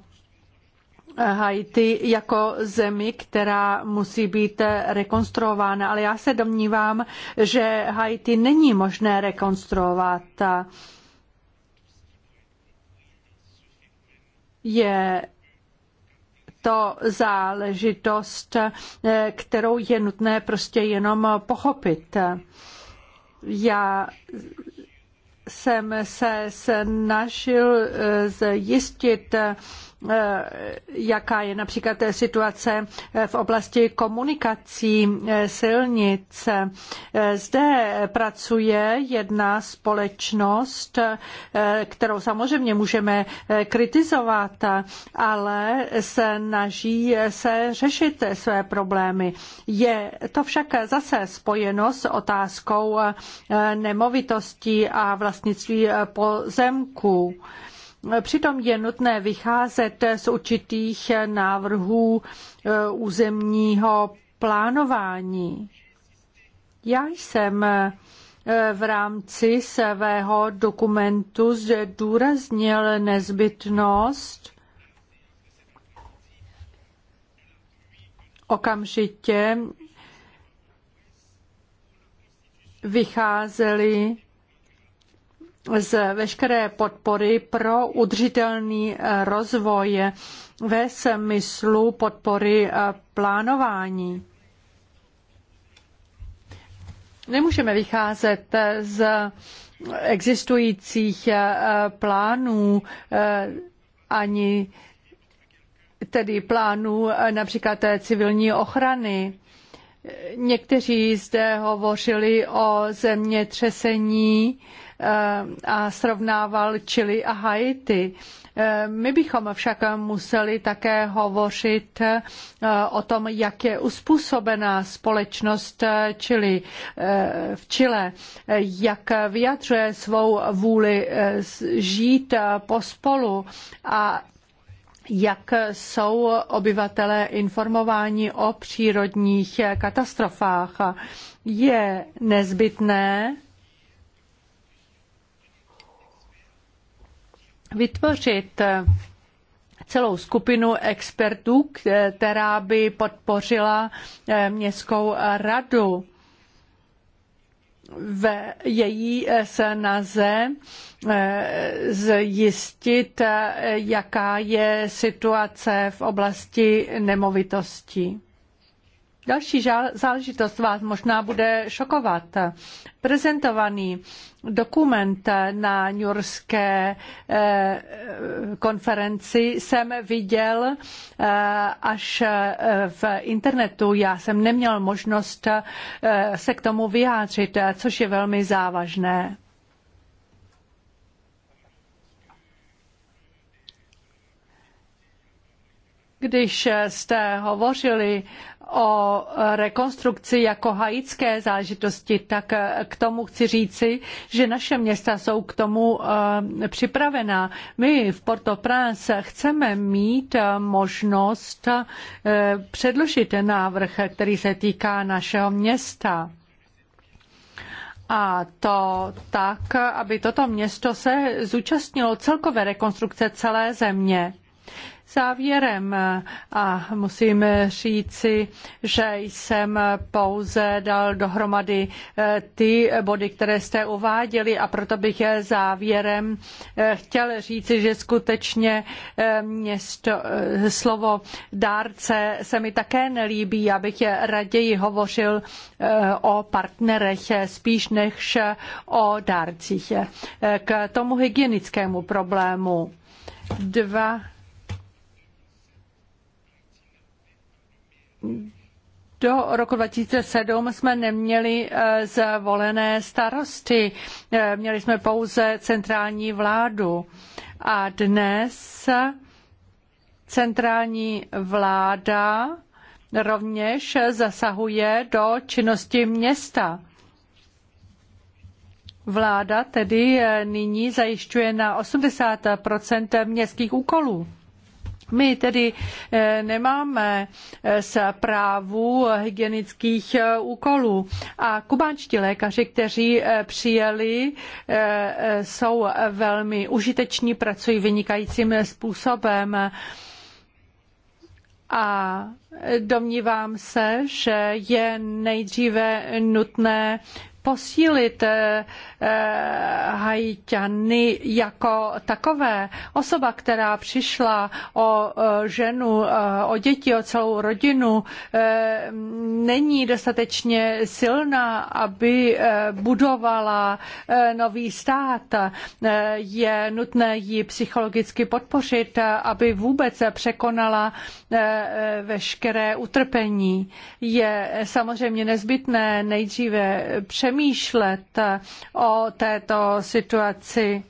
Haiti jako zemi, která musí být rekonstruována, ale já se domnívám, že Haiti není možné rekonstruovat. Je to záležitost, kterou je nutné prostě jenom pochopit. Já jsem se snažil eh, zjistit Eh, jaká je například situace eh, v oblasti komunikací eh, silnic. Zde pracuje jedna společnost, kterou samozřejmě můžeme kritizovat, ale snaží se řešit své problémy. Je to však zase spojeno s otázkou nemovitostí a vlastnictví pozemků. Přitom je nutné vycházet z určitých návrhů eh, územního plánování. Já jsem eh, v rámci svého dokumentu zdůraznil nezbytnost okamžitě vycházeli z veškeré podpory pro udržitelný eh, rozvoj ve smyslu podpory eh, plánování. Nemůžeme vycházet eh, z existujících plánů ani tedy plánů například civilní ochrany. Někteří zde hovořili o zemětřesení, a srovnával Chile a Haiti. Eh, my bychom však museli také hovořit eh, o tom, jak je uspůsobená společnost eh, Chile, v Chile, jak vyjadřuje svou vůli žít pospolu a jak jsou obyvatelé informováni o přírodních katastrofách. Je nezbytné, vytvořit eh, celou skupinu expertů, která by podpořila eh, městskou radu v její eh, snaze zjistit, jaká je situace v oblasti nemovitostí. Další záležitost vás možná bude šokovat. Prezentovaný dokument na ňurské eh, konferenci jsem viděl eh, až eh, v internetu. Já jsem neměl možnost se k tomu vyjádřit, což je velmi závažné. Když jste hovořili o rekonstrukci jako haitské záležitosti, tak k tomu chci říci, že naše města jsou k tomu eh, připravená. My v Port-au-Prince chceme mít eh, možnost eh, předložit návrh, který se týká našeho města. A to tak, aby toto město se zúčastnilo celkové rekonstrukce celé země Závěrem a musím říci, že jsem pouze dal dohromady eh, ty body, které jste uváděli a proto bych závěrem eh, chtěl říci, že skutečně eh, město, slovo dárce se mi také nelíbí. Já bych raději hovořil o partnerech spíš než o dárcích. K tomu hygienickému problému. Dva do roku 2007 jsme neměli eh, zvolené starosty, eh, měli jsme pouze centrální vládu. A dnes centrální vláda rovněž zasahuje do činnosti města. Vláda tedy eh, nyní zajišťuje na 80 městských úkolů. My tedy eh, nemáme zprávu eh, hygienických eh, úkolů a kubánští lékaři, kteří přijeli, jsou velmi užiteční, pracují vynikajícím způsobem a domnívám se, že je nejdříve nutné posílit Eh, Haitany jako takové. Osoba, která přišla o eh, ženu, eh, o děti, o celou rodinu, není dostatečně silná, aby budovala nový stát. Je nutné ji psychologicky podpořit, aby vůbec překonala veškeré utrpení. Je samozřejmě nezbytné nejdříve přemýšlet o o této situaci.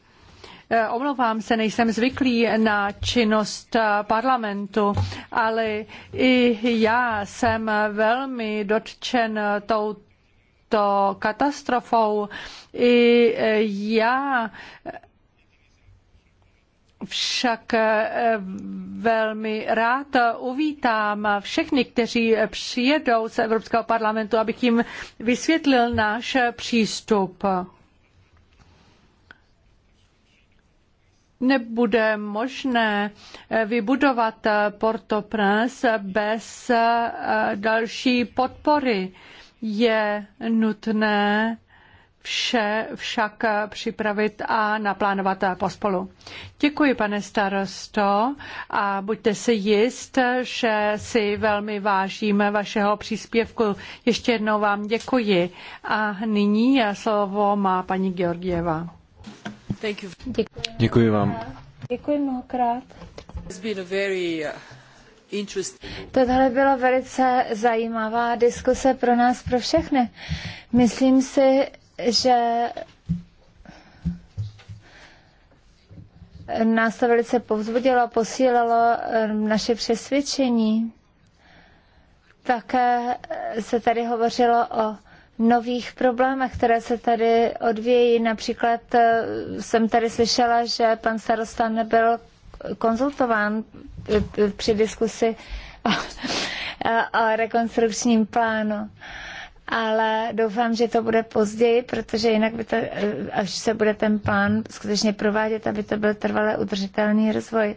Eh, omlouvám se, nejsem zvyklý na činnost eh, parlamentu, ale i já jsem velmi dotčen touto katastrofou. I eh, já však velmi rád uvítám všechny, kteří přijedou z Evropského parlamentu, abych jim vysvětlil náš přístup. nebude možné eh, vybudovat eh, Port-au-Prince bez eh, další podpory. Je nutné vše však připravit a naplánovat pospolu. Děkuji, pane starosto, a buďte si jist, že si velmi vážíme vašeho příspěvku. Ještě jednou vám děkuji. A nyní slovo má paní Georgieva. Děkuji. vám. Děkuji mnohokrát. Uh, Tohle byla velice zajímavá diskuse pro nás, pro všechny. Myslím si, že nás to velice povzbudilo, posílilo um, naše přesvědčení. Také se tady hovořilo o nových problémech, které se tady odvějí. Například eh, jsem tady slyšela, že pan starosta nebyl konzultován eh, eh, při diskusi o, <laughs> o rekonstrukčním plánu ale doufám, že to bude později, protože jinak by to, až se bude ten plán skutečně provádět, aby to byl trvale udržitelný rozvoj.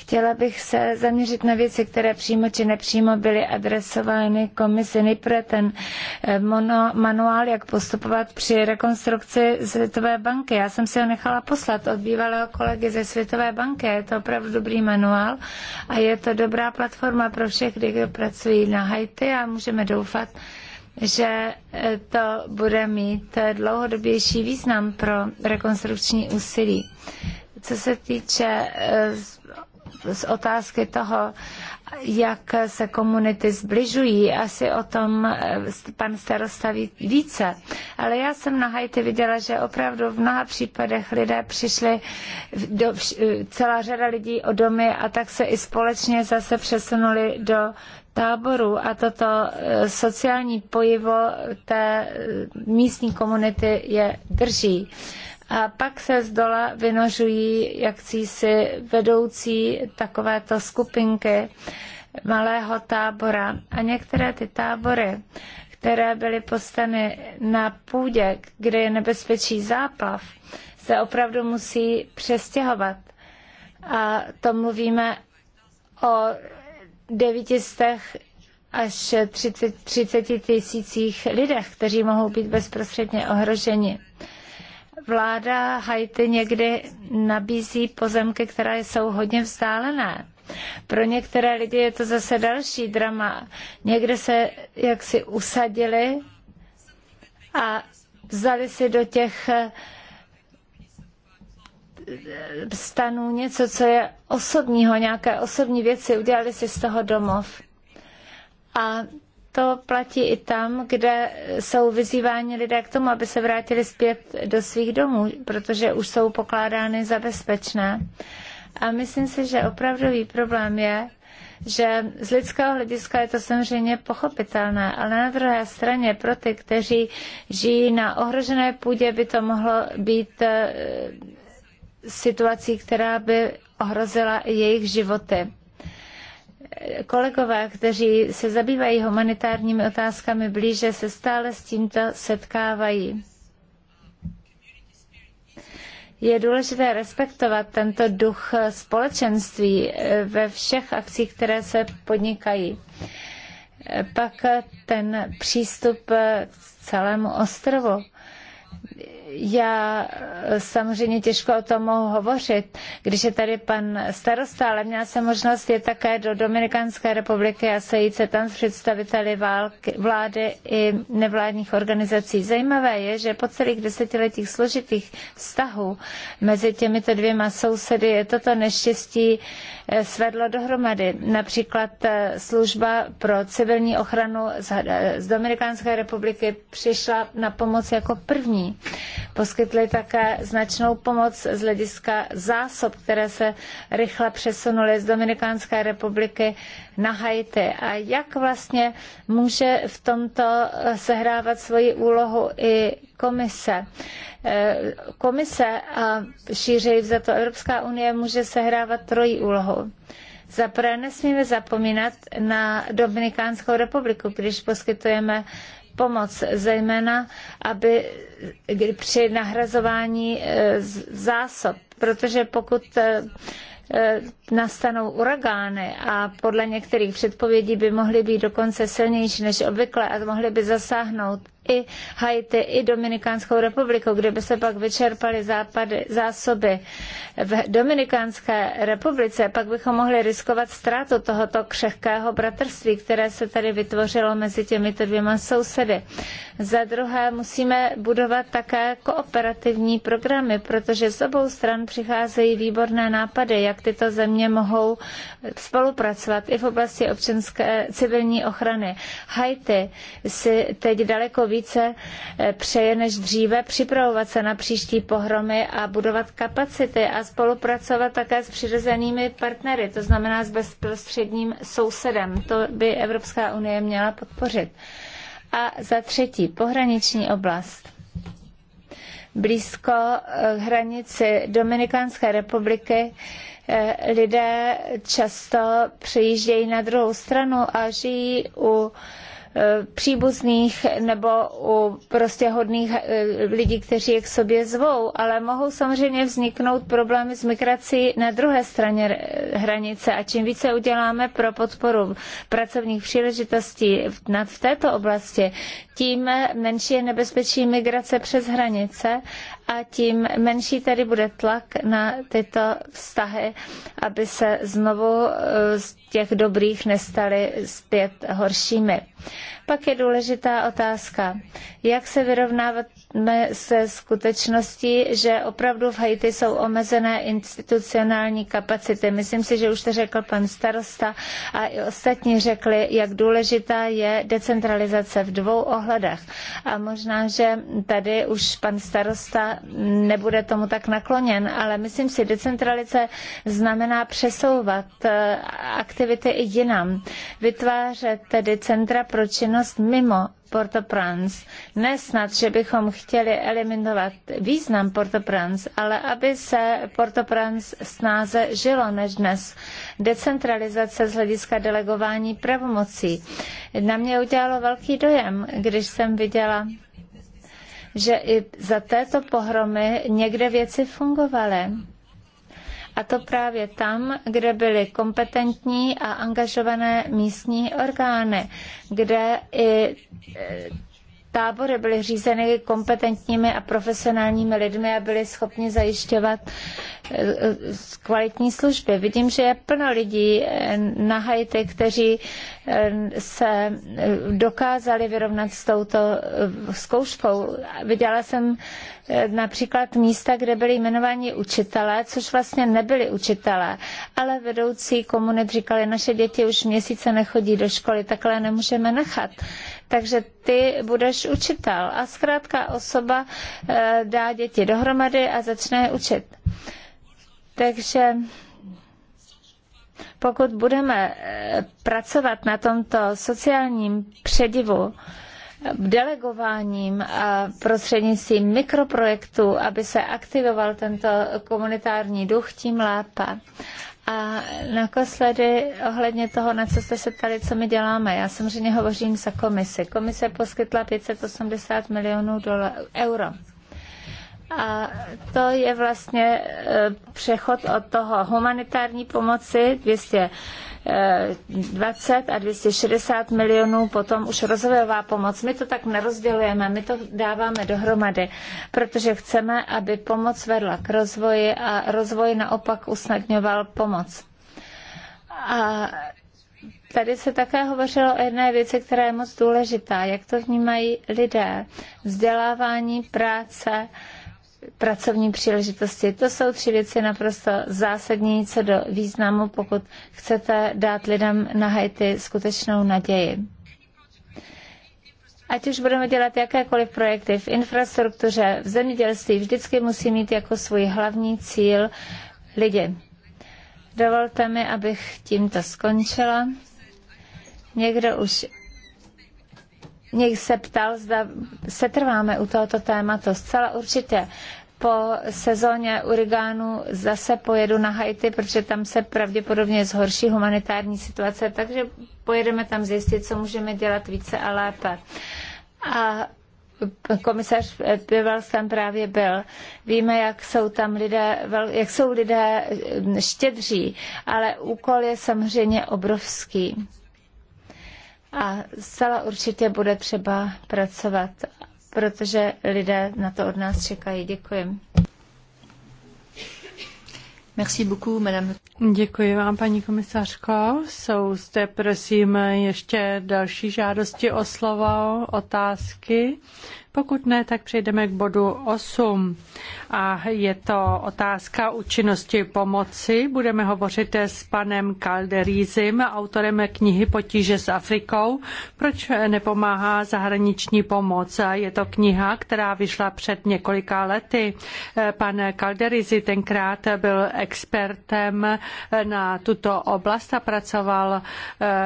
Chtěla bych se zaměřit na věci, které přímo či nepřímo byly adresovány komisi. Nejprve ten eh, mono, manuál, jak postupovat při rekonstrukci Světové banky. Já jsem si ho nechala poslat od bývalého kolegy ze Světové banky. Je to opravdu dobrý manuál a je to dobrá platforma pro všechny, kdo pracují na Haiti a můžeme doufat, že eh, to bude mít eh, dlouhodobější význam pro rekonstrukční úsilí. Co se týče z otázky toho, jak se komunity zbližují. Asi o tom eh, pan starosta ví více. Ale já jsem na Haiti viděla, že opravdu v mnoha případech lidé přišli, do, eh, celá řada lidí o domy a tak se i společně zase přesunuli do táboru a toto eh, sociální pojivo té místní komunity je drží. A pak se z dola vynožují jakcísi vedoucí takovéto skupinky malého tábora. A některé ty tábory, které byly postaveny na půdě, kde je nebezpečí záplav, se opravdu musí přestěhovat. A to mluvíme o 900 až 30, 30 tisících lidech, kteří mohou být bezprostředně ohroženi. Vláda Haiti někdy nabízí pozemky, které jsou hodně vzdálené. Pro některé lidi je to zase další drama. Někde se jaksi usadili a vzali si do těch eh, stanů něco, co je osobního, nějaké osobní věci, udělali si z toho domov. A to platí i tam, kde jsou vyzýváni lidé k tomu, aby se vrátili zpět do svých domů, protože už jsou pokládány za bezpečné. A myslím si, že opravdový problém je, že z lidského hlediska je to samozřejmě pochopitelné, ale na druhé straně pro ty, kteří žijí na ohrožené půdě, by to mohlo být eh, situací, která by ohrozila jejich životy kolegové, kteří se zabývají humanitárními otázkami blíže, se stále s tímto setkávají. Je důležité respektovat tento duch společenství eh, ve všech akcích, které se podnikají. Eh, Pak ten přístup eh, k celému ostrovu já eh, samozřejmě těžko o tom mohu hovořit, když je tady pan starosta, ale měla jsem možnost je také do Dominikánské republiky a sejít se tam s představiteli války, vlády i nevládních organizací. Zajímavé je, že po celých desetiletích složitých vztahů mezi těmito dvěma sousedy je toto neštěstí eh, svedlo dohromady. Například eh, služba pro civilní ochranu z Dominikánské republiky přišla na pomoc jako první. Poskytli také značnou pomoc z hlediska zásob, které se rychle přesunuly z Dominikánské republiky na Haiti. A jak vlastně může v tomto sehrávat svoji úlohu i komise. Eh, komise a šířeji za to Evropská unie může sehrávat trojí úlohu. Za prvé nesmíme zapomínat na Dominikánskou republiku, když poskytujeme pomoc, zejména aby při nahrazování e, zásob, protože pokud e, e, nastanou uragány a podle některých předpovědí by mohly být dokonce silnější než obvykle a mohly by zasáhnout i Haiti, i Dominikánskou republikou, kde by se pak vyčerpaly západy, zásoby v Dominikánské republice, pak bychom mohli riskovat ztrátu tohoto křehkého bratrství, které se tady vytvořilo mezi těmito dvěma sousedy. Za druhé musíme budovat také kooperativní programy, protože z obou stran přicházejí výborné nápady, jak tyto země mohou spolupracovat i v oblasti občanské civilní ochrany. Haiti si teď daleko víc více eh, přeje než dříve připravovat se na příští pohromy a budovat kapacity a spolupracovat také s přirozenými partnery, to znamená s bezprostředním sousedem. To by Evropská unie měla podpořit. A za třetí, pohraniční oblast blízko eh, hranici Dominikánské republiky eh, lidé často přijíždějí na druhou stranu a žijí u Eh, příbuzných nebo u prostě hodných eh, lidí, kteří je k sobě zvou, ale mohou samozřejmě vzniknout problémy s migrací na druhé straně hranice a čím více uděláme pro podporu pracovních příležitostí v této oblasti, tím menší je nebezpečí migrace přes hranice a tím menší tady bude tlak na tyto vztahy, aby se znovu eh, z těch dobrých nestaly zpět horšími. Pak je důležitá otázka, jak se vyrovnáváme se skutečností, že opravdu v Haiti jsou omezené institucionální kapacity. Myslím si, že už to řekl pan starosta a i ostatní řekli, jak důležitá je decentralizace v dvou ohledech. A možná, že tady už pan starosta nebude tomu tak nakloněn, ale myslím si, decentralizace znamená přesouvat eh, aktivity i jinam. Vytvářet tedy centra pro činnost činnost mimo Port-au-Prince. Nesnad, že bychom chtěli eliminovat význam Port-au-Prince, ale aby se Port-au-Prince snáze žilo než dnes. Decentralizace z hlediska delegování pravomocí. Na mě udělalo velký dojem, když jsem viděla že i za této pohromy někde věci fungovaly. A to právě tam, kde byly kompetentní a angažované místní orgány, kde i tábory byly řízeny kompetentními a profesionálními lidmi a byli schopni zajišťovat eh, eh, kvalitní služby. Vidím, že je plno lidí eh, na Haiti, kteří se dokázali vyrovnat s touto zkouškou. Viděla jsem například místa, kde byli jmenováni učitelé, což vlastně nebyli učitelé, ale vedoucí komunit říkali, naše děti už měsíce nechodí do školy, takhle nemůžeme nechat takže ty budeš učitel. A zkrátka osoba eh, dá děti dohromady a začne je učit. Takže pokud budeme eh, pracovat na tomto sociálním předivu, eh, delegováním a prostřednictvím mikroprojektů, aby se aktivoval tento komunitární duch, tím lépe. A naposledy ohledně toho, na co jste se ptali, co my děláme. Já samozřejmě hovořím za komisi. Komise poskytla 580 milionů dolar, euro. A to je vlastně eh, přechod od toho humanitární pomoci 200 20 a 260 milionů potom už rozvojová pomoc. My to tak nerozdělujeme, my to dáváme dohromady, protože chceme, aby pomoc vedla k rozvoji a rozvoj naopak usnadňoval pomoc. A Tady se také hovořilo o jedné věci, která je moc důležitá, jak to vnímají lidé. Vzdělávání, práce, pracovní příležitosti. To jsou tři věci naprosto zásadní co do významu, pokud chcete dát lidem na Haiti skutečnou naději. Ať už budeme dělat jakékoliv projekty v infrastruktuře, v zemědělství, vždycky musí mít jako svůj hlavní cíl lidi. Dovolte mi, abych tímto skončila. Někdo už něj se ptal, zda se trváme u tohoto tématu. Zcela určitě po sezóně urigánu zase pojedu na Haiti, protože tam se pravděpodobně zhorší humanitární situace, takže pojedeme tam zjistit, co můžeme dělat více a lépe. A komisař Pivels tam právě byl. Víme, jak jsou tam lidé, jak jsou lidé štědří, ale úkol je samozřejmě obrovský. A zcela určitě bude třeba pracovat, protože lidé na to od nás čekají. Děkuji. Merci beaucoup, madame. Děkuji vám, paní komisařko. Jsou zde, prosím, ještě další žádosti o slovo, otázky. Pokud ne, tak přejdeme k bodu 8. A je to otázka účinnosti pomoci. Budeme hovořit s panem Kalderízim, autorem knihy Potíže s Afrikou. Proč nepomáhá zahraniční pomoc? Je to kniha, která vyšla před několika lety. Pan Kalderízi tenkrát byl expertem na tuto oblast a pracoval eh,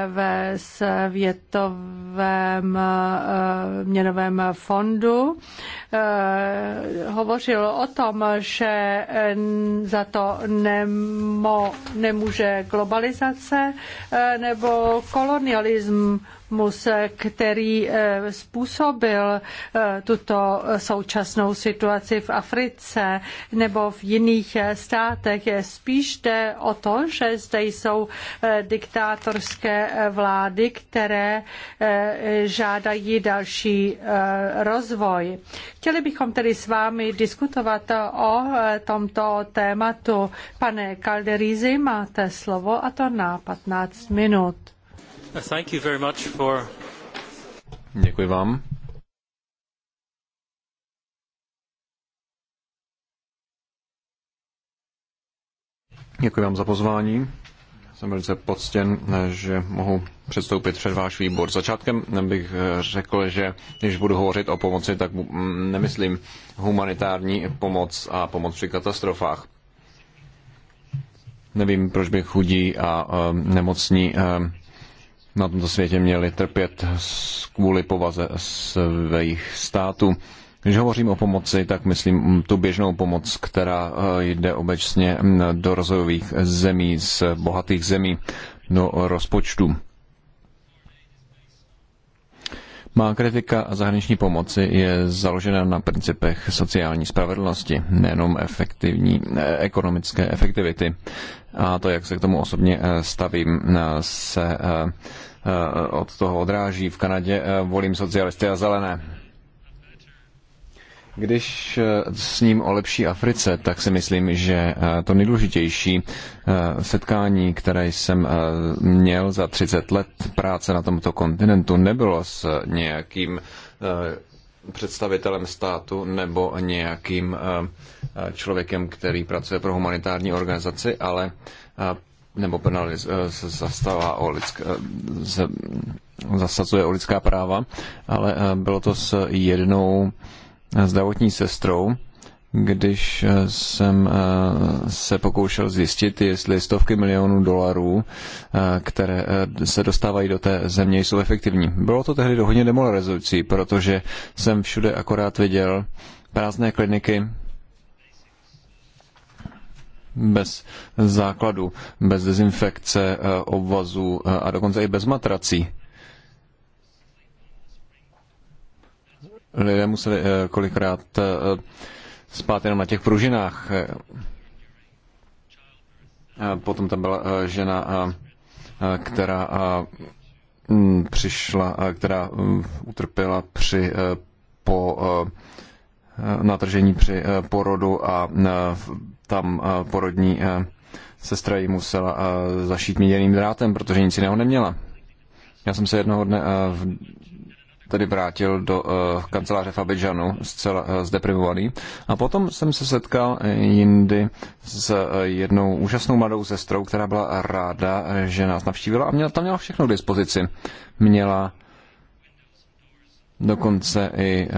ve světovém eh, měnovém fondu fondu eh, hovořil o tom, že eh, za to nemo, nemůže globalizace eh, nebo kolonialism mechanismus, který eh, způsobil eh, tuto současnou situaci v Africe nebo v jiných eh, státech. Spíš jde o to, že zde jsou diktátorské vlády, které žádají další rozvoj. Chtěli bychom tedy s vámi diskutovat o tomto tématu. Pane Kalderizi, máte slovo a to na 15 minut. Thank you very much for... Děkuji vám. Děkuji vám za pozvání. Jsem velice poctěn, že mohu předstoupit před váš výbor. Začátkem bych řekl, že když budu hovořit o pomoci, tak nemyslím humanitární pomoc a pomoc při katastrofách. Nevím, proč by chudí a e, nemocní e, na tomto světě měli trpět kvůli povaze svých států. Když hovořím o pomoci, tak myslím tu běžnou pomoc, která eh, jde obecně do rozvojových zemí, z bohatých zemí, do rozpočtu. Má kritika zahraniční pomoci je založena na principech sociální spravedlnosti, nejenom efektivní, eh, ekonomické efektivity. A to, jak se k tomu osobně eh, stavím, eh, se od toho odráží. V Kanadě volím socialisty a zelené. Když eh, s ním o lepší Africe, tak si myslím, že eh, to nejdůležitější eh, setkání, které jsem měl za 30 let práce na tomto kontinentu, nebylo s nějakým představitelem státu nebo nějakým člověkem, který pracuje pro humanitární organizaci, ale nebo se zastává o lidské, se zasazuje o lidská práva, ale bylo to s jednou zdravotní sestrou, když eh, jsem eh, se pokoušel zjistit, jestli stovky milionů dolarů, eh, které se dostávají do té země, jsou efektivní. Bylo to tehdy hodně demoralizující, protože jsem všude akorát viděl prázdné kliniky bez základu, bez dezinfekce, obvazů a dokonce i bez matrací. lidé museli eh, kolikrát eh, spát jenom na těch pružinách. Eh, potom tam byla žena, která přišla, která mm, utrpěla při po natržení při porodu a tam porodní sestra ji musela zašít měděným drátem, protože nic jiného neměla. Já jsem se jednoho dne tedy vrátil do eh, kanceláře v zcela uh, eh, zdeprivovaný. A potom jsem se setkal jindy s eh, jednou úžasnou mladou sestrou, která byla ráda, že nás navštívila a měla, tam měla všechno k dispozici. Měla dokonce i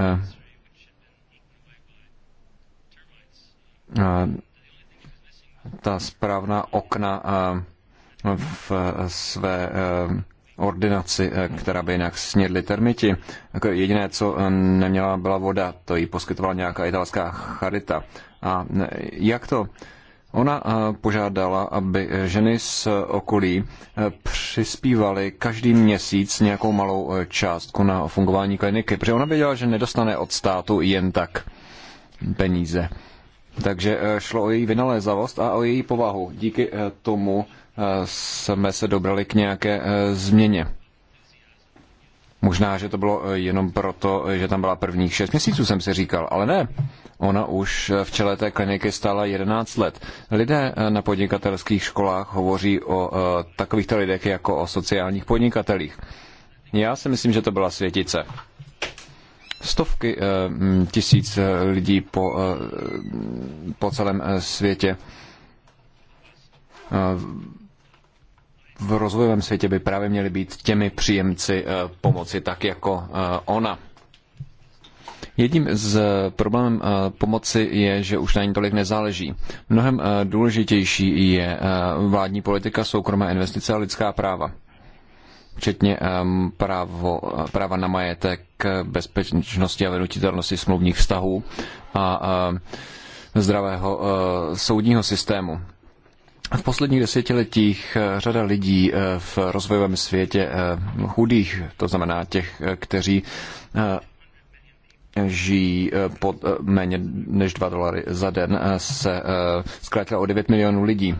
ta správná okna v své ordinaci, eh, která by jinak snědli termiti. Jako jediné, co eh, neměla, byla voda, to jí poskytovala nějaká italská charita. A eh, jak to? Ona požádala, aby ženy z okolí přispívaly každý měsíc nějakou malou částku na fungování kliniky, protože ona věděla, že nedostane od státu jen tak peníze. Takže šlo o její vynalézavost a o její povahu. Díky tomu jsme se dobrali k nějaké eh, změně. Možná, že to bylo eh, jenom proto, eh, že tam byla prvních šest měsíců, jsem si říkal, ale ne. Ona už v čele té kliniky stála 11 let. Lidé na podnikatelských školách hovoří o takovýchto lidech jako o sociálních podnikatelích. Já si myslím, že to byla světice. Stovky tisíc lidí po, po celém světě v rozvojovém světě by právě měly být těmi příjemci eh, pomoci, tak jako eh, ona. Jedním z eh, problémů pomoci je, že už na ní tolik nezáleží. Mnohem důležitější je vládní politika, soukromé investice a lidská práva včetně právo, práva na majetek, bezpečnosti a vynutitelnosti smluvních vztahů a zdravého soudního systému. V posledních desetiletích eh, řada lidí eh, v rozvojovém světě eh, chudých, to znamená těch, kteří žijí pod méně než 2 dolary za den, se zkrátila o 9 milionů lidí.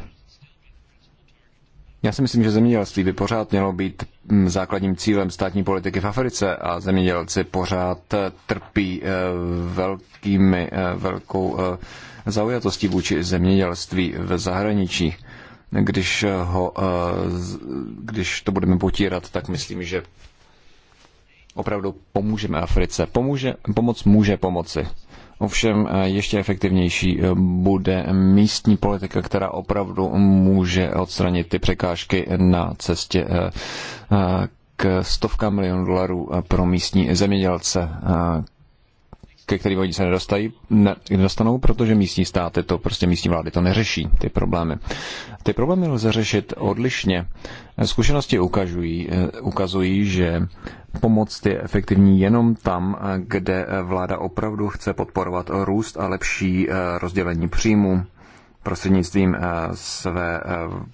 Já si myslím, že zemědělství by pořád mělo být mm, základním cílem státní politiky v Africe a zemědělci pořád trpí velkými, velkou zaujatosti vůči zemědělství v zahraničí. Když, ho, eh, když to budeme potírat, tak myslím, že opravdu pomůžeme Africe. Pomůže, pomoc může pomoci. Ovšem eh, ještě efektivnější eh, bude místní politika, která opravdu může odstranit ty překážky na cestě k stovkám milionů dolarů pro místní zemědělce, ke kterým oni se nedostají, ne, nedostanou, protože místní státy to prostě místní vlády to neřeší, ty problémy. Ty problémy lze řešit odlišně. Zkušenosti ukazují, eh, ukazují že pomoc je efektivní jenom tam, eh, kde eh, vláda opravdu chce podporovat růst a lepší rozdělení příjmů prostřednictvím své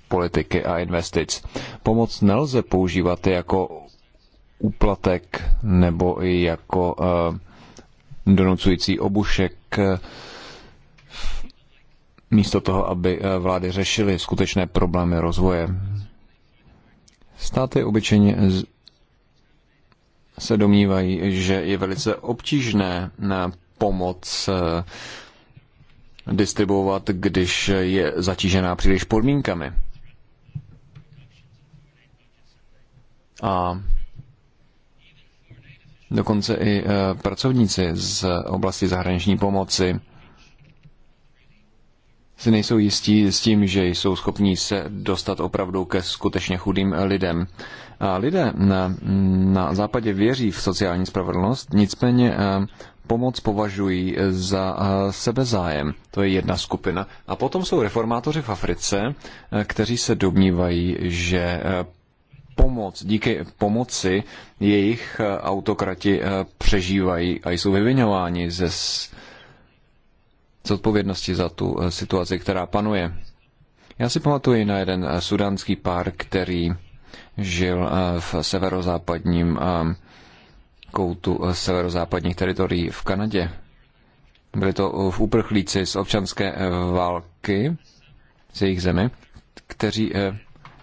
politiky a investic. Pomoc nelze používat jako úplatek nebo i jako uh, donucující obušek, eh, místo toho, aby eh, vlády řešily skutečné problémy rozvoje. Státy obyčejně se domnívají, že je velice obtížné eh, pomoc distribuovat, když je zatížená příliš podmínkami. A dokonce i eh, pracovníci z oblasti zahraniční pomoci si nejsou jistí s tím, že jsou schopní se dostat opravdu ke skutečně chudým lidem. A lidé na, na západě věří v sociální spravedlnost, nicméně eh, pomoc považují za eh, sebezájem. To je jedna skupina. A potom jsou reformátoři v Africe, kteří se domnívají, že pomoc, díky pomoci jejich eh, autokrati eh, přežívají a jsou vyvinováni ze zodpovědnosti za tu eh, situaci, která panuje. Já si pamatuji na jeden sudánský pár, který žil v severozápadním koutu severozápadních teritorií v Kanadě. Byli to v uprchlíci z občanské války z jejich zemi, kteří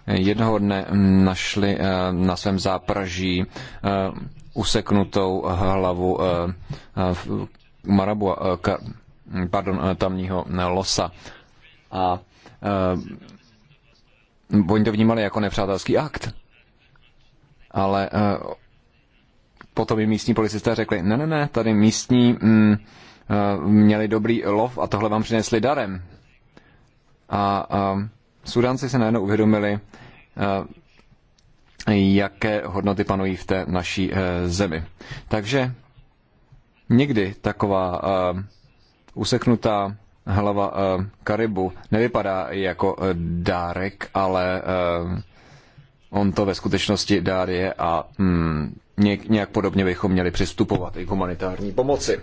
jednoho dne našli eh, na svém zápraží eh, useknutou hlavu eh, marabu, pardon, tamního losa. A oni to vnímali jako nepřátelský akt. Ale potom i místní policisté řekli, ne, ne, ne, tady místní mm, měli dobrý lov a tohle vám přinesli darem. A, a Sudánci se najednou uvědomili, eh, jaké hodnoty panují v té naší eh, zemi. Takže někdy taková eh, useknutá hlava Karibu nevypadá jako dárek, ale on to ve skutečnosti dár je a hm, nějak podobně bychom měli přistupovat i k humanitární pomoci.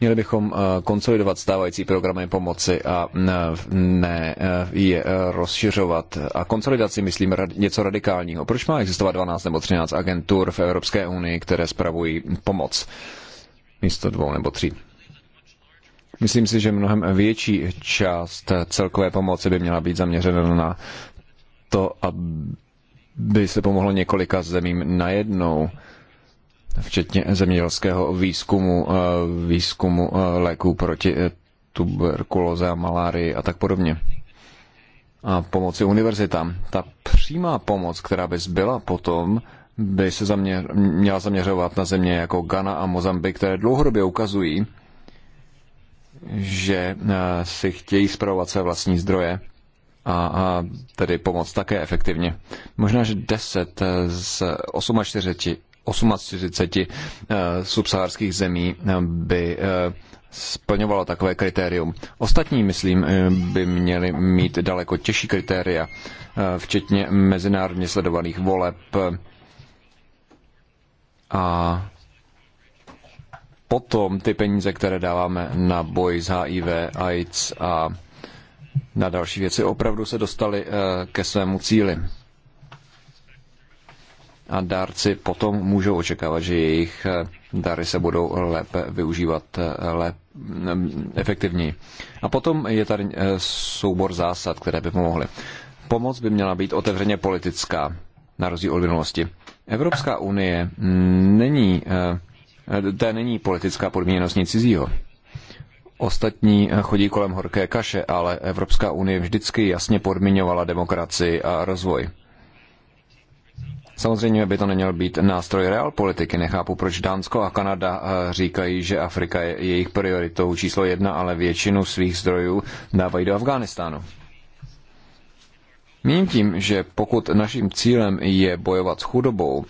Měli bychom eh, konsolidovat stávající programy pomoci a eh, ne eh, je rozšiřovat. A konsolidaci myslím něco radikálního. Proč má existovat 12 nebo 13 agentur v Evropské unii, které spravují pomoc? Místo dvou nebo tří. Myslím si, že mnohem větší část celkové pomoci by měla být zaměřena na to, aby se pomohlo několika zemím najednou včetně zemědělského výzkumu, eh, výzkumu eh, léků proti eh, tuberkulóze a malárii a tak podobně. A pomoci univerzitám. Ta přímá pomoc, která by zbyla potom, by se zaměř, měla zaměřovat na země jako Ghana a Mozambik, které dlouhodobě ukazují, že si chtějí zpravovat své vlastní zdroje a, a tedy pomoc také efektivně. Možná, že 10 z 48 48 subsaharských zemí eh, by eh, splňovalo takové kritérium. Ostatní, myslím, eh, by měly mít daleko těžší kritéria, včetně mezinárodně sledovaných voleb a potom ty peníze, které dáváme na boj s HIV, AIDS a na další věci, opravdu se dostaly ke svému cíli a dárci potom můžou očekávat, že jejich eh, dary se budou lépe využívat eh, lépe, mm, efektivněji. A potom je tady eh, soubor zásad, které by pomohly. Pomoc by měla být otevřeně politická, na rozdíl od minulosti. Evropská unie není, to není politická podmíněnost nic cizího. Ostatní chodí kolem horké kaše, ale Evropská unie vždycky jasně podmiňovala demokracii a rozvoj. Samozřejmě by to neměl být nástroj politiky. Nechápu, proč Dánsko a Kanada eh, říkají, že Afrika je jejich prioritou číslo jedna, ale většinu svých zdrojů dávají do Afghánistánu. Mím tím, že pokud naším cílem je bojovat s chudobou,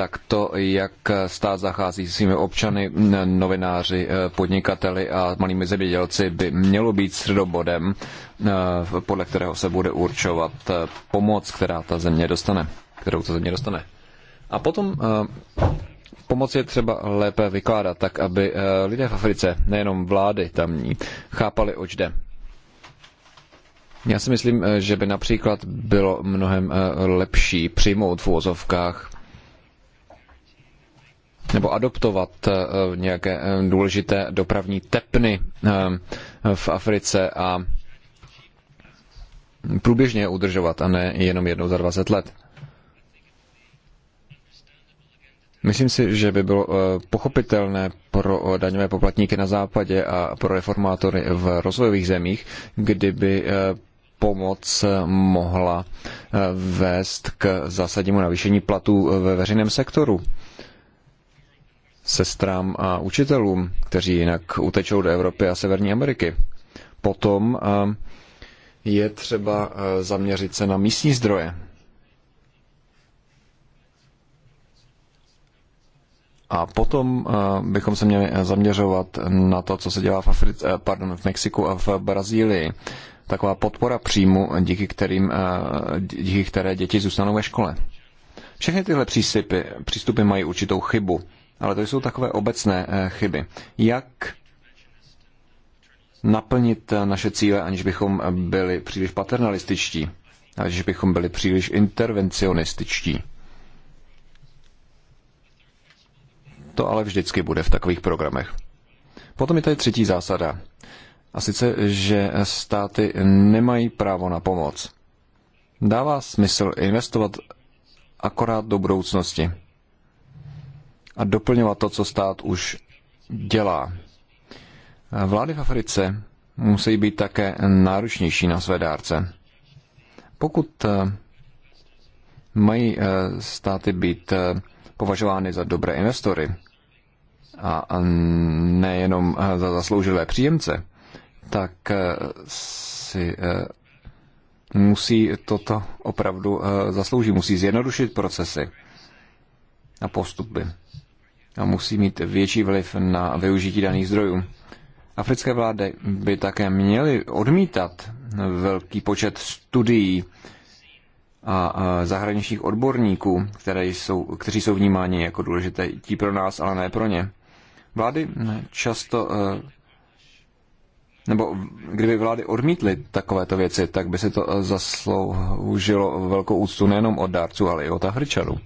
tak to, jak stát zachází s svými občany, novináři, eh, podnikateli a malými zemědělci, by mělo být středobodem, eh, podle kterého se bude určovat eh, pomoc, která ta země dostane, kterou ta země dostane. A potom pomoc je třeba lépe vykládat tak, aby lidé v Africe, nejenom vlády tamní, chápali, oč jde. Já si myslím, že by například bylo mnohem lepší přijmout v úvozovkách nebo adoptovat eh, nějaké eh, důležité dopravní tepny eh, v Africe a průběžně je udržovat a ne jenom jednou za 20 let. Myslím si, že by bylo pochopitelné pro daňové poplatníky na západě a pro reformátory v rozvojových zemích, kdyby pomoc mohla vést k zásadnímu navýšení platů ve veřejném sektoru sestrám a učitelům, kteří jinak utečou do Evropy a Severní Ameriky. Potom eh, je třeba eh, zaměřit se na místní zdroje. A potom eh, bychom se měli zaměřovat na to, co se dělá v, Afri- pardon, v Mexiku a v Brazílii. Taková podpora příjmu, díky, kterým, díky které děti zůstanou ve škole. Všechny tyhle přístupy, přístupy mají určitou chybu. Ale to jsou takové obecné eh, chyby. Jak naplnit eh, naše cíle, aniž bychom eh, byli příliš paternalističtí, aniž bychom byli příliš intervencionističtí. To ale vždycky bude v takových programech. Potom je tady třetí zásada. A sice, že státy nemají právo na pomoc. Dává smysl investovat akorát do budoucnosti a doplňovat to, co stát už dělá. Vlády v Africe musí být také náročnější na své dárce. Pokud eh, mají eh, státy být eh, považovány za dobré investory a nejenom za zasloužilé příjemce, tak si musí toto opravdu zasloužit, musí zjednodušit procesy a postupy a musí mít větší vliv na využití daných zdrojů. Africké vlády by také měly odmítat velký počet studií a zahraničních odborníků, které jsou, kteří jsou vnímáni jako důležité tí pro nás, ale ne pro ně. Vlády často, e, nebo kdyby vlády odmítly takovéto věci, tak by se to zasloužilo velkou úctu nejenom od dárců, ale i od Afričanů.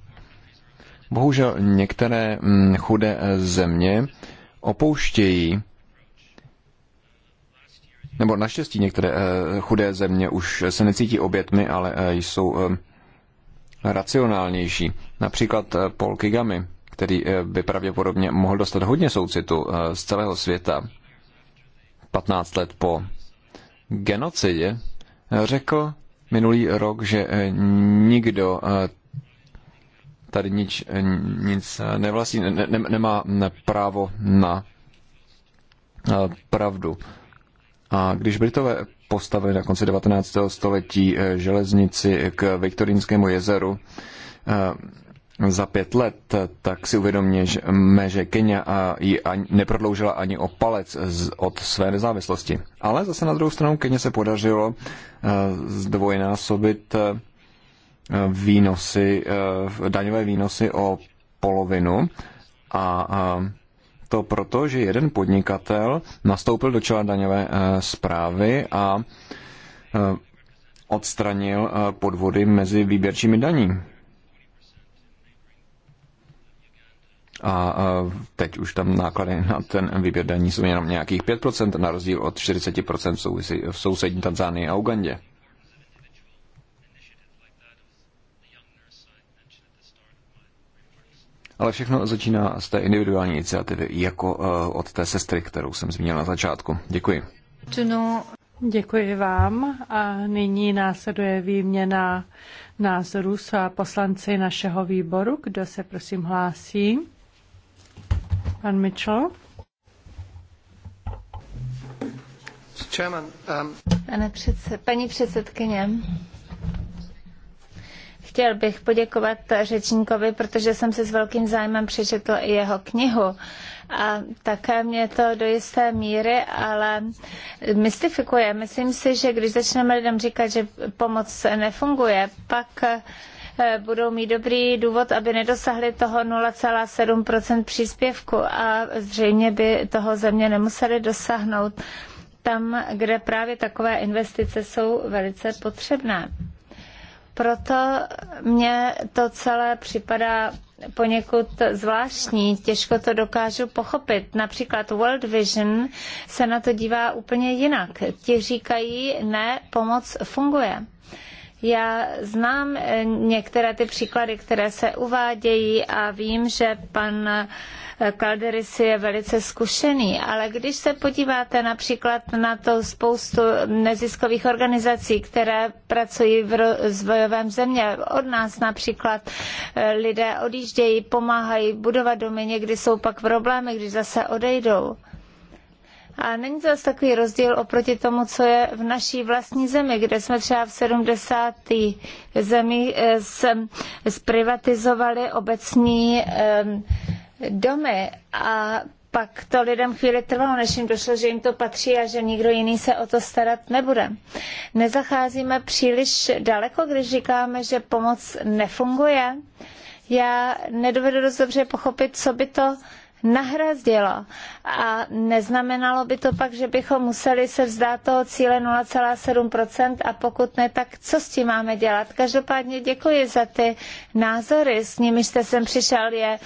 Bohužel některé mm, chudé eh, země opouštějí nebo naštěstí některé eh, chudé země už se necítí obětmi, ale eh, jsou racionálnější. Například Paul Kigami, který by pravděpodobně mohl dostat hodně soucitu z celého světa 15 let po genocidě, řekl minulý rok, že nikdo tady nič, eh, nic eh, nevlastní, ne, ne, nemá právo na eh, pravdu. A když Britové postavili na konci 19. století železnici k Viktorinskému jezeru za pět let, tak si uvědomíme, že Kenya ji neprodloužila ani o palec od své nezávislosti. Ale zase na druhou stranu Kenia se podařilo zdvojnásobit výnosy, eh, daňové výnosy o polovinu a eh, to proto, že jeden podnikatel nastoupil do čela daňové zprávy eh, a odstranil podvody mezi výběrčími daní. A teď už tam náklady na ten výběr daní jsou jenom nějakých 5%, na rozdíl od 40% v, v sousední Tanzánii a Ugandě. Ale všechno začíná z té individuální iniciativy, jako eh, od té sestry, kterou jsem zmínil na začátku. Děkuji. Děkuji vám a nyní následuje výměna názorů s poslanci našeho výboru. Kdo se prosím hlásí? Pan Mitchell. Um, Pane předsed, paní předsedkyně, Chtěl bych poděkovat řečníkovi, protože jsem se s velkým zájmem přečetl i jeho knihu a také mě to do jisté míry, ale mystifikuje. Myslím si, že když začneme lidem říkat, že pomoc nefunguje, pak eh, budou mít dobrý důvod, aby nedosahli toho 0,7 příspěvku a zřejmě by toho země nemuseli dosáhnout tam, kde právě takové investice jsou velice potřebné. Proto mě to celé připadá poněkud zvláštní, těžko to dokážu pochopit. Například World Vision se na to dívá úplně jinak. Ti říkají, ne, pomoc funguje. Já znám eh, některé ty příklady, které se uvádějí a vím, že pan Eh, Calderis je velice zkušený, ale když se podíváte například na to spoustu neziskových organizací, které pracují v rozvojovém země, od nás například eh, lidé odjíždějí, pomáhají budovat domy, někdy jsou pak problémy, když zase odejdou. A není to zase takový rozdíl oproti tomu, co je v naší vlastní zemi, kde jsme třeba v 70. zemi eh, zprivatizovali obecní domy a pak to lidem chvíli trvalo, než jim došlo, že jim to patří a že nikdo jiný se o to starat nebude. Nezacházíme příliš daleko, když říkáme, že pomoc nefunguje. Já nedovedu dost dobře pochopit, co by to nahradila. A neznamenalo by to pak, že bychom museli se vzdát toho cíle 0,7% a pokud ne, tak co s tím máme dělat? Každopádně děkuji za ty názory, s nimiž jste sem přišel. Je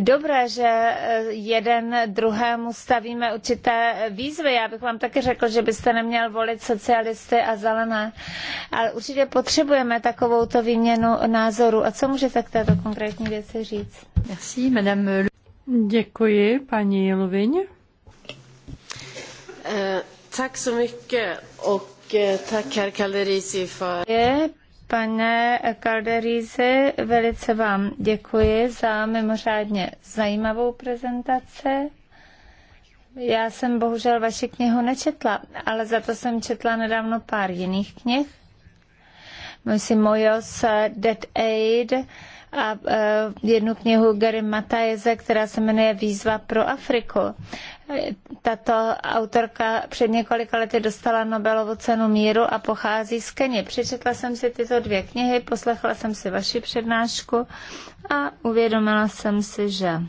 dobré, že e, jeden druhému stavíme určité výzvy. Já bych vám také řekl, že byste neměl volit socialisty a zelené. Ale určitě potřebujeme takovouto výměnu názorů. A co můžete k této konkrétní věci říct? Merci, madame Děkuji, paní Luviň. Eh, tak so mycket och eh, tack herr Calderisi för... Pane Calderisi, velice vám děkuji za mimořádně zajímavou prezentaci. Já jsem bohužel vaši knihu nečetla, ale za to jsem četla nedávno pár jiných knih. Myslím Mojos, Dead Aid, a e, jednu knihu Gary Matajeze, která se jmenuje Výzva pro Afriku. E, tato autorka před několika lety dostala Nobelovu cenu míru a pochází z Keny. Přečetla jsem si tyto dvě knihy, poslechla jsem si vaši přednášku a uvědomila jsem si, že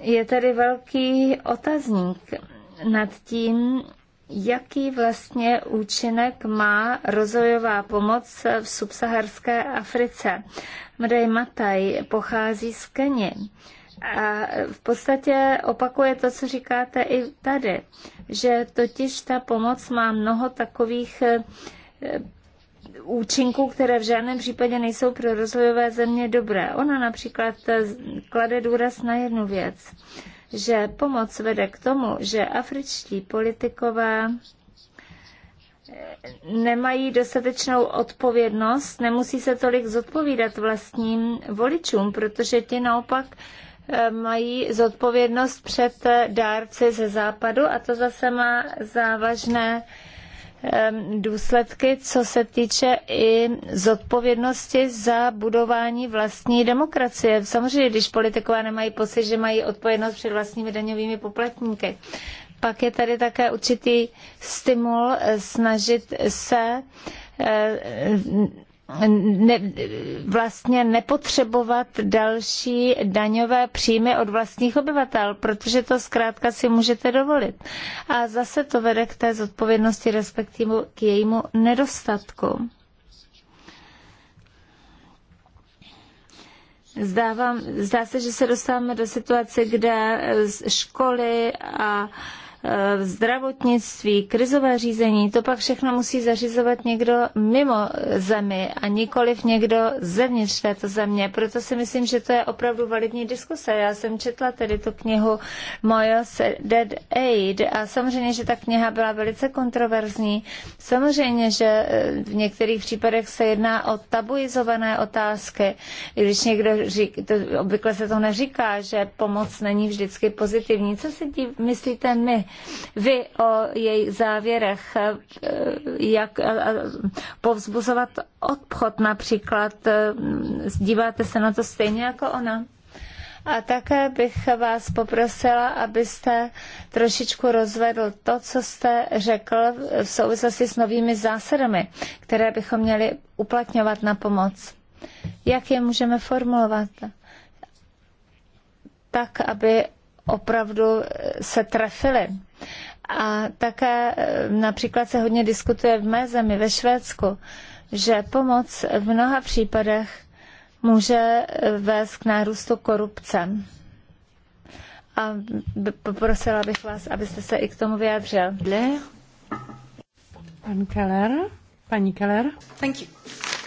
je tady velký otazník nad tím, Jaký vlastně účinek má rozvojová pomoc v subsaharské Africe? Mdej Mataj pochází z Keni. A v podstatě opakuje to, co říkáte i tady, že totiž ta pomoc má mnoho takových eh, účinků, které v žádném případě nejsou pro rozvojové země dobré. Ona například eh, klade důraz na jednu věc že pomoc vede k tomu, že afričtí politikové eh, nemají dostatečnou odpovědnost, nemusí se tolik zodpovídat vlastním voličům, protože ti naopak eh, mají zodpovědnost před dárci ze západu a to zase má závažné Ehm, důsledky, co se týče i zodpovědnosti za budování vlastní demokracie. Samozřejmě, když politikové nemají pocit, že mají odpovědnost před vlastními daňovými poplatníky. Pak je tady také určitý stimul eh, snažit se eh, ne, vlastně nepotřebovat další daňové příjmy od vlastních obyvatel, protože to zkrátka si můžete dovolit. A zase to vede k té zodpovědnosti, respektive k jejímu nedostatku. Zdávám, zdá se, že se dostáváme do situace, kde školy a uh, Eh, zdravotnictví, krizové řízení, to pak všechno musí zařizovat někdo mimo zemi a nikoliv někdo zevnitř této země. Proto si myslím, že to je opravdu validní diskuse. Já jsem četla tedy tu knihu Mojos Dead Aid a samozřejmě, že ta kniha byla velice kontroverzní. Samozřejmě, že eh, v některých případech se jedná o tabuizované otázky. Když někdo říká, to, obvykle se to neříká, že pomoc není vždycky pozitivní. Co si tím myslíte my? vy o jejich závěrech, eh, jak eh, povzbuzovat obchod například, eh, díváte se na to stejně jako ona? A také bych vás poprosila, abyste trošičku rozvedl to, co jste řekl v souvislosti s novými zásadami, které bychom měli uplatňovat na pomoc. Jak je můžeme formulovat? Tak, aby opravdu eh, se trefily. A také eh, například se hodně diskutuje v mé zemi, ve Švédsku, že pomoc v mnoha případech může eh, vést k nárůstu korupce. A poprosila bych vás, abyste se i k tomu vyjádřil. Pan Keller, paní Keller. Thank you.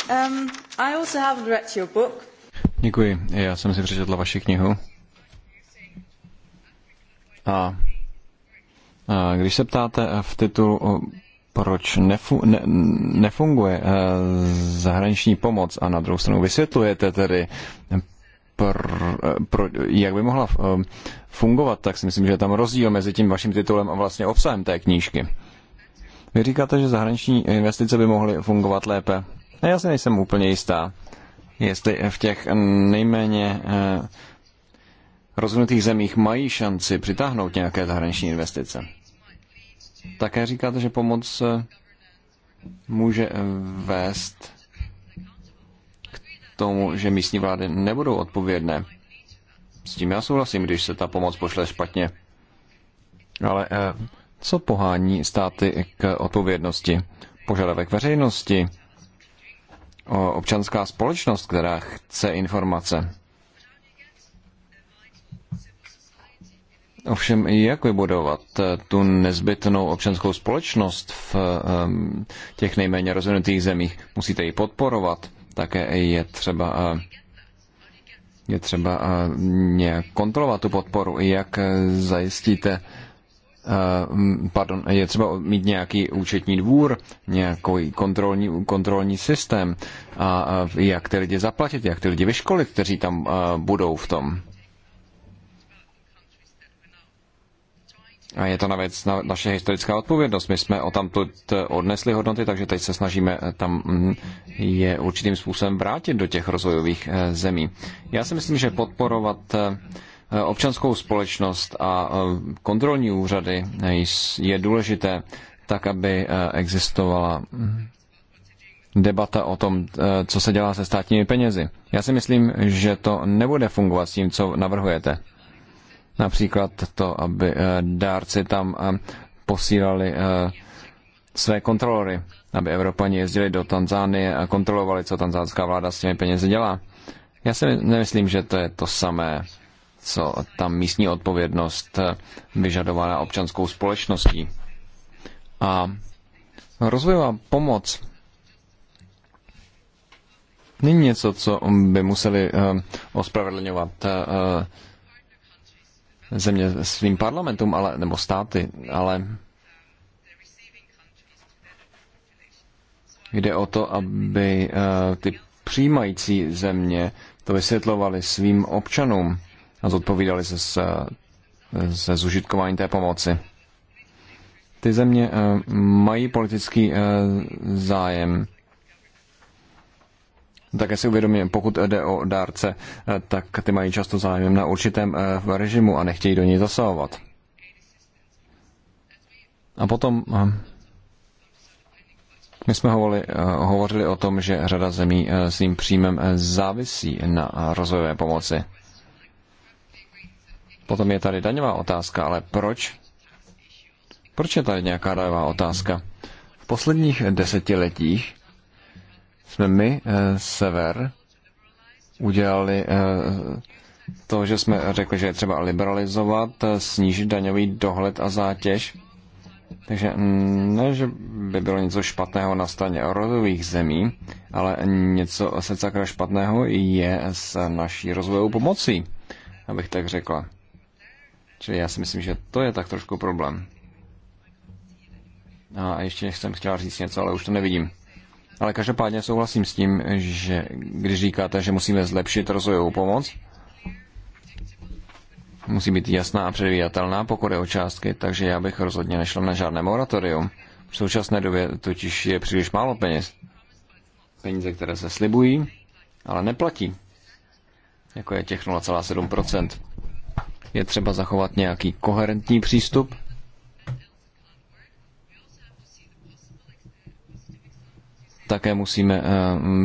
Um, I also have read your book. Děkuji. Já jsem si přečetla vaši knihu a když se ptáte v titulu, proč nefu, ne, nefunguje e, zahraniční pomoc a na druhou stranu vysvětlujete tedy, pr, e, pro, jak by mohla e, fungovat, tak si myslím, že je tam rozdíl mezi tím vaším titulem a vlastně obsahem té knížky. Vy říkáte, že zahraniční investice by mohly fungovat lépe. A já si nejsem úplně jistá, jestli v těch nejméně rozvinutých zemích mají šanci přitáhnout nějaké zahraniční investice. Také říkáte, že pomoc eh, může eh, vést k tomu, že místní vlády nebudou odpovědné. S tím já souhlasím, když se ta pomoc pošle špatně. Ale eh, co pohání státy k odpovědnosti? Požadavek veřejnosti, občanská společnost, která chce informace. Ovšem, jak vybudovat eh, tu nezbytnou občanskou společnost v ehm, těch nejméně rozvinutých zemích? Musíte ji podporovat. Také je třeba eh, je třeba eh, nějak kontrolovat tu podporu, jak zajistíte, ehm, pardon, je třeba mít nějaký účetní dvůr, nějaký kontrolní, kontrolní systém a jak ty lidi zaplatit, jak ty lidi vyškolit, kteří tam budou v tom. A je to na věc na naše historická odpovědnost. My jsme o tamtud eh, odnesli hodnoty, takže teď se snažíme eh, tam mm, je určitým způsobem vrátit do těch rozvojových eh, zemí. Já si myslím, že podporovat občanskou společnost a kontrolní úřady je důležité tak, aby existovala mm, debata o tom, co se dělá se státními penězi. Já si myslím, že to nebude fungovat s tím, co navrhujete. Například to, aby eh, dárci tam eh, posílali eh, své kontrolory, aby Evropani jezdili do Tanzánie a kontrolovali, co tanzánská vláda s těmi penězi dělá. Já si nemyslím, že to je to samé, co tam místní odpovědnost vyžadovaná občanskou společností. A rozvojová pomoc není něco, co by museli ospravedlňovat země svým parlamentům, ale, nebo státy, ale jde o to, aby eh, ty přijímající země to vysvětlovali svým občanům a zodpovídali se z, ze eh, zužitkování té pomoci. Ty země eh, mají politický zájem také si uvědomím, pokud jde o dárce, eh, tak ty mají často zájem na určitém eh, režimu a nechtějí do něj zasahovat. A potom eh, my jsme hovorili, hovořili o tom, že řada zemí s ním příjmem závisí na rozvojové pomoci. Potom je tady daňová otázka, ale proč? Proč je tady nějaká daňová otázka? V posledních desetiletích jsme my, eh, sever, udělali eh, to, že jsme řekli, že je třeba liberalizovat, eh, snížit daňový dohled a zátěž. Takže ne, že by bylo něco špatného na straně rozvojových zemí, ale něco se sakra špatného je s naší rozvojovou pomocí, abych tak řekla. Čili já si myslím, že to je tak trošku problém. A ještě jsem chtěla říct něco, ale už to nevidím. Ale každopádně souhlasím s tím, že když říkáte, že musíme zlepšit rozvojovou pomoc, musí být jasná a předvídatelná, pokud je o částky, takže já bych rozhodně nešel na žádné moratorium. V současné době totiž je příliš málo peněz. Peníze, které se slibují, ale neplatí. Jako je těch 0,7%. Je třeba zachovat nějaký koherentní přístup, také musíme eh,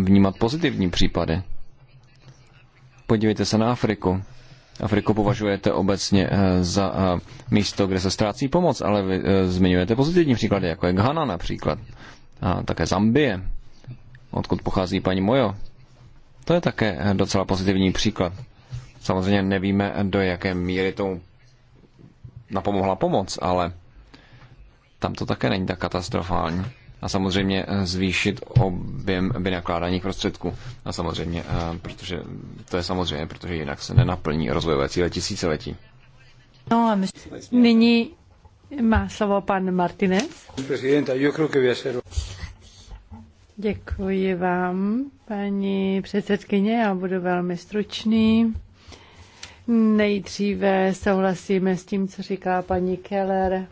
vnímat pozitivní případy. Podívejte se na Afriku. Afriku považujete obecně eh, za eh, místo, kde se ztrácí pomoc, ale vy zmiňujete pozitivní příklady, jako je Ghana například, a také Zambie, odkud pochází paní Mojo. To je také docela pozitivní příklad. Samozřejmě nevíme, do jaké míry tomu napomohla pomoc, ale tam to také není tak katastrofální a samozřejmě eh, zvýšit objem vynakládaných prostředků. A samozřejmě, eh, protože to je samozřejmě, protože jinak se nenaplní rozvojové cíle tisíciletí. No a my... Nyní má slovo pan Martinez. Děkuji vám, paní předsedkyně, já budu velmi stručný. Nejdříve souhlasíme s tím, co říká paní Keller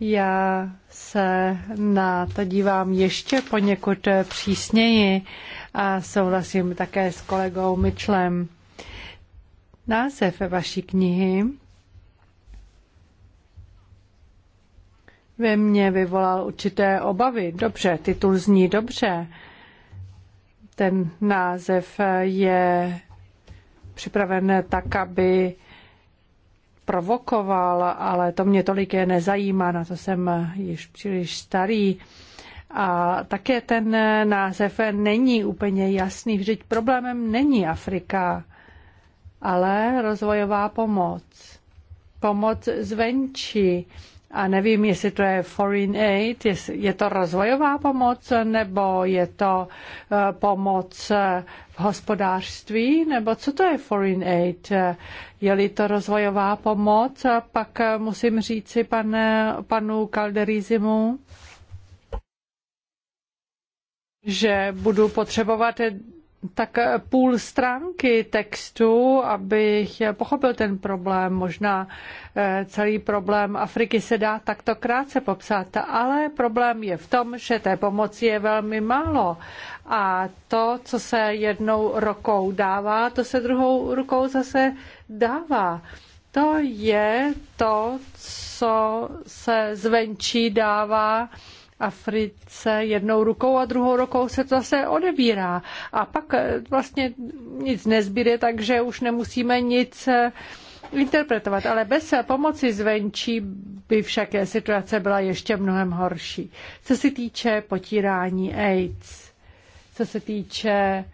já se na to dívám ještě poněkud přísněji a souhlasím také s kolegou Mitchellem. Název vaší knihy ve mně vyvolal určité obavy. Dobře, titul zní dobře. Ten název je připraven tak, aby provokoval, ale to mě tolik je nezajímá, na to jsem již příliš starý. A také ten název není úplně jasný, vždyť problémem není Afrika, ale rozvojová pomoc. Pomoc zvenčí a nevím, jestli to je foreign aid, jestli je to rozvojová pomoc, nebo je to eh, pomoc eh, v hospodářství, nebo co to je foreign aid? Je-li to rozvojová pomoc, pak eh, musím říci pane, panu Kalderizimu, že budu potřebovat tak půl stránky textu, abych pochopil ten problém. Možná eh, celý problém Afriky se dá takto krátce popsat, ale problém je v tom, že té pomoci je velmi málo. A to, co se jednou rukou dává, to se druhou rukou zase dává. To je to, co se zvenčí dává Africe jednou rukou a druhou rukou se to zase odebírá. A pak eh, vlastně nic nezbyde, takže už nemusíme nic eh, interpretovat. Ale bez eh, pomoci zvenčí by však situace byla ještě mnohem horší. Co se týče potírání AIDS, co se týče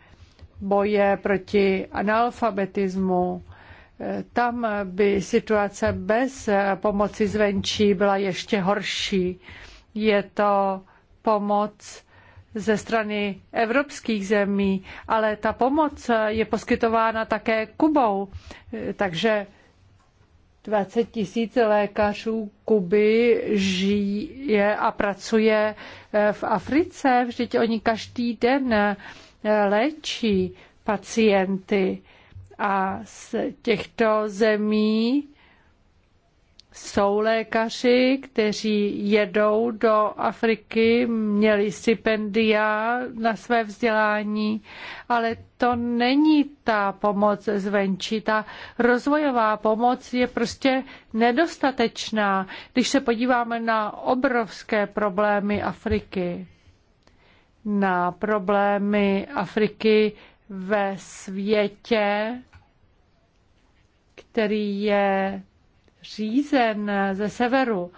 boje proti analfabetismu, tam by situace bez pomoci zvenčí byla ještě horší je to pomoc ze strany evropských zemí, ale ta pomoc je poskytována také Kubou. Takže 20 tisíc lékařů Kuby žije a pracuje eh, v Africe. Vždyť oni každý den eh, léčí pacienty a z těchto zemí jsou lékaři, kteří jedou do Afriky, měli stipendia na své vzdělání, ale to není ta pomoc zvenčí. Ta rozvojová pomoc je prostě nedostatečná, když se podíváme na obrovské problémy Afriky, na problémy Afriky ve světě, který je řízen ze severu.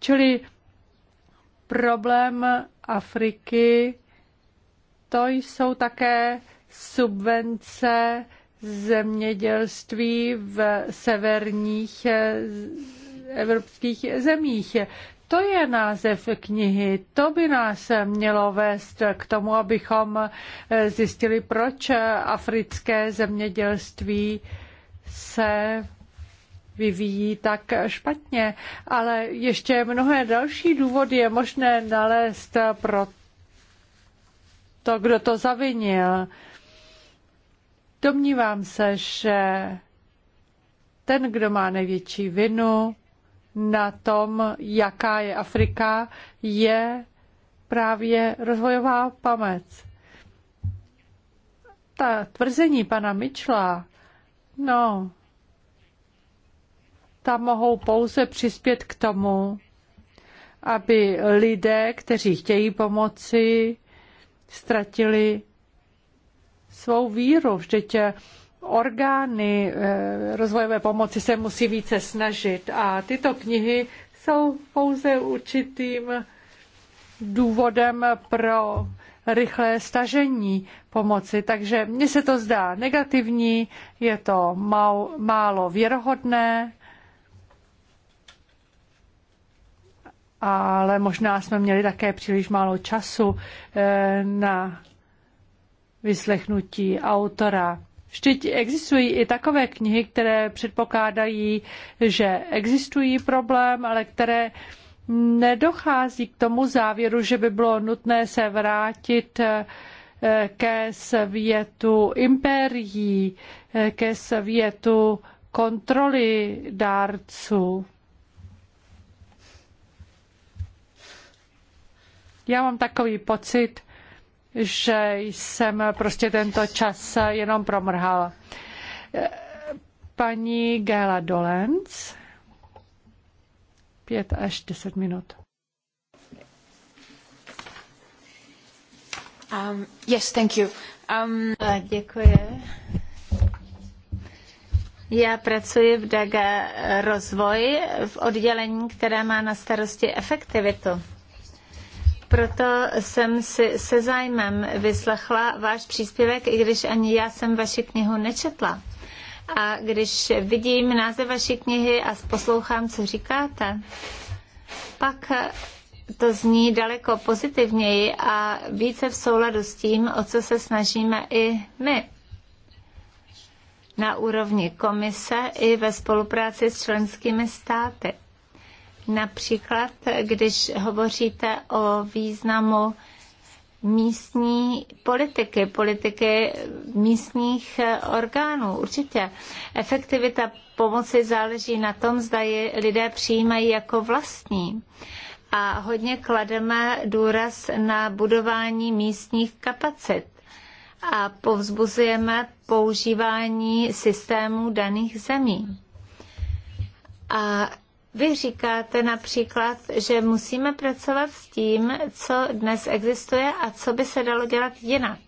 Čili problém Afriky to jsou také subvence zemědělství v severních eh, evropských zemích. To je název knihy. To by nás mělo vést k tomu, abychom eh, zjistili, proč africké zemědělství se vyvíjí tak špatně, ale ještě mnohé další důvody je možné nalézt pro to, kdo to zavinil. Domnívám se, že ten, kdo má největší vinu na tom, jaká je Afrika, je právě rozvojová paměť. Ta tvrzení pana Mitchella, no, ta mohou pouze přispět k tomu, aby lidé, kteří chtějí pomoci, ztratili svou víru. Vždyť eh, orgány eh, rozvojové pomoci se musí více snažit a tyto knihy jsou pouze určitým důvodem pro rychlé stažení pomoci. Takže mně se to zdá negativní, je to málo věrohodné ale možná jsme měli také příliš málo času eh, na vyslechnutí autora. Vždyť existují i takové knihy, které předpokládají, že existují problém, ale které nedochází k tomu závěru, že by bylo nutné se vrátit eh, ke světu impérií, eh, ke světu kontroly dárců. Já mám takový pocit, že jsem prostě tento čas jenom promrhal. Paní Gela Dolenc, pět až deset minut. Um, yes, thank you. Um... Děkuji. Já pracuji v DAGA rozvoj v oddělení, které má na starosti efektivitu. Proto jsem si se zájmem vyslechla váš příspěvek, i když ani já jsem vaši knihu nečetla. A když vidím název vaší knihy a poslouchám, co říkáte, pak to zní daleko pozitivněji a více v souladu s tím, o co se snažíme i my na úrovni komise i ve spolupráci s členskými státy. Například, když hovoříte o významu místní politiky, politiky místních orgánů. Určitě efektivita pomoci záleží na tom, zda ji lidé přijímají jako vlastní. A hodně klademe důraz na budování místních kapacit a povzbuzujeme používání systémů daných zemí. A vy říkáte například, že musíme pracovat s tím, co dnes existuje a co by se dalo dělat jinak.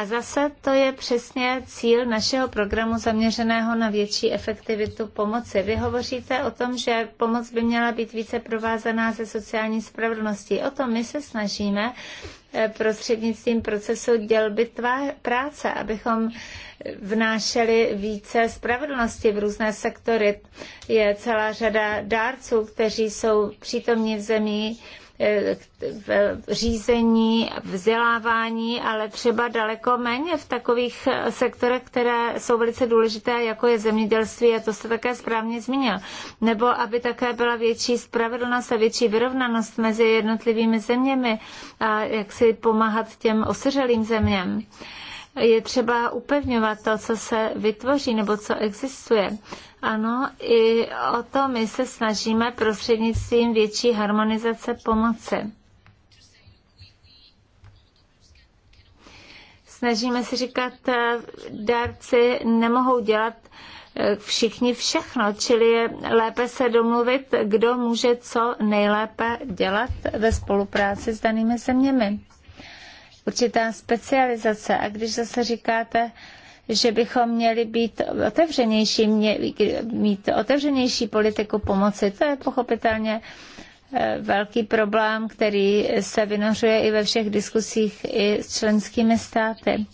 A zase to je přesně cíl našeho programu zaměřeného na větší efektivitu pomoci. Vy hovoříte o tom, že pomoc by měla být více provázaná se sociální spravedlností. O to my se snažíme eh, prostřednictvím procesu dělby tvá práce, abychom vnášeli více spravedlnosti v různé sektory. Je celá řada dárců, kteří jsou přítomní v zemí, v řízení, vzdělávání, ale třeba daleko méně v takových sektorech, které jsou velice důležité, jako je zemědělství, a to jste také správně zmínil. Nebo aby také byla větší spravedlnost a větší vyrovnanost mezi jednotlivými zeměmi a jak si pomáhat těm osiřelým zeměm je třeba upevňovat to, co se vytvoří nebo co existuje. Ano, i o to my se snažíme prostřednictvím větší harmonizace pomoci. Snažíme se říkat, eh, dárci nemohou dělat eh, všichni všechno, čili je lépe se domluvit, kdo může co nejlépe dělat ve spolupráci s danými zeměmi. Určitá specializace. A když zase říkáte, že bychom měli být otevřenější, mě, mít otevřenější politiku pomoci. To je pochopitelně eh, velký problém, který se vynořuje i ve všech diskusích i s členskými státy.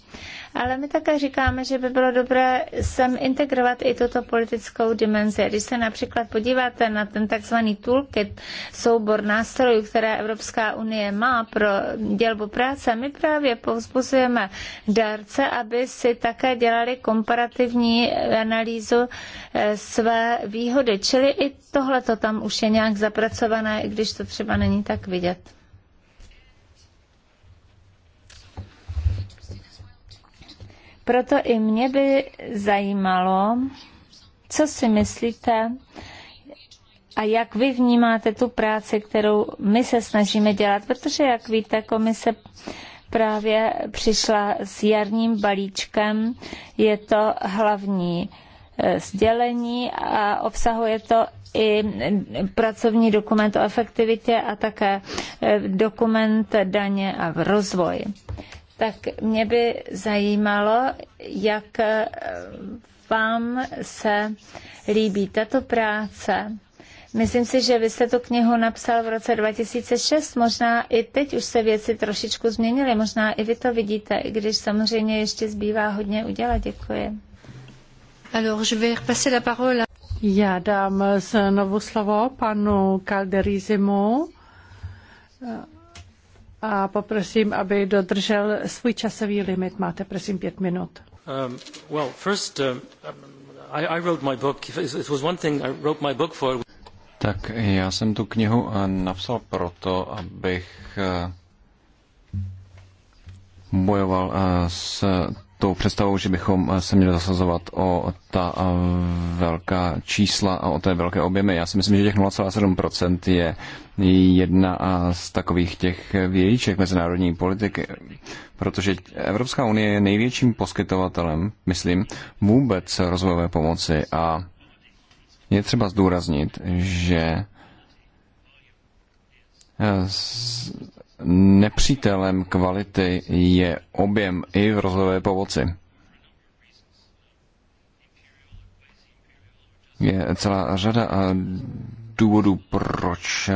Ale my také říkáme, že by bylo dobré sem integrovat i tuto politickou dimenzi. Když se například podíváte na ten takzvaný toolkit, soubor nástrojů, které Evropská unie má pro dělbu práce, my právě povzbuzujeme darce, aby si také dělali komparativní analýzu eh, své výhody. Čili i tohle to tam už je nějak zapracované, i když to třeba není tak vidět. Proto i mě by zajímalo, co si myslíte a jak vy vnímáte tu práci, kterou my se snažíme dělat, protože, jak víte, komise právě přišla s jarním balíčkem. Je to hlavní eh, sdělení a obsahuje to i pracovní dokument o efektivitě a také eh, dokument daně a v rozvoji tak mě by zajímalo, jak eh, vám se líbí tato práce. Myslím si, že vy jste tu knihu napsal v roce 2006, možná i teď už se věci trošičku změnily, možná i vy to vidíte, i když samozřejmě ještě zbývá hodně udělat. Děkuji. Alors, je vais la parole. Já dám znovu slovo panu Calderizimu a poprosím, aby dodržel svůj časový limit. Máte prosím pět minut. Um, well, first, um, I, I wrote my book. It was one thing I wrote my book for. Tak já jsem tu knihu uh, napsal proto, abych uh, bojoval uh, s tou představou, že bychom eh, se měli zasazovat o ta eh, velká čísla a o té velké objemy. Já si myslím, že těch 0,7% je jedna eh, z takových těch vějíček mezinárodní politiky, protože Evropská unie je největším poskytovatelem, myslím, vůbec rozvojové pomoci a je třeba zdůraznit, že nepřítelem kvality je objem i v rozvojové pomoci. Je celá řada důvodů, proč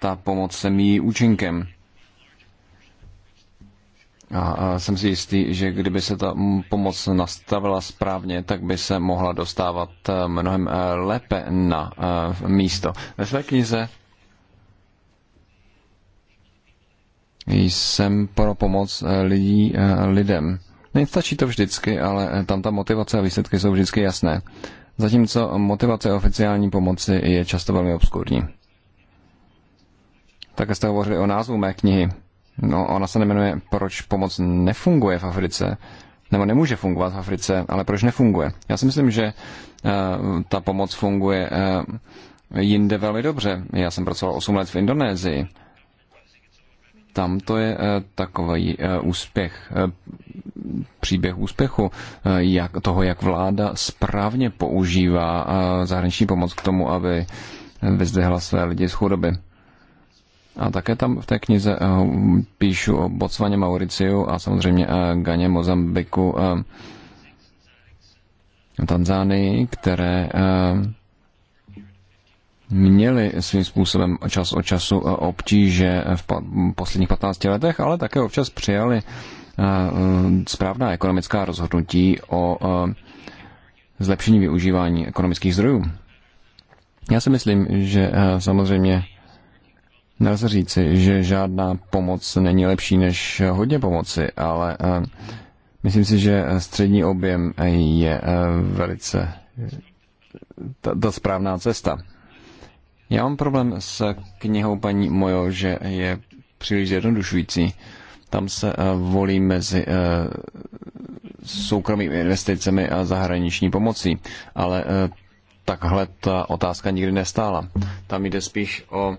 ta pomoc se míjí účinkem. A jsem si jistý, že kdyby se ta pomoc nastavila správně, tak by se mohla dostávat mnohem lépe na místo. Ve své knize jsem pro pomoc eh, lidí, eh, lidem. Nestačí to vždycky, ale eh, tam ta motivace a výsledky jsou vždycky jasné. Zatímco motivace oficiální pomoci je často velmi obskurní. Tak jste hovořili o názvu mé knihy. No, ona se nemenuje Proč pomoc nefunguje v Africe, nebo nemůže fungovat v Africe, ale proč nefunguje. Já si myslím, že uh, ta pomoc funguje uh, jinde velmi dobře. Já jsem pracoval 8 let v Indonésii tam to je eh, takový eh, úspěch, eh, příběh úspěchu, jak, toho, jak vláda správně používá zahraniční pomoc k tomu, aby vyzdehla své lidi z chudoby. A také tam v té knize píšu o Botswaně, Mauriciu a samozřejmě Ganě, Mozambiku, Tanzánii, které měli svým způsobem čas od času eh, obtíže v posledních 15 letech, ale také občas přijali eh, správná ekonomická rozhodnutí o eh, zlepšení využívání ekonomických zdrojů. Já si myslím, že samozřejmě nelze říci, že žádná pomoc není lepší než hodně pomoci, ale myslím si, že střední objem je velice ta, ta správná cesta. Já mám problém s knihou paní Mojo, že je příliš zjednodušující. Tam se eh, volí mezi eh, soukromými investicemi a zahraniční pomocí, ale eh, takhle ta otázka nikdy nestála. Tam jde spíš o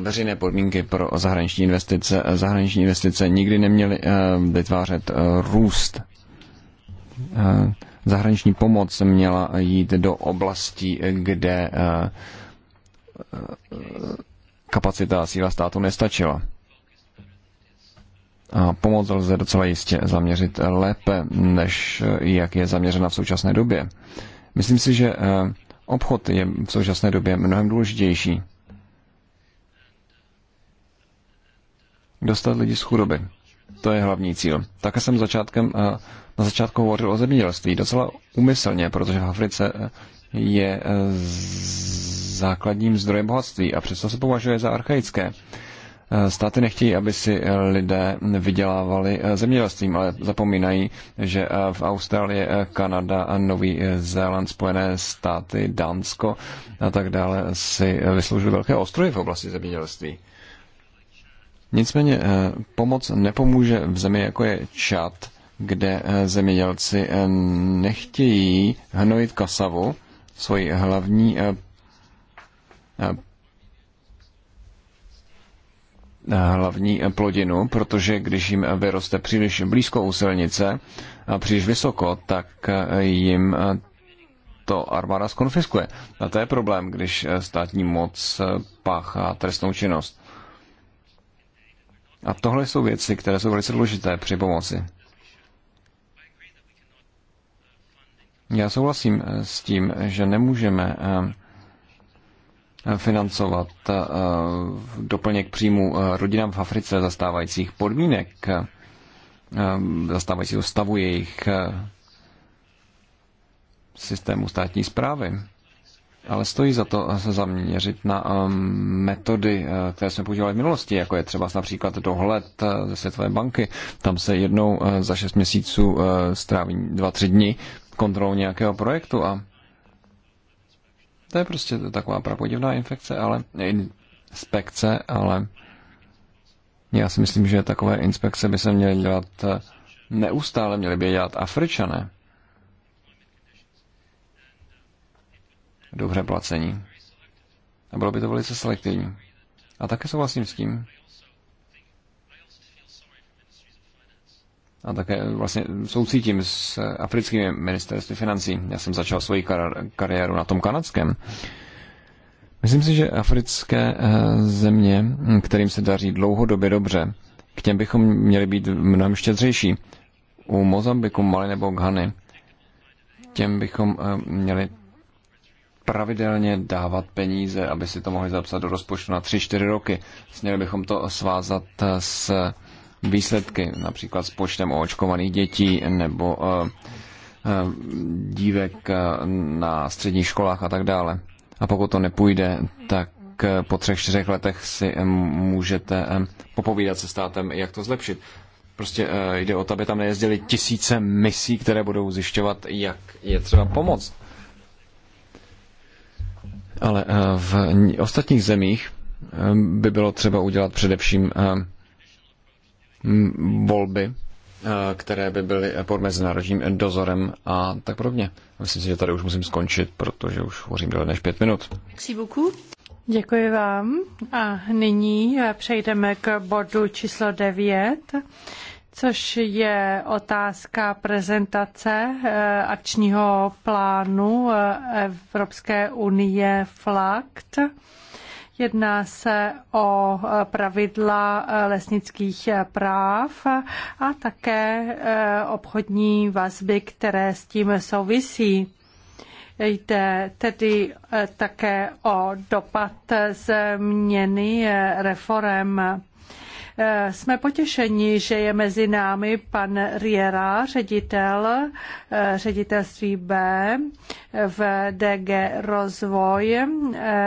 veřejné podmínky pro zahraniční investice. Zahraniční investice nikdy neměly vytvářet růst. Zahraniční pomoc měla jít do oblastí, kde kapacita a síla státu nestačila. A pomoc lze docela jistě zaměřit lépe, než jak je zaměřena v současné době. Myslím si, že eh, obchod je v současné době mnohem důležitější. Dostat lidi z chudoby. To je hlavní cíl. Také jsem začátkem, eh, na začátku hovořil o zemědělství docela úmyslně, protože v Africe eh, je eh, základním zdrojem bohatství a přesto se považuje za archaické. Eh, státy nechtějí, aby si eh, lidé vydělávali zemědělstvím, ale zapomínají, že v Austrálii, Kanada, Nový Zéland, Spojené státy, Dánsko a tak dále si vysloužili velké ostroje v oblasti zemědělství. Nicméně pomoc nepomůže v zemi, jako je Čad, kde zemědělci nechtějí hnojit kasavu, svoji hlavní eh, eh, hlavní eh, plodinu, protože když jim vyroste příliš blízko u silnice a příliš vysoko, tak jim to armáda skonfiskuje. A to je problém, když státní moc páchá trestnou činnost. A tohle jsou věci, které jsou velice důležité při pomoci. Já souhlasím eh, s tím, že nemůžeme eh, financovat eh, doplněk příjmu rodinám v Africe zastávajících podmínek, zastávajícího stavu jejich systému státní zprávy. Ale stojí za to se zaměřit na metody, které jsme používali v minulosti, jako je třeba například dohled ze Světové banky. Tam se jednou za šest měsíců stráví dva, tři dny kontrolou nějakého projektu a to je prostě taková prapodivná infekce, ale inspekce, ale já si myslím, že takové inspekce by se měly dělat eh, neustále, měly by dělat Afričané. Dobře placení. A bylo by to velice selektivní. A také souhlasím s tím, a také vlastně soucítím s africkými ministerství financí. Já jsem začal svoji kar- kariéru na tom kanadském. Myslím si, že africké eh, země, kterým se daří dlouhodobě dobře, k těm bychom měli být mnohem štědřejší. U Mozambiku, Mali nebo Ghany, těm bychom eh, měli pravidelně dávat peníze, aby si to mohli zapsat do rozpočtu na 3-4 roky. Měli bychom to svázat eh, s výsledky, například s počtem očkovaných dětí nebo eh, eh, dívek eh, na středních školách a tak dále. A pokud to nepůjde, tak po třech, čtyřech letech si můžete popovídat se státem, jak to zlepšit. Prostě jde o to, aby tam nejezdili tisíce misí, které budou zjišťovat, jak je třeba pomoct. Ale v ostatních zemích by bylo třeba udělat především volby, eh, které by byly pod mezinárodním dozorem a tak podobně. Myslím si, že tady už musím skončit, protože už hovořím déle než pět minut. Děkuji vám. A nyní eh, přejdeme k bodu číslo 9 což je otázka prezentace eh, akčního plánu Evropské unie FLACT. Jedná se o pravidla lesnických práv a také eh, obchodní vazby, které s tím souvisí. Jde tedy eh, také o dopad změny eh, reform Eh, jsme potěšeni, že je mezi námi pan Riera, ředitel eh, ředitelství B eh, v DG Rozvoj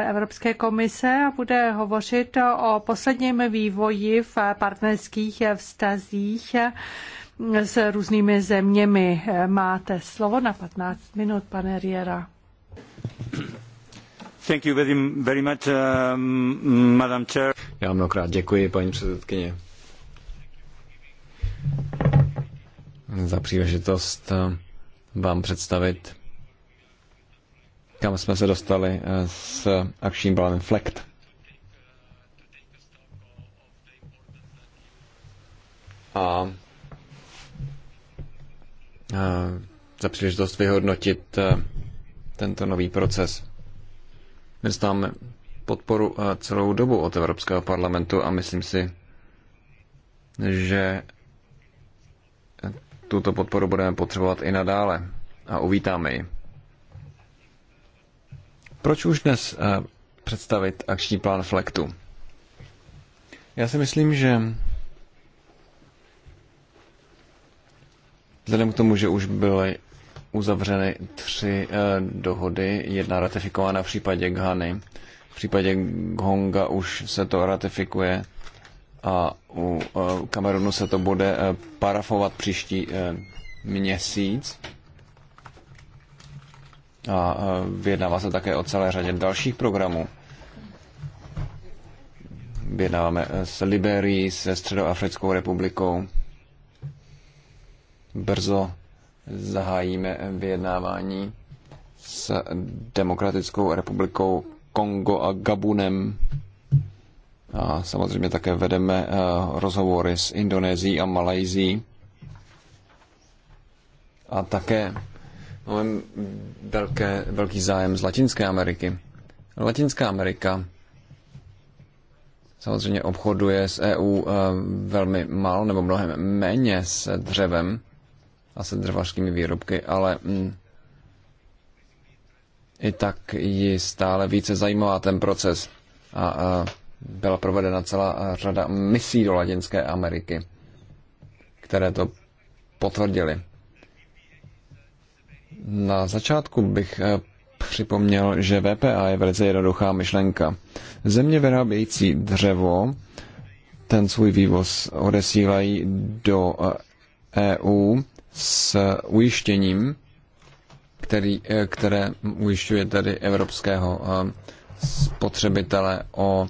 Evropské komise a bude hovořit o posledním vývoji v partnerských vztazích s různými zeměmi. Máte slovo na 15 minut, pane Riera. <clears throat> Um, Já mnohokrát děkuji, paní předsedkyně. Za příležitost eh, vám představit, kam jsme se dostali eh, s akčním plánem FLECT. A eh, za příležitost vyhodnotit tento nový proces. Dnes máme podporu eh, celou dobu od Evropského parlamentu a myslím si, že tuto podporu budeme potřebovat i nadále a uvítáme ji. Proč už dnes eh, představit akční plán Flektu? Já si myslím, že vzhledem k tomu, že už byly uzavřeny tři eh, dohody, jedna ratifikována v případě Ghany. V případě Honga už se to ratifikuje a u eh, Kamerunu se to bude eh, parafovat příští měsíc. A vyjednává se také o celé řadě dalších programů. Vyjednáváme s Liberií, se Středoafrickou republikou. Brzo zahájíme vyjednávání s Demokratickou republikou Kongo a Gabunem. A samozřejmě také vedeme eh, rozhovory s Indonésií a Malajzí. A také máme velké, velký zájem z Latinské Ameriky. Latinská Amerika samozřejmě obchoduje s EU eh, velmi málo nebo mnohem méně s dřevem a se dřevařskými výrobky, ale mm, i tak ji stále více zajímá ten proces. A, a byla provedena celá řada misí do Latinské Ameriky, které to potvrdili. Na začátku bych eh, připomněl, že VPA je velice jednoduchá myšlenka. Země vyrábějící dřevo ten svůj vývoz odesílají do EU eh, e s ujištěním, který, eh, které ujišťuje tady evropského eh, spotřebitele o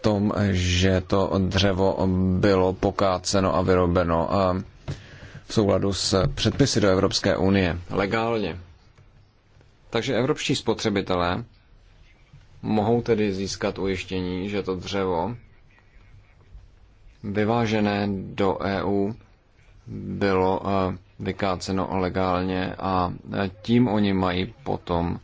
tom, že to dřevo bylo pokáceno a vyrobeno eh, v souladu s předpisy do Evropské unie legálně. Takže evropští spotřebitelé mohou tedy získat ujištění, že to dřevo vyvážené do EU bylo eh, vykáceno legálně a eh, tím oni mají potom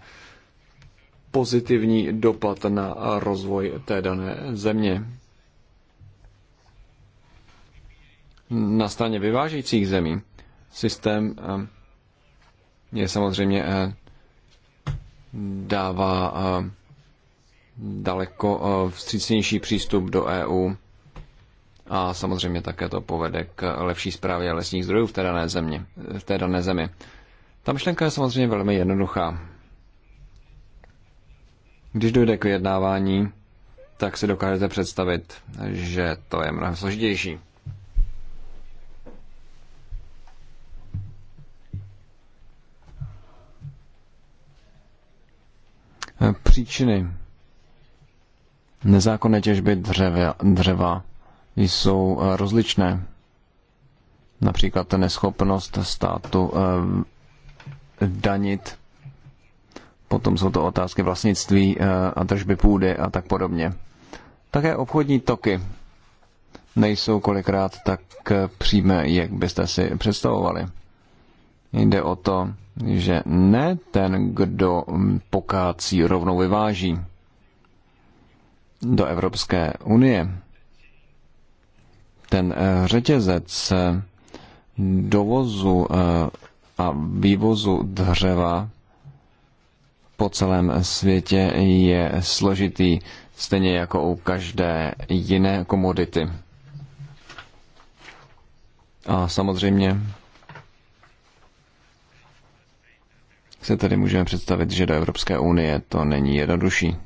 pozitivní dopad na rozvoj té dané země. Na straně vyvážejících zemí systém eh, je samozřejmě dává daleko vstřícnější přístup do EU a samozřejmě také to povede k lepší zprávě lesních zdrojů v té dané, země, v té dané zemi. Ta myšlenka je samozřejmě velmi jednoduchá. Když dojde k vyjednávání, tak si dokážete představit, že to je mnohem složitější. Příčiny nezákonné těžby dřeva, dřeva jsou eh, rozličné. Například neschopnost státu eh, danit, potom jsou to otázky vlastnictví eh, a držby půdy a tak podobně. Také obchodní toky nejsou kolikrát tak přímé, jak byste si představovali. Jde o to, že ne ten, kdo mm, pokácí, rovnou vyváží do Evropské unie ten eh, řetězec eh, dovozu eh, a vývozu dřeva po celém světě je složitý, stejně jako u každé jiné komodity. A samozřejmě se tedy můžeme představit, že do Evropské unie to není jednodušší.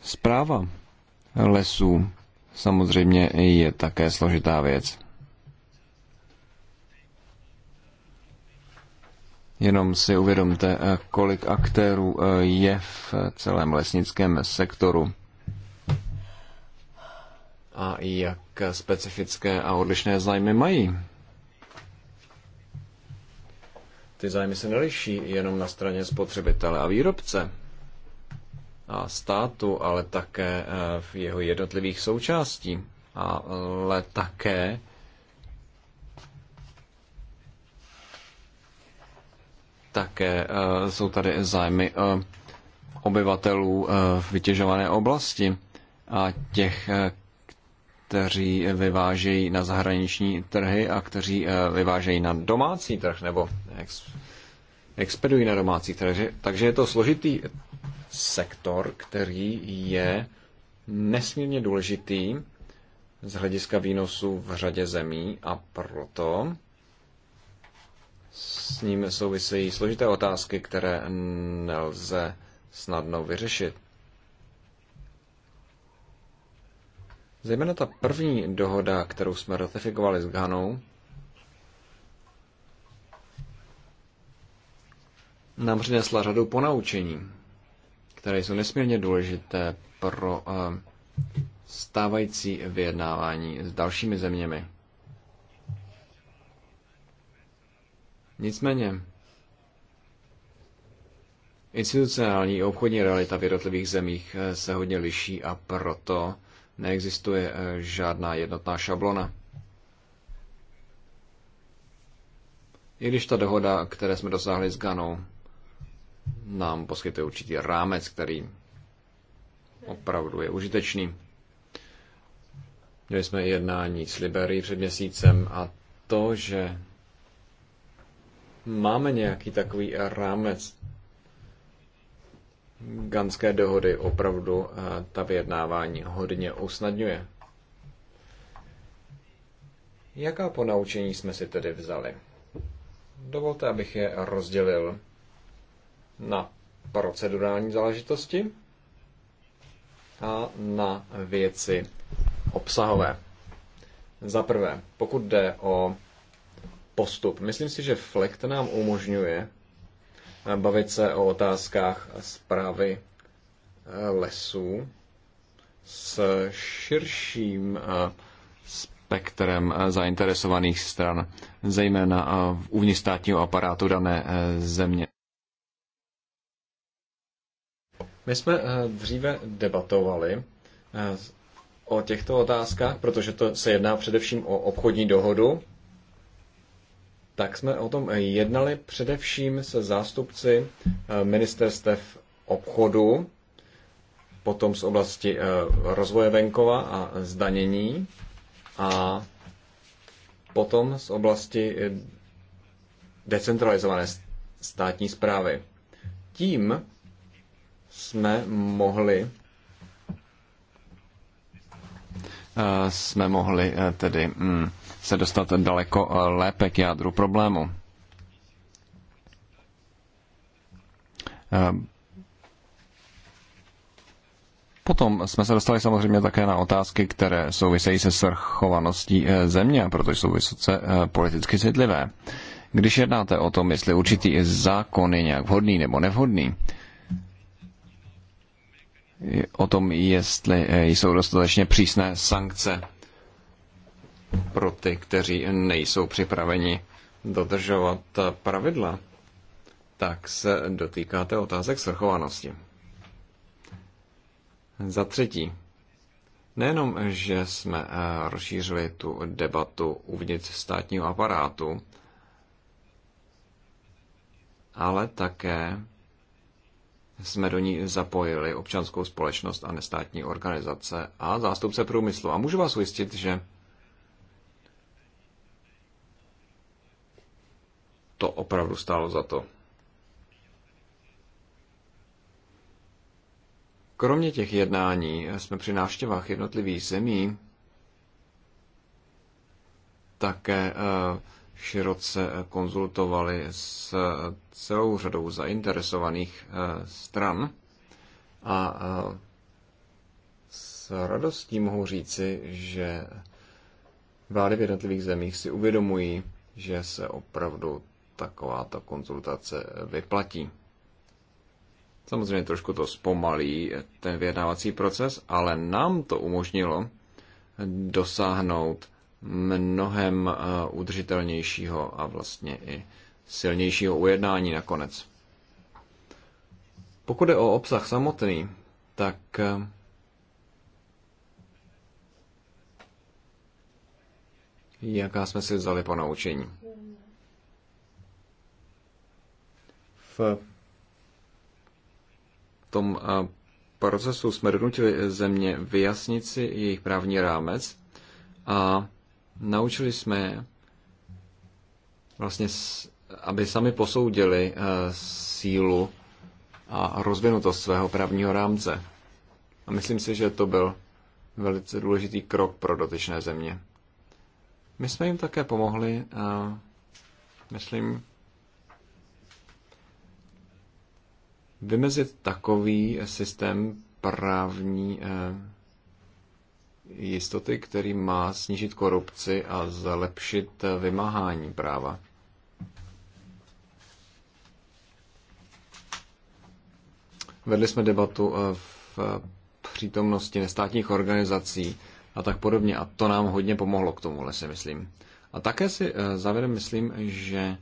Zpráva lesů samozřejmě je také složitá věc. Jenom si uvědomte, kolik aktérů eh, je v celém lesnickém sektoru a jak specifické a odlišné zájmy mají. Ty zájmy se neliší jenom na straně spotřebitele a výrobce a státu, ale také eh, v jeho jednotlivých součástí, ale také také eh, jsou tady zájmy eh, obyvatelů v vytěžované oblasti a těch, kteří vyvážejí na zahraniční trhy a kteří vyvážejí na domácí trh nebo expedují na domácí trh. Takže je to složitý sektor, který je nesmírně důležitý z hlediska výnosů v řadě zemí a proto s ním souvisejí složité otázky, které nelze snadno vyřešit. Zejména ta první dohoda, kterou jsme ratifikovali s Ghanou, nám přinesla řadu ponaučení které jsou nesmírně důležité pro eh, stávající vyjednávání s dalšími zeměmi. Nicméně, institucionální a obchodní realita v jednotlivých zemích eh, se hodně liší a proto neexistuje eh, žádná jednotná šablona. I když ta dohoda, které jsme dosáhli s Ganou, nám poskytuje určitý rámec, který opravdu je užitečný. Měli jsme i jednání s Liberií před měsícem a to, že máme nějaký takový rámec ganské dohody opravdu eh, ta vyjednávání hodně usnadňuje. Jaká ponaučení jsme si tedy vzali? Dovolte, abych je rozdělil na procedurální záležitosti a na věci obsahové. Za prvé, pokud jde o postup, myslím si, že Flekt nám umožňuje bavit se o otázkách zprávy eh, lesů s širším eh, spektrem eh, zainteresovaných stran, zejména uvnitř státního aparátu dané země. My jsme eh, dříve debatovali eh, o těchto otázkách, protože to se jedná především o obchodní dohodu, tak jsme o tom jednali především se zástupci eh, ministerstev obchodu, potom z oblasti rozvoje venkova a zdanění a potom z oblasti decentralizované státní zprávy. Tím jsme mohli eh, jsme mohli eh, tedy mm, se dostat daleko eh, lépe k jádru problému. Potom jsme se dostali samozřejmě také na otázky, které souvisejí se srchovaností země, protože jsou vysoce politicky citlivé. Když jednáte o tom, jestli určitý zákon je nějak vhodný nebo nevhodný, o tom, jestli eh, jsou dostatečně přísné sankce pro ty, kteří nejsou připraveni dodržovat pravidla, tak se dotýkáte otázek svrchovanosti. Za třetí, nejenom, že jsme eh, rozšířili tu debatu uvnitř státního aparátu, ale také jsme do ní zapojili občanskou společnost a nestátní organizace a zástupce průmyslu. A můžu vás ujistit, že to opravdu stálo za to. Kromě těch jednání jsme při návštěvách jednotlivých zemí také uh, široce eh, konzultovali s eh, celou řadou zainteresovaných eh, stran a s radostí mohu říci, že vlády v jednotlivých zemích si uvědomují, že se opravdu takováto konzultace vyplatí. Samozřejmě trošku to zpomalí ten vyjednávací proces, ale nám to umožnilo dosáhnout mnohem eh, udržitelnějšího a vlastně i silnějšího ujednání nakonec. Pokud je o obsah samotný, tak eh, jaká jsme si vzali po naučení. V tom eh, procesu jsme donutili země vyjasnit si jejich právní rámec a Naučili jsme je vlastně, aby sami posoudili eh, sílu a rozvinutost svého právního rámce. A myslím si, že to byl velice důležitý krok pro dotyčné země. My jsme jim také pomohli, a eh, myslím, vymezit takový systém právní eh, jistoty, který má snížit korupci a zlepšit vymáhání práva. Vedli jsme debatu eh, v eh, přítomnosti nestátních organizací a tak podobně a to nám hodně pomohlo k tomuhle, si myslím. A také si eh, závěrem myslím, že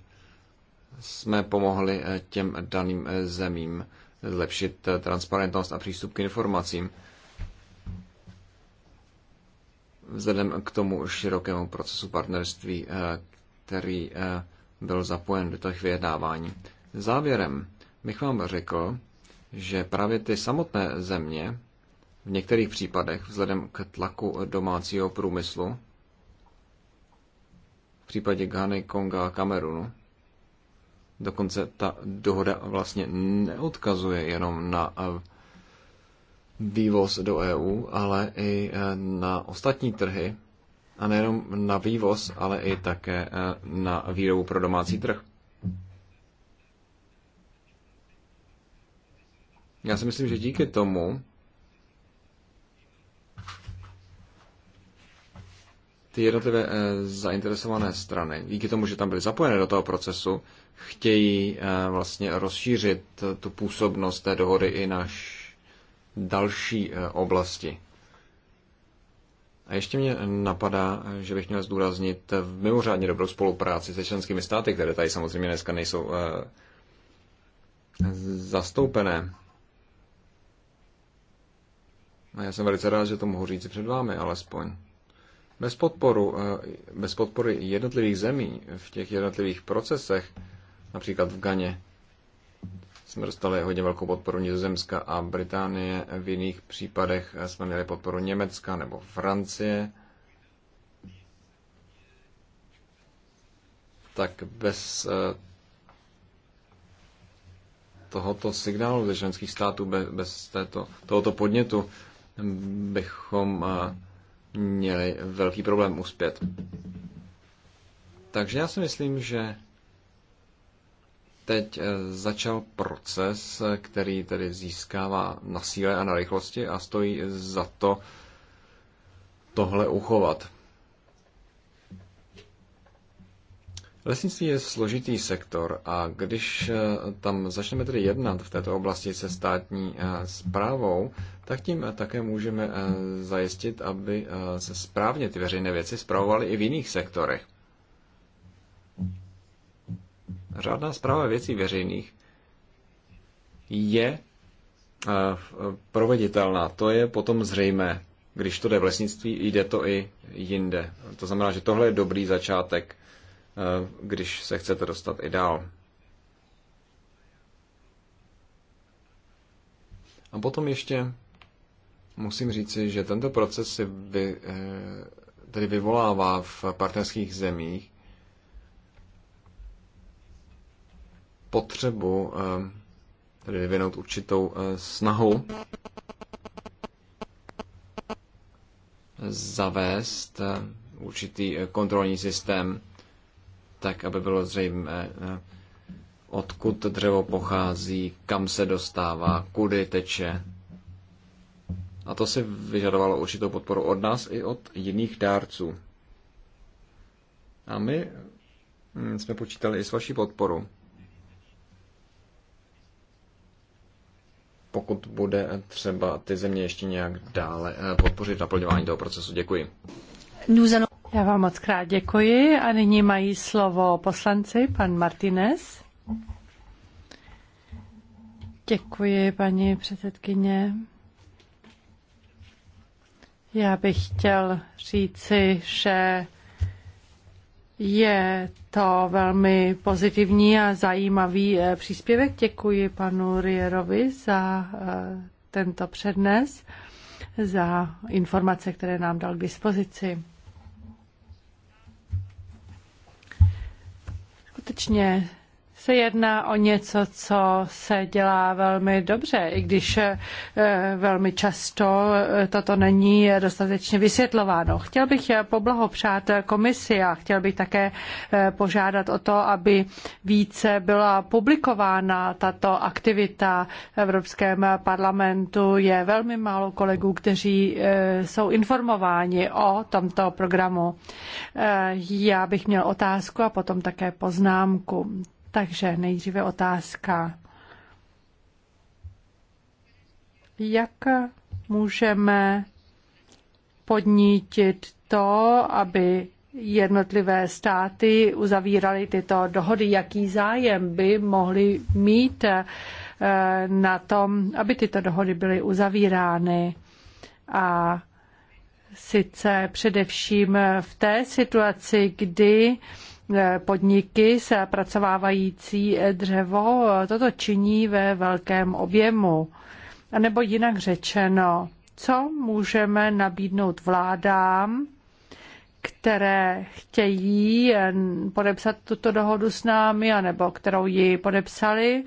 jsme pomohli těm daným zemím zlepšit transparentnost a přístup k informacím vzhledem k tomu širokému procesu partnerství, eh, který eh, byl zapojen do těch vyjednávání. Závěrem bych vám řekl, že právě ty samotné země v některých případech vzhledem k tlaku domácího průmyslu, v případě Ghany, Konga a Kamerunu, dokonce ta dohoda vlastně neodkazuje jenom na eh, vývoz do EU, ale i eh, na ostatní trhy, a nejenom na vývoz, ale i také eh, na výrobu pro domácí trh. Já si myslím, že díky tomu ty jednotlivé eh, zainteresované strany, díky tomu, že tam byly zapojené do toho procesu, chtějí vlastně rozšířit tu působnost té dohody i na další eh, oblasti. A ještě mě napadá, že bych měl zdůraznit v eh, mimořádně dobrou spolupráci se členskými státy, které tady samozřejmě dneska nejsou eh, zastoupené. A já jsem velice rád, že to mohu říct před vámi alespoň. Bez, podporu, bez podpory jednotlivých zemí v těch jednotlivých procesech, například v Ganě, jsme dostali hodně velkou podporu Nizozemska a Británie, v jiných případech jsme měli podporu Německa nebo Francie. Tak bez eh, tohoto signálu ze členských států, bez této, tohoto podnětu, bychom eh, měli velký problém uspět. Takže já si myslím, že teď eh, začal proces, eh, který tedy získává na síle a na rychlosti a stojí za to tohle uchovat. Lesnictví je složitý sektor a když eh, tam začneme tedy jednat v této oblasti se státní zprávou, tak tím také můžeme zajistit, aby se správně ty veřejné věci zpravovaly i v jiných sektorech. Řádná zpráva věcí veřejných je eh, proveditelná. To je potom zřejmé. Když to jde v lesnictví, jde to i jinde. To znamená, že tohle je dobrý začátek, eh, když se chcete dostat i dál. A potom ještě musím říci, že tento proces si vy, eh, tedy vyvolává v partnerských zemích potřebu eh, tedy vyvinout určitou eh, snahu zavést eh, určitý kontrolní systém, tak aby bylo zřejmé, odkud dřevo pochází, kam se dostává, kudy teče. A to si vyžadovalo určitou podporu od nás i od jiných dárců. A my hm, jsme počítali i s vaší podporou. pokud bude třeba ty země ještě nějak dále eh, podpořit naplňování toho procesu. Děkuji. Já vám moc krát děkuji a nyní mají slovo poslanci, pan Martinez. Děkuji, paní předsedkyně. Já bych chtěl říci, že je to velmi pozitivní a zajímavý eh, příspěvek. Děkuji panu Rierovi za eh, tento přednes, za informace, které nám dal k dispozici. Skutečně se jedná o něco, co se dělá velmi dobře, i když eh, velmi často eh, toto není dostatečně vysvětlováno. Chtěl bych eh, poblahopřát komisi a chtěl bych také požádat o to, aby více byla publikována tato aktivita v Evropském parlamentu. Je velmi málo kolegů, kteří jsou informováni o tomto programu. Já bych měl otázku a potom také poznámku. Takže nejdříve otázka. Jak můžeme podnítit to, aby jednotlivé státy uzavíraly tyto dohody, jaký zájem by mohly mít eh, na tom, aby tyto dohody byly uzavírány. A sice především v té situaci, kdy E, podniky se pracovávající e, dřevo. E, toto činí ve velkém objemu. A nebo jinak řečeno, co můžeme nabídnout vládám, které chtějí podepsat tuto dohodu s námi, anebo kterou ji podepsali.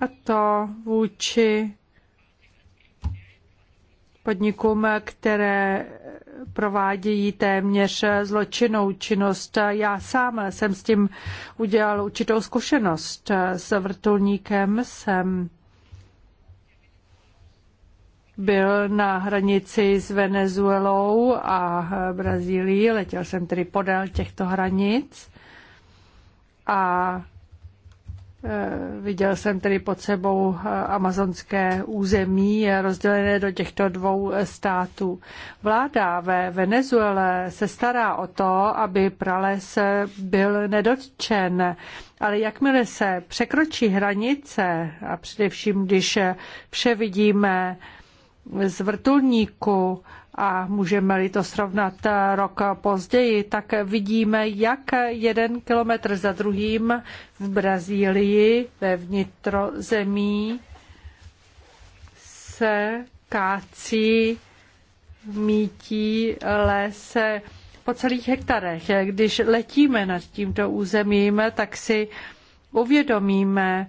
A to vůči podnikům, které provádějí téměř zločinnou činnost. Já sám jsem s tím udělal určitou zkušenost. S vrtulníkem jsem byl na hranici s Venezuelou a Brazílií. Letěl jsem tedy podél těchto hranic a Eh, viděl jsem tedy pod sebou eh, amazonské území rozdělené do těchto dvou eh, států. Vláda ve Venezuele se stará o to, aby prales byl nedotčen, ale jakmile se překročí hranice, a především když vše vidíme z vrtulníku, a můžeme-li to srovnat eh, rok později, tak vidíme, jak jeden kilometr za druhým v Brazílii ve vnitrozemí se kácí, mítí, les po celých hektarech. Když letíme nad tímto územím, tak si uvědomíme,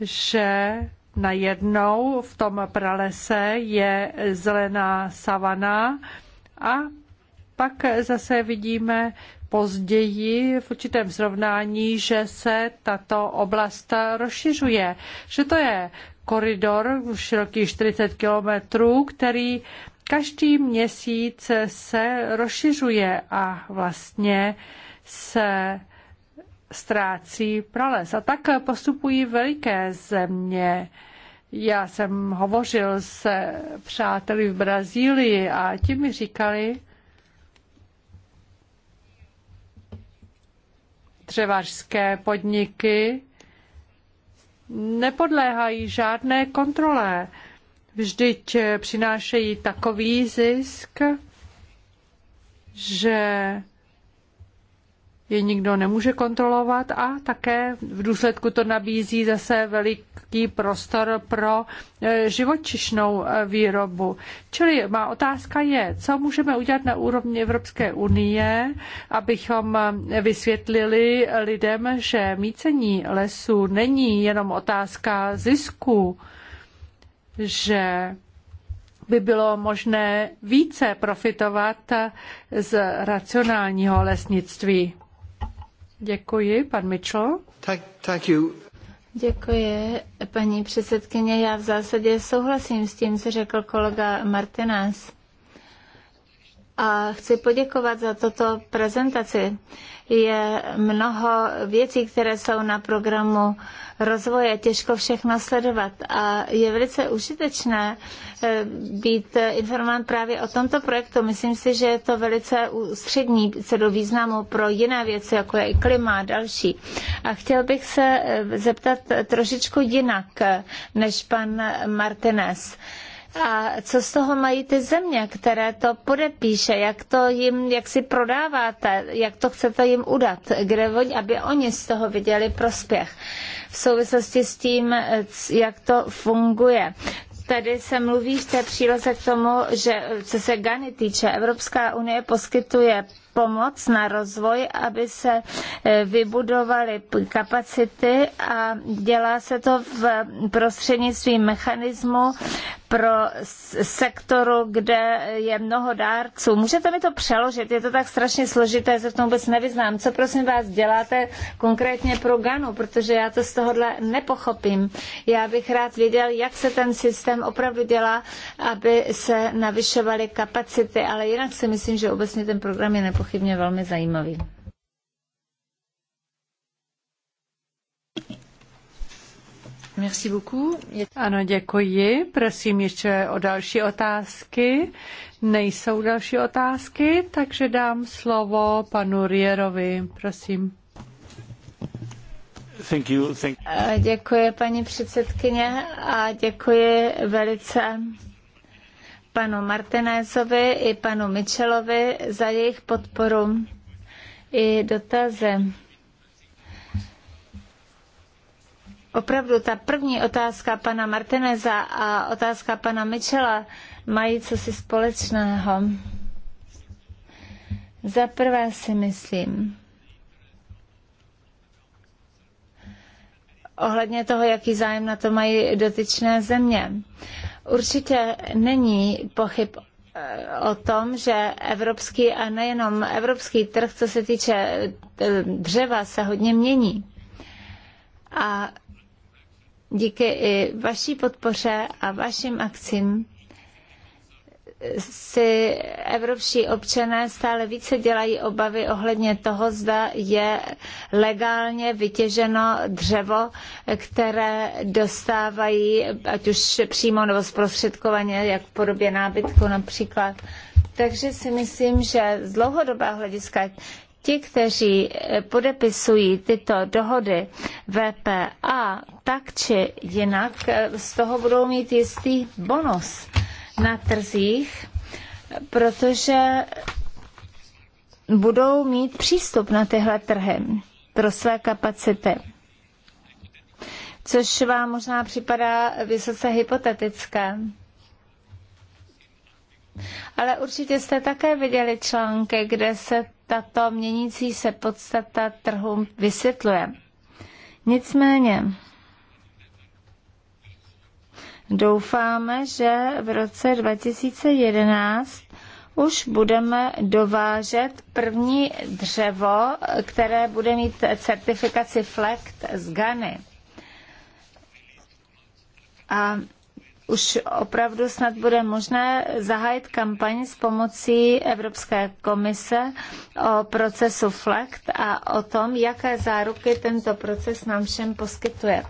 že Najednou v tom pralese je zelená savana a pak zase vidíme později v určitém srovnání, že se tato oblast rozšiřuje, že to je koridor široký 40 kilometrů, který každý měsíc se rozšiřuje a vlastně se ztrácí prales. A tak postupují veliké země. Já jsem hovořil se přáteli v Brazílii a ti mi říkali, dřevařské podniky nepodléhají žádné kontrole. Vždyť eh, přinášejí takový zisk, že je nikdo nemůže kontrolovat a také v důsledku to nabízí zase veliký prostor pro e, živočišnou e, výrobu. Čili má otázka je, co můžeme udělat na úrovni Evropské unie, abychom e, vysvětlili lidem, že mícení lesů není jenom otázka zisku, že by bylo možné více profitovat z racionálního lesnictví. Děkuji, pan Mitchell. Thank, thank you. Děkuji, paní předsedkyně. Já v zásadě souhlasím s tím, co řekl kolega Martinez a chci poděkovat za toto prezentaci. Je mnoho věcí, které jsou na programu rozvoje, těžko všechno sledovat a je velice užitečné eh, být informován právě o tomto projektu. Myslím si, že je to velice ústřední se do významu pro jiné věci, jako je i klima a další. A chtěl bych se eh, zeptat trošičku jinak eh, než pan Martinez. A co z toho mají ty země, které to podepíše? Jak to jim, jak si prodáváte? Jak to chcete jim udat? Kde oni, aby oni z toho viděli prospěch? V souvislosti s tím, eh, jak to funguje. Tady se mluví v té příloze k tomu, že co se Gany týče, Evropská unie poskytuje pomoc na rozvoj, aby se eh, vybudovaly kapacity a dělá se to v eh, prostřednictvím mechanismu pro sektoru, kde je mnoho dárců. Můžete mi to přeložit? Je to tak strašně složité, že v tom vůbec nevyznám. Co prosím vás děláte konkrétně pro GANu? Protože já to z tohohle nepochopím. Já bych rád věděl, jak se ten systém opravdu dělá, aby se navyšovaly kapacity, ale jinak si myslím, že obecně ten program je nepochybně velmi zajímavý. Merci beaucoup. Ano, děkuji. Prosím ještě o další otázky. Nejsou další otázky, takže dám slovo panu Rierovi. Prosím. Thank you, thank you. Děkuji, paní předsedkyně, a děkuji velice panu Martinézovi i panu Michelovi za jejich podporu i dotazy. opravdu ta první otázka pana Marteneza a otázka pana Michela mají cosi společného. Za prvé si myslím, ohledně toho, jaký zájem na to mají dotyčné země. Určitě není pochyb eh, o tom, že evropský a nejenom evropský trh, co se týče eh, dřeva, se hodně mění. A díky i vaší podpoře a vašim akcím si evropští občané stále více dělají obavy ohledně toho, zda je legálně vytěženo dřevo, které dostávají, ať už přímo nebo zprostředkovaně, jak v podobě nábytku například. Takže si myslím, že z dlouhodobého hlediska ti, kteří eh, podepisují tyto dohody VPA, tak či jinak eh, z toho budou mít jistý bonus na trzích, protože budou mít přístup na tyhle trhy pro své kapacity. Což vám možná připadá vysoce hypotetické. Ale určitě jste také viděli články, kde se tato měnící se podstata trhu vysvětluje. Nicméně doufáme, že v roce 2011 už budeme dovážet první dřevo, které bude mít certifikaci FLECT z Gany. A už opravdu snad bude možné zahájit kampaň s pomocí Evropské komise o procesu FLECT a o tom, jaké záruky tento proces nám všem poskytuje.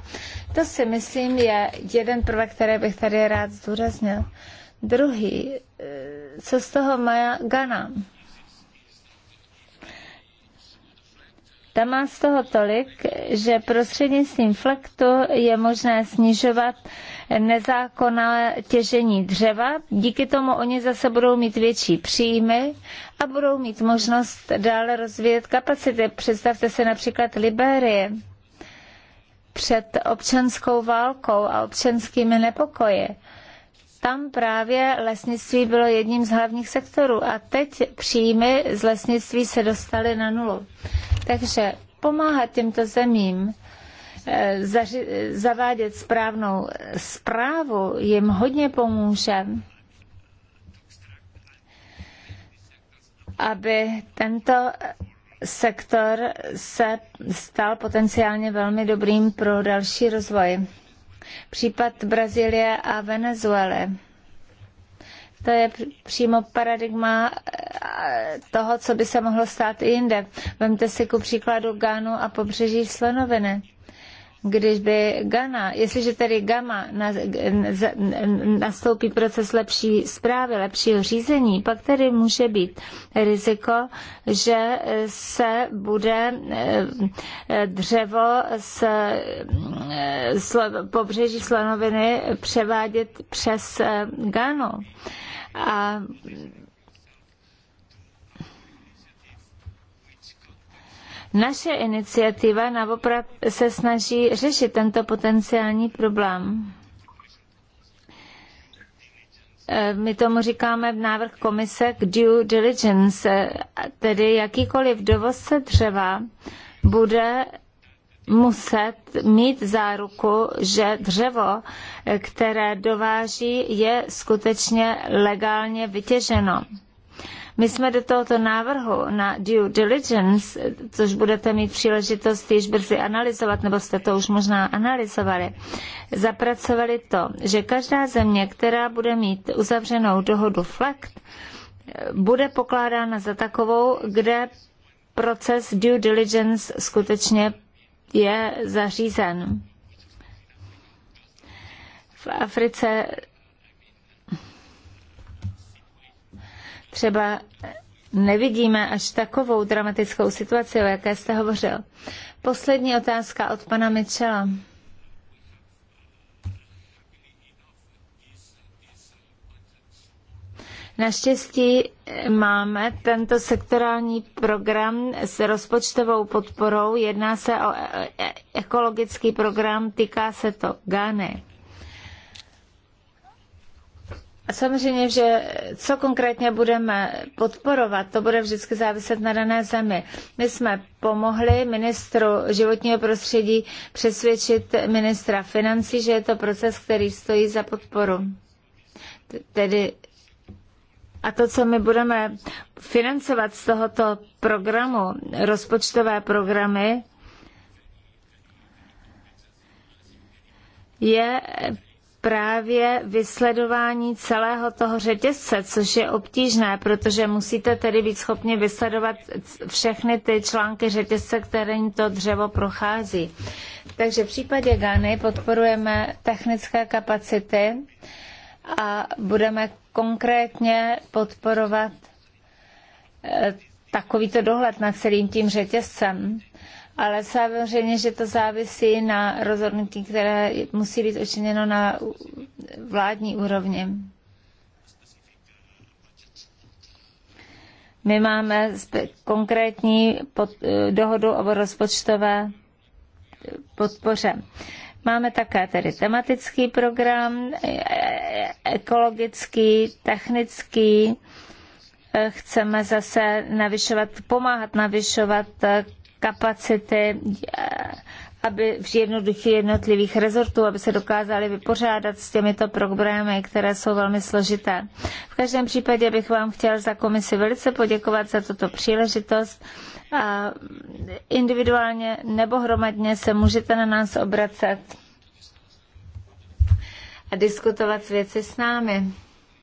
To si myslím je jeden prvek, který bych tady rád zdůraznil. Druhý, eh, co z toho má Ghana? Ta má z toho tolik, že prostřednictvím flektu je možné snižovat nezákonné těžení dřeva. Díky tomu oni zase budou mít větší příjmy a budou mít možnost dále rozvíjet kapacity. Představte se například Liberie před občanskou válkou a občanskými nepokoje. tam právě lesnictví bylo jedním z hlavních sektorů a teď příjmy z lesnictví se dostaly na nulu. Takže pomáhat těmto zemím Eh, zaři, zavádět správnou zprávu jim hodně pomůže, aby tento sektor se stal potenciálně velmi dobrým pro další rozvoj. Případ Brazílie a Venezuely. To je přímo paradigma eh, toho, co by se mohlo stát i jinde. Vemte si ku příkladu Gánu a pobřeží Slonoviny když by Ghana, jestliže tedy Gama nastoupí proces lepší zprávy, lepšího řízení, pak tedy může být riziko, že se bude eh, dřevo z eh, pobřeží slonoviny převádět přes eh, gano. A Naše iniciativa naopak se snaží řešit tento potenciální problém. E, my tomu říkáme v návrh komise k due diligence, tedy jakýkoliv dovozce dřeva bude muset mít záruku, že dřevo, které dováží, je skutečně legálně vytěženo. My jsme do tohoto návrhu na due diligence, což budete mít příležitost již brzy analyzovat, nebo jste to už možná analyzovali, zapracovali to, že každá země, která bude mít uzavřenou dohodu FLECT, bude pokládána za takovou, kde proces due diligence skutečně je zařízen. V Africe třeba nevidíme až takovou dramatickou situaci, o jaké jste hovořil. Poslední otázka od pana Michela. Naštěstí máme tento sektorální program s rozpočtovou podporou. Jedná se o e- e- ekologický program, týká se to Gány. A samozřejmě, že co konkrétně budeme podporovat, to bude vždycky záviset na dané zemi. My jsme pomohli ministru životního prostředí přesvědčit ministra financí, že je to proces, který stojí za podporu. Tedy a to, co my budeme financovat z tohoto programu, rozpočtové programy, je právě vysledování celého toho řetězce, což je obtížné, protože musíte tedy být schopni vysledovat všechny ty články řetězce, kterým to dřevo prochází. Takže v případě Gany podporujeme technické kapacity a budeme konkrétně podporovat eh, takovýto dohled nad celým tím řetězcem ale samozřejmě, že to závisí na rozhodnutí, které musí být učiněno na vládní úrovni. My máme konkrétní pod, dohodu o rozpočtové podpoře. Máme také tedy tematický program, e- e- ekologický, technický. E- chceme zase navyšovat, pomáhat navyšovat kapacity eh, aby v jednoduchých jednotlivých rezortů, aby se dokázali vypořádat s těmito problémy, které jsou velmi složité. V každém případě bych vám chtěl za komisi velice poděkovat za tuto příležitost. A individuálně nebo hromadně se můžete na nás obracet a diskutovat věci s námi.